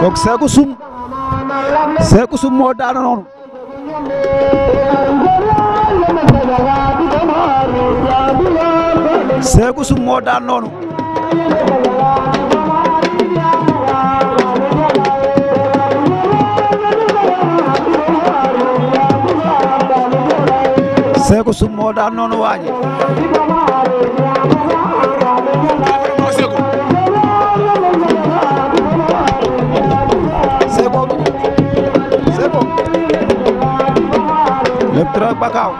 [SPEAKER 2] Ngok Seeku Sum Seeku Sum Sum moo daan noonu feeko summoɗa noon waañi seko seko lebtira bakaw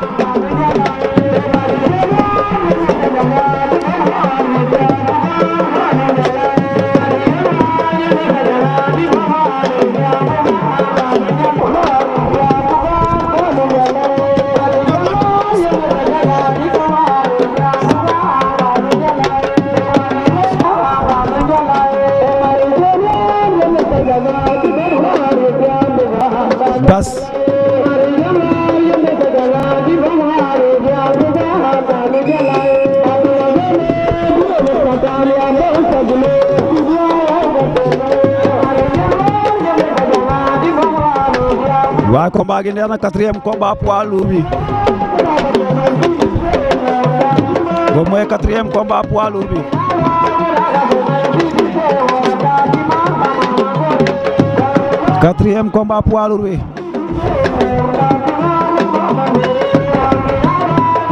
[SPEAKER 2] baa gi neex na quatrième combat poids lourd bi boobu mooy quatrième combat poids lourd bi quatrième combat poids lourd bi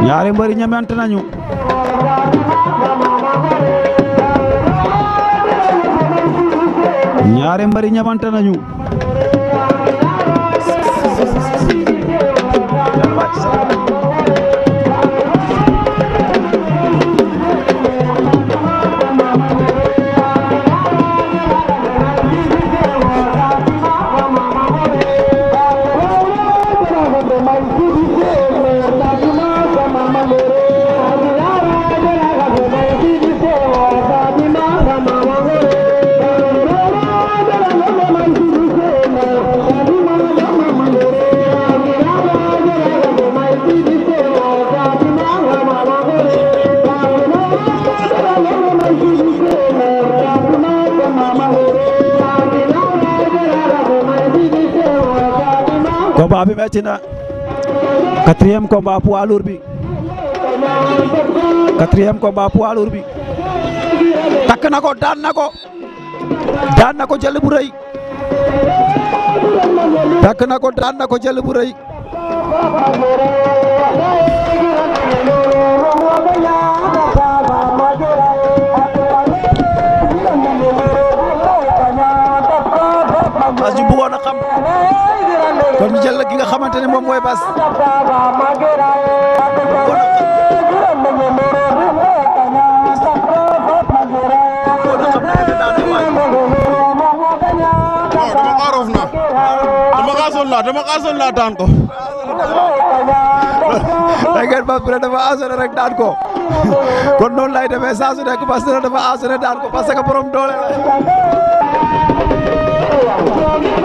[SPEAKER 2] ñaari mbëri ñemente nañu ñaari mbëri ñamante nañu Thank you. rawatina quatrième combat poids lourd bi quatrième bi takk na ko daan na ko daan na ko jël bu kon jël ki nga xamante ne moom mooy bas.
[SPEAKER 6] la dama xaasoon la daan ko
[SPEAKER 2] da ngeen ba pare dafa asone rek daan ko kon noonu lay demee saa su nekk parce que dafa asone daan ko parce que borom doole la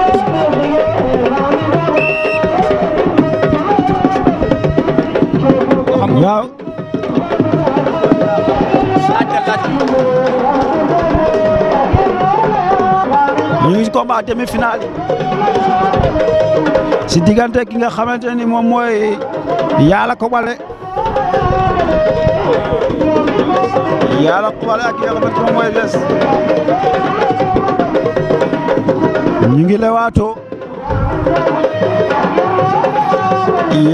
[SPEAKER 2] waaw. ñu ngi ci combat demi-finale ci diggante ki nga xamante ni moom mooy Yalla Kobale Yalla Kobale ak ki nga xamante moom mooy Less ñu ngi lewaatoo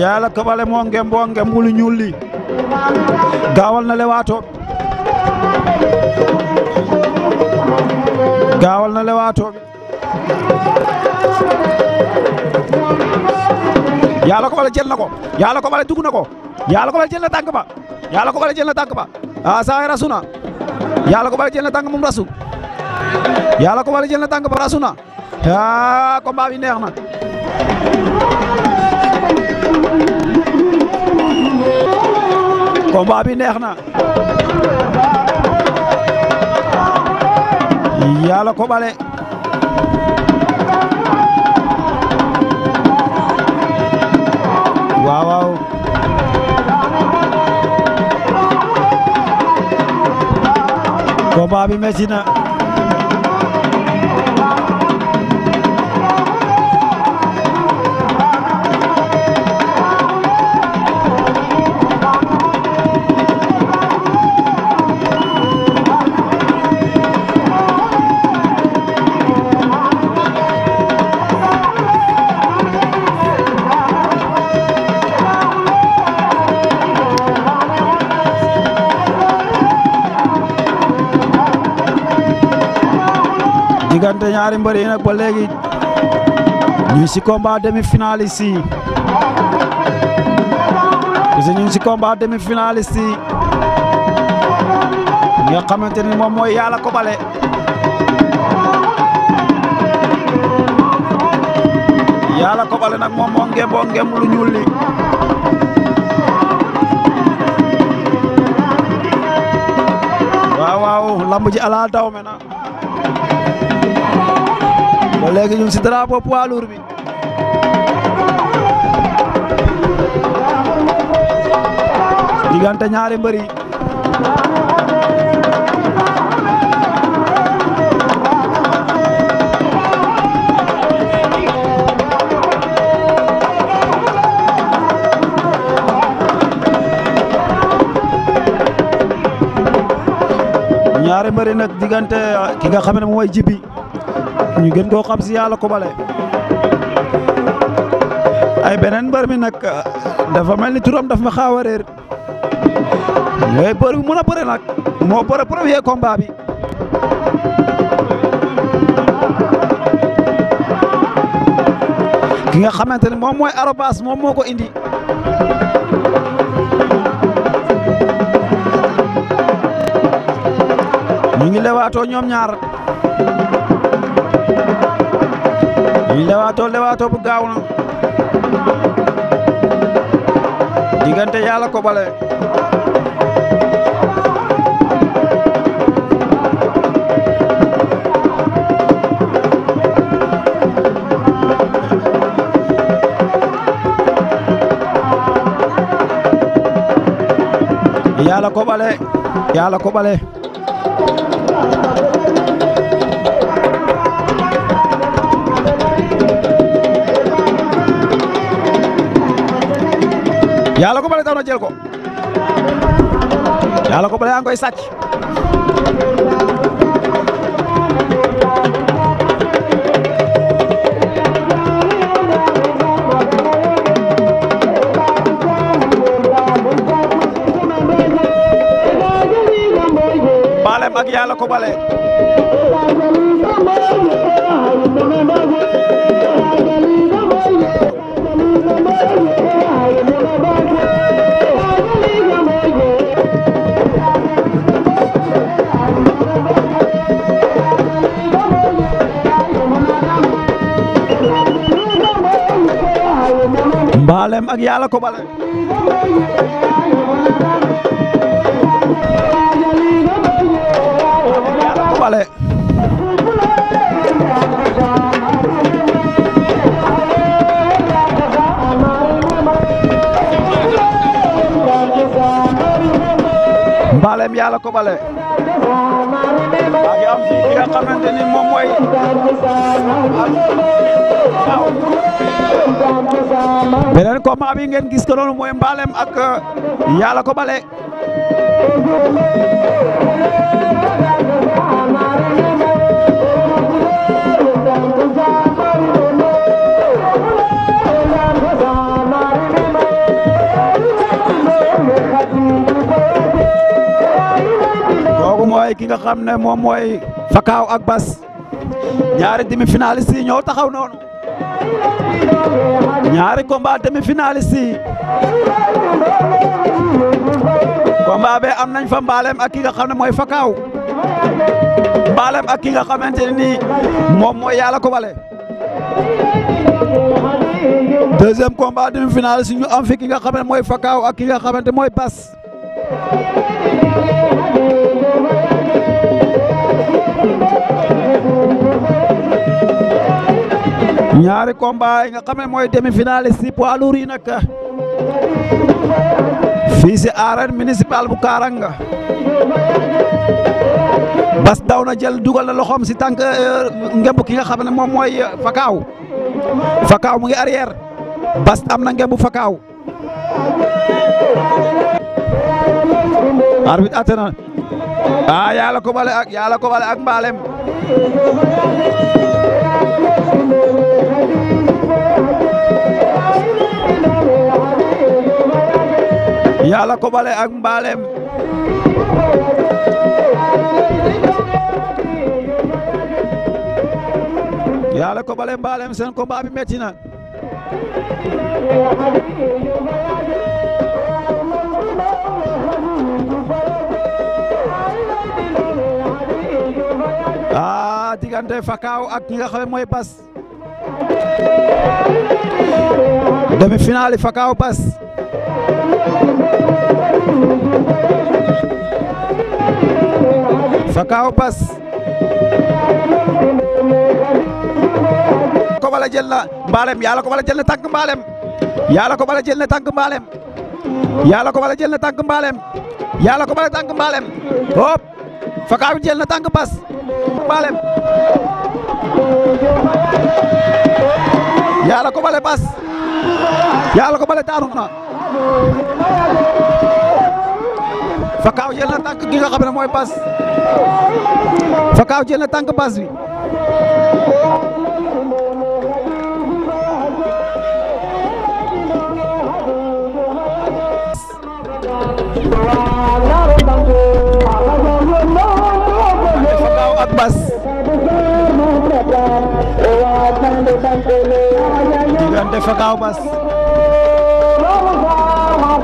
[SPEAKER 2] yàlla kabale moo ngem boo ngem bulu ñuul li gaawal na lewaato gaawal na lewaato yàlla ko bale jël na ko yàlla ko bale dugg na ko yàlla ko bale jël na tànk ba yàlla ko bale jël na tànk ba a saay rasu na yàlla ko bale jël na tànk moom rasu yàlla ko bale jël na tànk ba rasu na a combat bi neex na combat bi neex na yàlla ko bale waaw waaw combat bi diggante ñaari mbër yi nag ba léegi ñu si combat demi-finaliste nga xamante ni moom mooy yàlla ko bale yàlla ko bale nag moom moo ñuul li waaw waaw lamb ji na ba léegi ñun si drapeau poids bi diggante ñaari mbër yi ñaari mbëri nag diggante ki nga xam ne mooy jib ñu gën koo xam si la Coubalé ay beneen mbër mi nag dafa mel ni turam dafa ma xaaw a réer mooy bër bi mën a bëre nag moo bëre premier combat bi ki nga xamante ne moom mooy arobas moom moo ko indi ñu ngi lewaatoo ñoom ñaar ñu lewaatoo lewaatoo bu gaaw na diggante Yalla Kobalé Yalla Kobalé ko Kobalé Yalla ko Baldé daw na jël ko Yalla ko Baldé yaa ngi koy sàcc Balem ak Yalla ko Baldé dem ak yàlla ko bala yàlla ko bale mbalem yàlla ko bale maa ngi am fii ki nga moom mooy waaw. beneen combat bi ngeen gis ko noonu mooy mbalem ak Yalla Kobalé. taxawaay ki nga xam ne moom mooy Fakaaw ak Bas ñaari demi finaliste yi ñoo taxaw noonu ñaari combat demi finaliste yi combat be am nañ fa mbaaleem ak ki nga xam ne mooy Fakaaw mbaaleem ak ki nga xamante ne nii moom mooy yàlla ko bale deuxième combat demi finaliste yi ñu am fi ki nga xam ne mooy Fakaaw ak ki nga xamante mooy Bas. ñaari combat yi nga xam ne mooy demi-finale si poids lourds yi nag fii si arène bu Kaaranga bas daw na jël dugal na loxoom si tànk euh, ngemb ki nga xam ne moom mooy euh, Fakaaw Fakaaw mu ngi arrière bas am na ngemb Fakaaw arbitre atte na ah yàlla ko bale ak yàlla ko bale ak mbaaleem ñaala kobale ak mbaaleem ñaala kobale seen combat bi metti aa ah, diggante Fakaaw ak ki nga xam mooy demi-finale Fakaaw Bass Fakaaw Bass ko bala jël na mbaaleem Yàlla ko bala jël na tànk mbaaleem Yàlla ko bala jël na tànk mbaaleem Yàlla ko bala jël na tànk mbaaleem Yàlla ko bala tànk mbaaleem hop Fakaaw jël na tànk Bass mbaaleem Yàlla ko bala Bass Yàlla ko bala taanu Fakaaw jël na tànk ki nga xam ne mooy bas Fakaaw jël na tànk bas bi Fakaaw ak bas bas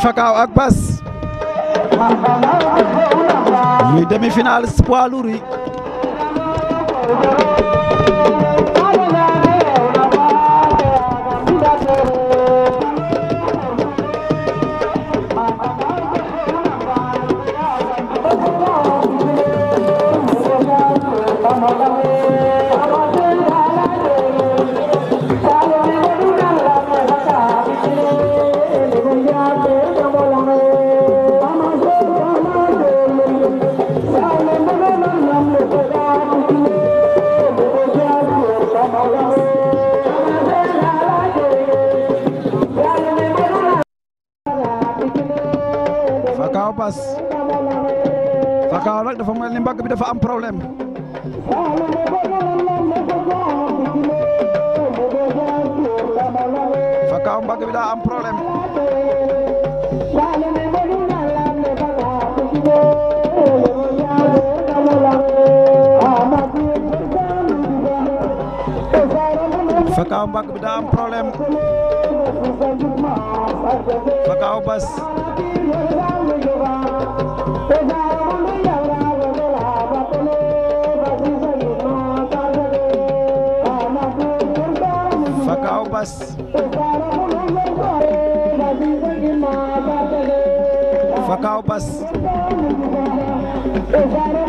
[SPEAKER 2] Fakaaw ak Bas muy demi-finale poids lourd Pakaaw nag ni mbagg bi dafa am problème Pakaaw mbagg bi daa am problème Pakaaw mbagg bi daa am problème Pakaaw bas Fakaw Bass Fakaw Bass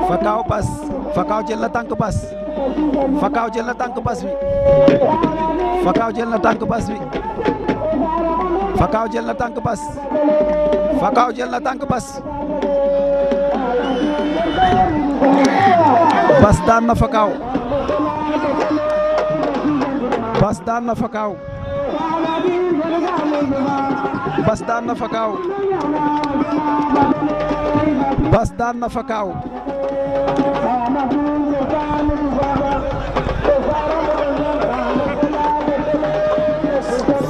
[SPEAKER 2] Fakaw Bass Fakaw jël na tànk Bass Fakaw jël na tànk Bass bi Fakaw jël na tànk Bass bi Fakaw jël na tànk Bass Fakaw jël na tànk Bass Bass daan na Fakaaw Bass daan na Fakaaw na Fakaaw Bass daan na Fakaaw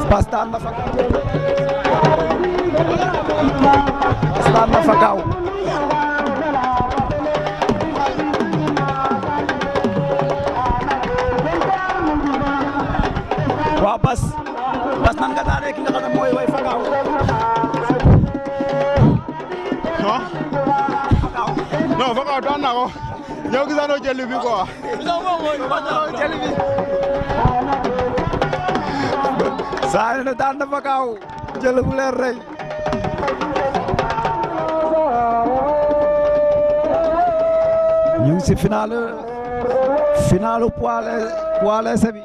[SPEAKER 2] Bass ki nga xam ne mooy way Fakaw
[SPEAKER 5] non non Fakaw daan naa ko yow gisaanoo jëli bi quoi gisaanoo jëli bi
[SPEAKER 2] Sané ne daan na Fakaw jël bu leer rey ñu ngi si final final poids poids léger bi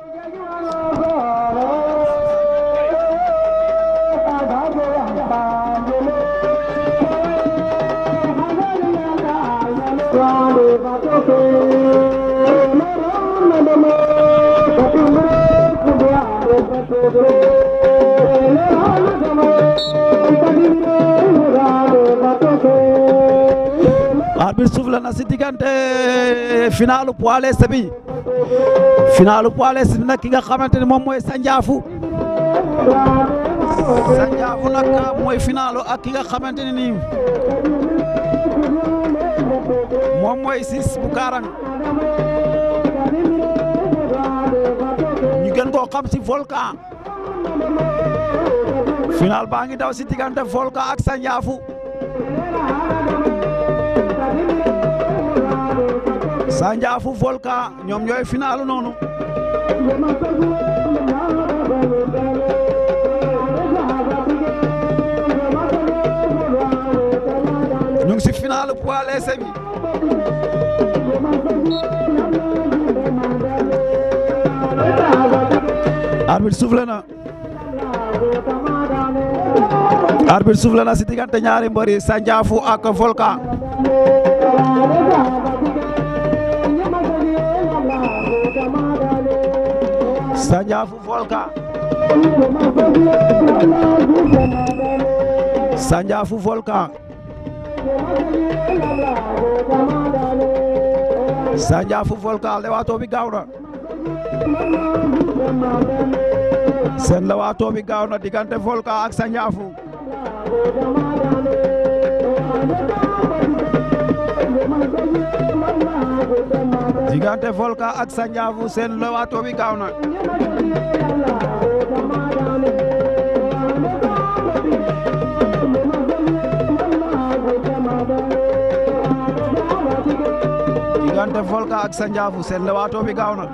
[SPEAKER 2] bi na si diggante finalu poids leste bi finalu poids leste bi nag ki nga xamante ni moom mooy Sanjaafu Sanjaafu nag mooy finalu ak ki nga xamante ne nii moom mooy Ciss bu Karang ñu gën koo xam si volcan final baa ngi daw si diggante volcan ak Sanjaafu Sanjaafu Volca ñoom ñooy finaalu noonu ñu ngi si finaalu poids léger bi arbitre soufflé na arbitre soufflé na si diggante ñaari mbër yi Sanjaafu ak Volca sañaafu volka sañaafu volka sañaafu volka bi gaaw na seen lewaatoo bi gaaw na diggante volka ak sañaafu diggante Volka ak Sandiafou bi gaaw Volka ak Sandiafou seen lewaato bi gaaw na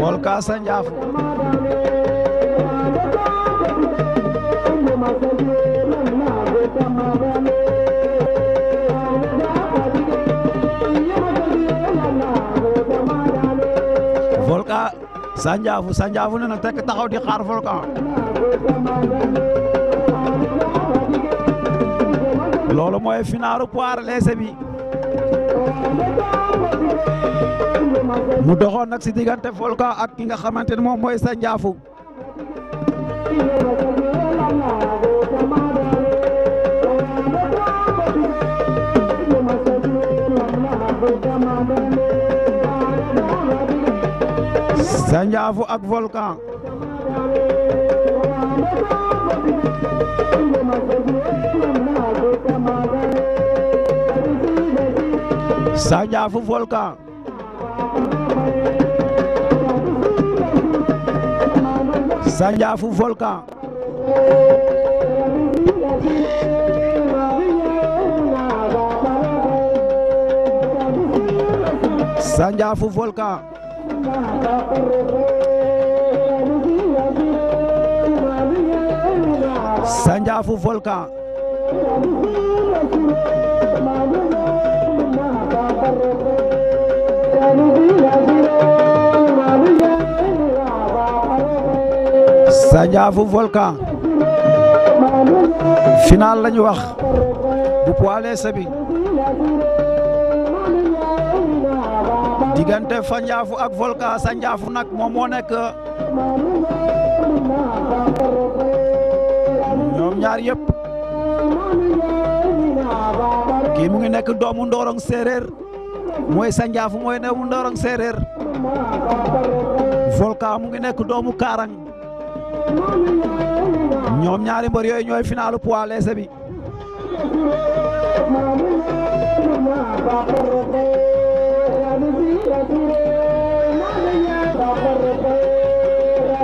[SPEAKER 2] Volka Sandiafou Volcan Sandiafou Sandiafou nee na tekk taxaw di xaar Volcan loolu mooy finaaru poire leese bi mu doxoon nag si diggante Volcan ak ki nga xamante ne moom mooy Sandiafou Sandiafou ak Volcan Sandiafou Volcan Sandiafou Sandiafou volcan Sandiafou volcan final lañu wax bu poids léger diggante Fandiafu ak Volka Sandiafu nag moom moo nekk ñoom ñaar yëpp kii mu ngi nekk doomu Ndorong séeréer mooy Sandiafu mooy doomu Ndorong séeréer Volka mu ngi nekk doomu Kaarang ñoom ñaari mbër ñooy finalu poids léger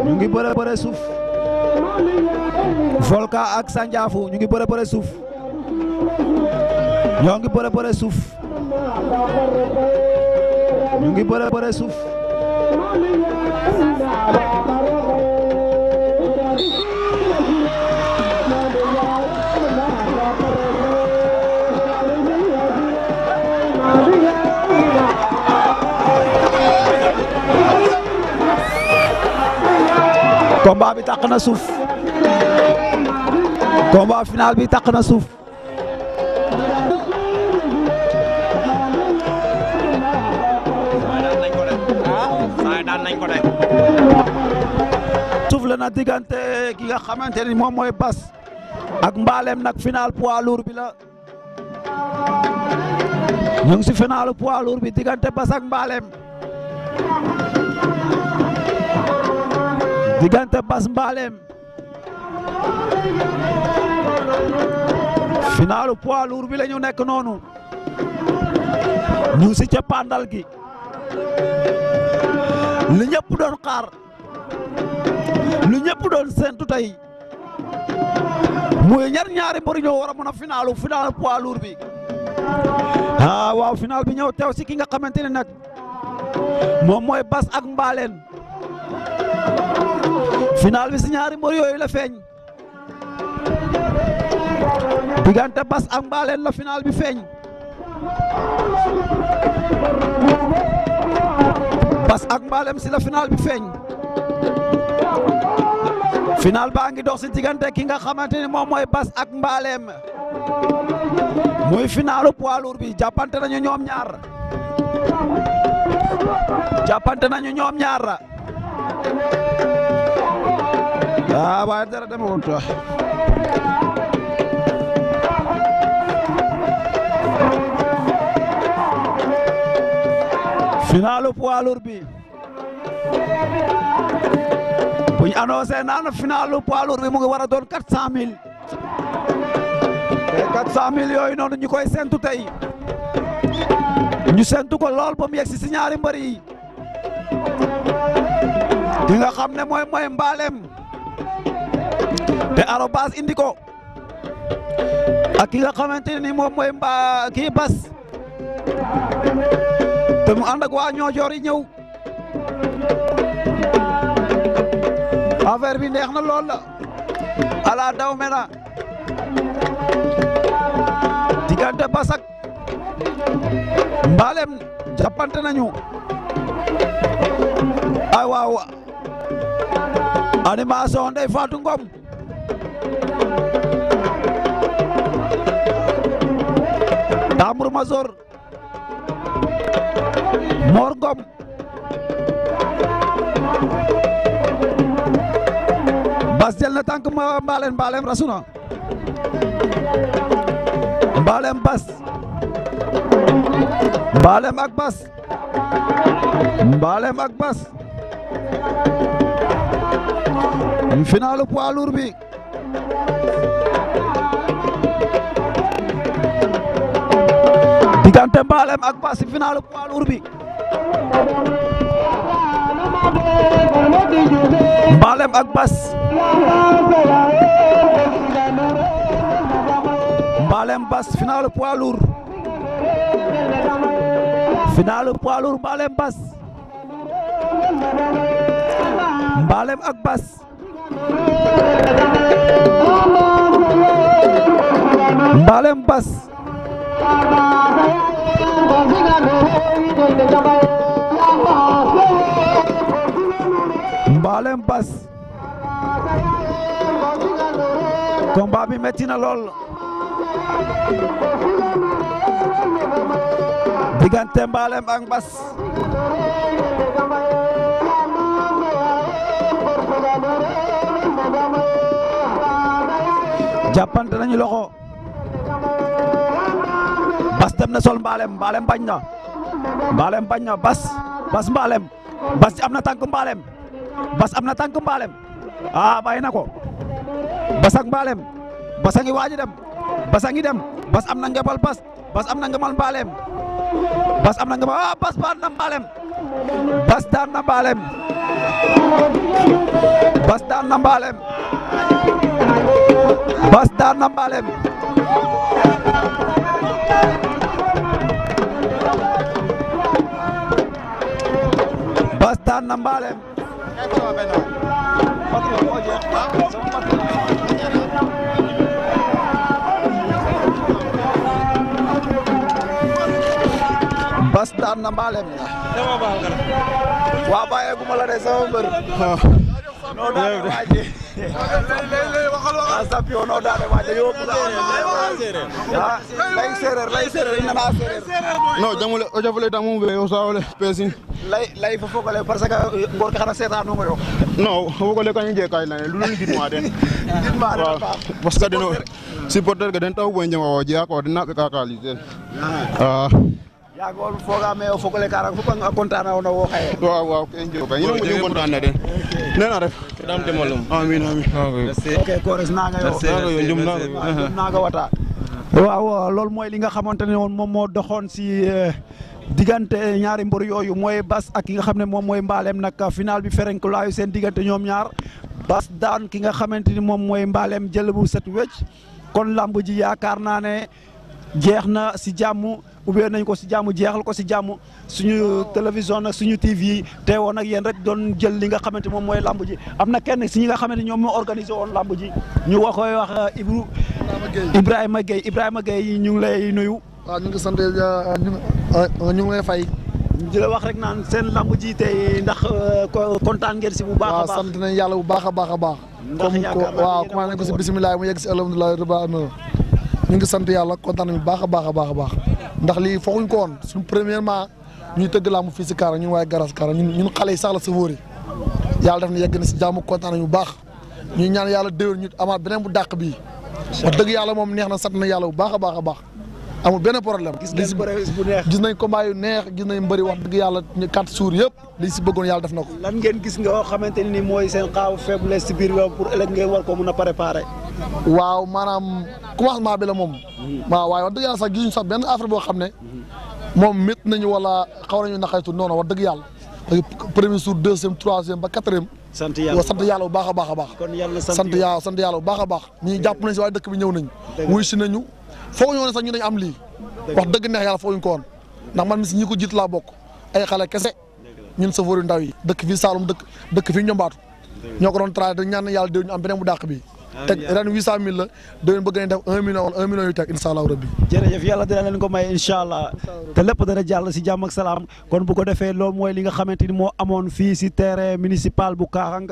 [SPEAKER 2] ñu ngi bëre bëre suuf Volka ak Sanjaafu ñu ngi bëre bëre suuf ñoo ngi bëre bëre suuf ñu ngi bëre bëre suuf combat bi tàq na suuf combat final bi tàq na suuf suuf la na diggante ki nga xamante ni moom mooy bas ak mbaaleem nag final poids lourd bi la ñu ngi si final poids bi diggante bas ak mbaaleem diggante Bass Mbalem finalu poids lourd bi la ñu nekk noonu ñu si ca pandal gi lu ñëpp doon xaar lu ñëpp doon séntu tey muy ñaar ñaari mbër ñoo war a mën a finalu final poids lourd bi ah ñëw teew si ki nga xamante ne nag. moom mooy bas ak mbaaleen final bi si ñaari mbër yooyu la feeñ diggante bas ak mbaaleen la final bi feeñ bas ak mbaalem si la final bi feeñ final baa ngi dox si diggante ki nga xamante ni moom mooy bas ak mbaalem muy finalu poids lourd bi jàppante nañu ñoom ñaar jàppante nañu ñoom ñaar ah waaye dara demewul tax finalu poids lourd bi buñ annoncé naan finalu poids lourd mu ngi war a doon cent mille yooyu noonu ñu koy séntu tey ñu sentu ko lool ba mu yegsi si ñaari mbër yi ki nga xam ne mooy mooy mbaaleem te arobas indi ko ak ki nga xamante ni moom mooy mbaa kii bas te mu ànd ak waa ñoojoor yi ñëw affaire bi neex na lool ala daw me na diggante bas mbalem jàppante nañu ay waaw animation Ndeye Fatou Ngom Tambour Major Mor Ngom bas jël na tànk ma mbalem mbalem rasuna mbalem bas Mbalem ak Bass Mbalem ak bi diggante ak Bass finalu poids bi Mbalem ak Bass Mbalem Bass final poids lourd Mbalem Bass ak Bass Mbalem Bass Mbalem Bass combat na lool diggante Mbalem ak Mbass jàppante nañu loxo Bass dem na sol Mbalem Mbalem bañ na Mbalem bañ na Bass Bass am na tànk Mbalem Bass am na tànk Mbalem ah bàyyi na ko Bass ak Mbalem Bass a dem Bass a dem Bass am na ngebal Bass. bas am na nga mal mbaaleem bas am na nga ma ah, bas daan bas daan na mbaaleem bas daan na mbaaleem Fass daan na mbaaleem ñaar. waaw bàyyeeguma la de sama mbër. non daane waaje. waaw champion non daane waaje yow. ah lay séeréer lay séeréer ñu ne maa séeréer. non
[SPEAKER 5] jàmmule o jàppale tam mu yow saa wala peesin.
[SPEAKER 2] lay lay fa fogale parce que ngor ka xana seetaanu
[SPEAKER 5] nga
[SPEAKER 6] yow. non fogale kañu jeekaay la ne lu leen gidma den. gidma den waaw parce que dino supporter ga den taw bo njama waaji akwa dina ka kaali ten. waaw.
[SPEAKER 2] yaagool foogaame o fog ole ka rang fop a content na wo xaye waaw waaw ke i njegu den nena ref kores naaga yo ah, njum naaga wata waaw loolu mooy li nga xamante ne woon moom moo doxoon si eh, diggante ñaari mbër yooyu mooy Bass ak ki nga xam ne moom mooy mbaaleem nag final bi ferenku laayu seen diggante ñoom ñaar Bass daan ki nga xamante ni moom mooy mbaaleem jël set wecc kon lamb ji na naa ne na si jàmm ubbee nañ ko si jàmm jeexal ko si jàmm suñu télévision nag suñu TV yi woon ak yéen rek doon jël li nga xamante moom mooy làmb ji am na kenn si ñi nga xamante ñoom moo organisé woon làmb ji ñu wax koy wax uh, Ibou Ibrahima Gueye Ibrahima ñu ngi lay nuyu. waaw ñu ngi uh, uh, ñu ngi fay. di wax rek naan seen làmb ji tey ndax kontaan ngeen si
[SPEAKER 5] bu baax a baax sant nañ bu baax a baax a baax. ndax yaakaar waaw commencé nañ ko si bisimilah mu yegg si alhamdulilah rabbil alamin ñu ngi sant yàlla kontaan nañu baax a baax a baax a baax ndax lii fooguñ ko woon suñu premièrement ñuy tëgg laamu fii si Kaarang ñun waaye garas Kaarang ñun ñun xale yi sax la safóor yi yàlla def na yegg na si jàmm kontaan nañu baax ñuy ñaan yàlla déwén ñu amaat beneen bu dàq bi wax dëgg yàlla moom neex na sant na yàlla bu baax a baax a baax amul benn problème. gis gis nañ combat yu neex gis nañ mbëri wax dëgg yàlla ñu quatre jours yëpp si bëggoon yàlla def na ko. lan ngeen gis nga xamante ne ni mooy seen xaaw faiblesse si biir pour ëllëg ngeen war ko mun a préparer. waaw maanaam commencement bi la moom. Hmm. waaw waaye wax dëgg yàlla sax gisuñu sax benn affaire boo xam ne. moom métti nañu wala xaw nañu naqaritu noonu wax dëgg yàlla. parce que premier jour deuxième troisième ba quatrième. sant yàlla sant yàlla bu baax a baax baax. kon yàlla sant yàlla sant yàlla baax a baax. ñii jàpp nañ nañ wuy si foog ñoo ne sax ñu dañu am lii wax dëgg neex yàlla fooguñu ko woon ndax man mi si ñi ko jiit laa bokk ay xale kese ñun safari ndaw yi dëkk fii Saalum dëkk dëkk fii Ñombaatu ñoo ko doon traité ñaan yàlla déw ñu am beneen bu dàq bi Ah, teg ren 800000 la déwén
[SPEAKER 2] bëgg nañ def 1 million wala 1 million yu teg incha allah rabbi. jërëjëf yàlla dina leen ko may incha allah te lépp dana jàll si jàmm ak salaam kon bu ko defee loolu mooy li nga xamante ni moo amoon fii si terrain municipal bu Kaarang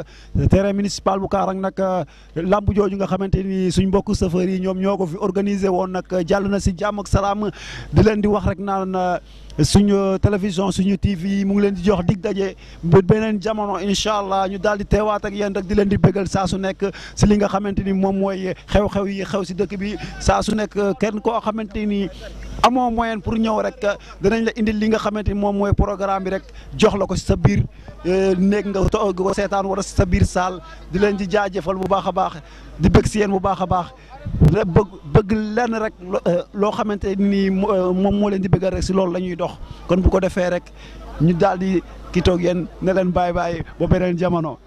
[SPEAKER 2] terrain municipal bu Kaarang nag euh, lamb jooju nga xamante ni suñ mbokk chauffeurs yi ñoom ñoo ko fi organisé woon nag jàll na si jàmm ak salaam di leen di wax rek naan. Euh, suñu télévision suñu TV mu ngi leen di jox dig daje beneen jamono incha allah ñu daal di teewaat ak yéen rek di leen di bégal saa su nekk si li nga xamante ni moom mooy xew-xew yi xew si dëkk bi saa su nekk kenn koo xamante ni amoo moyen pour ñëw rek euh, danañ la indil li nga xamante ni moom mooy programme bi rek jox la ko si sa biir euh, néeg nga toog ko seetaan wala si sa biir saal di leen di jaajëfal bu baax a baax di bëgg si yéen bu baax a baax bëgg bëgg lenn rek euh, loo xamante ni moom moo leen di bëggal rek si loolu la ñuy dox kon bu ko defee rek ñu daal di ki toog yéen ne leen bàyyi bàyyi ba beneen jamono.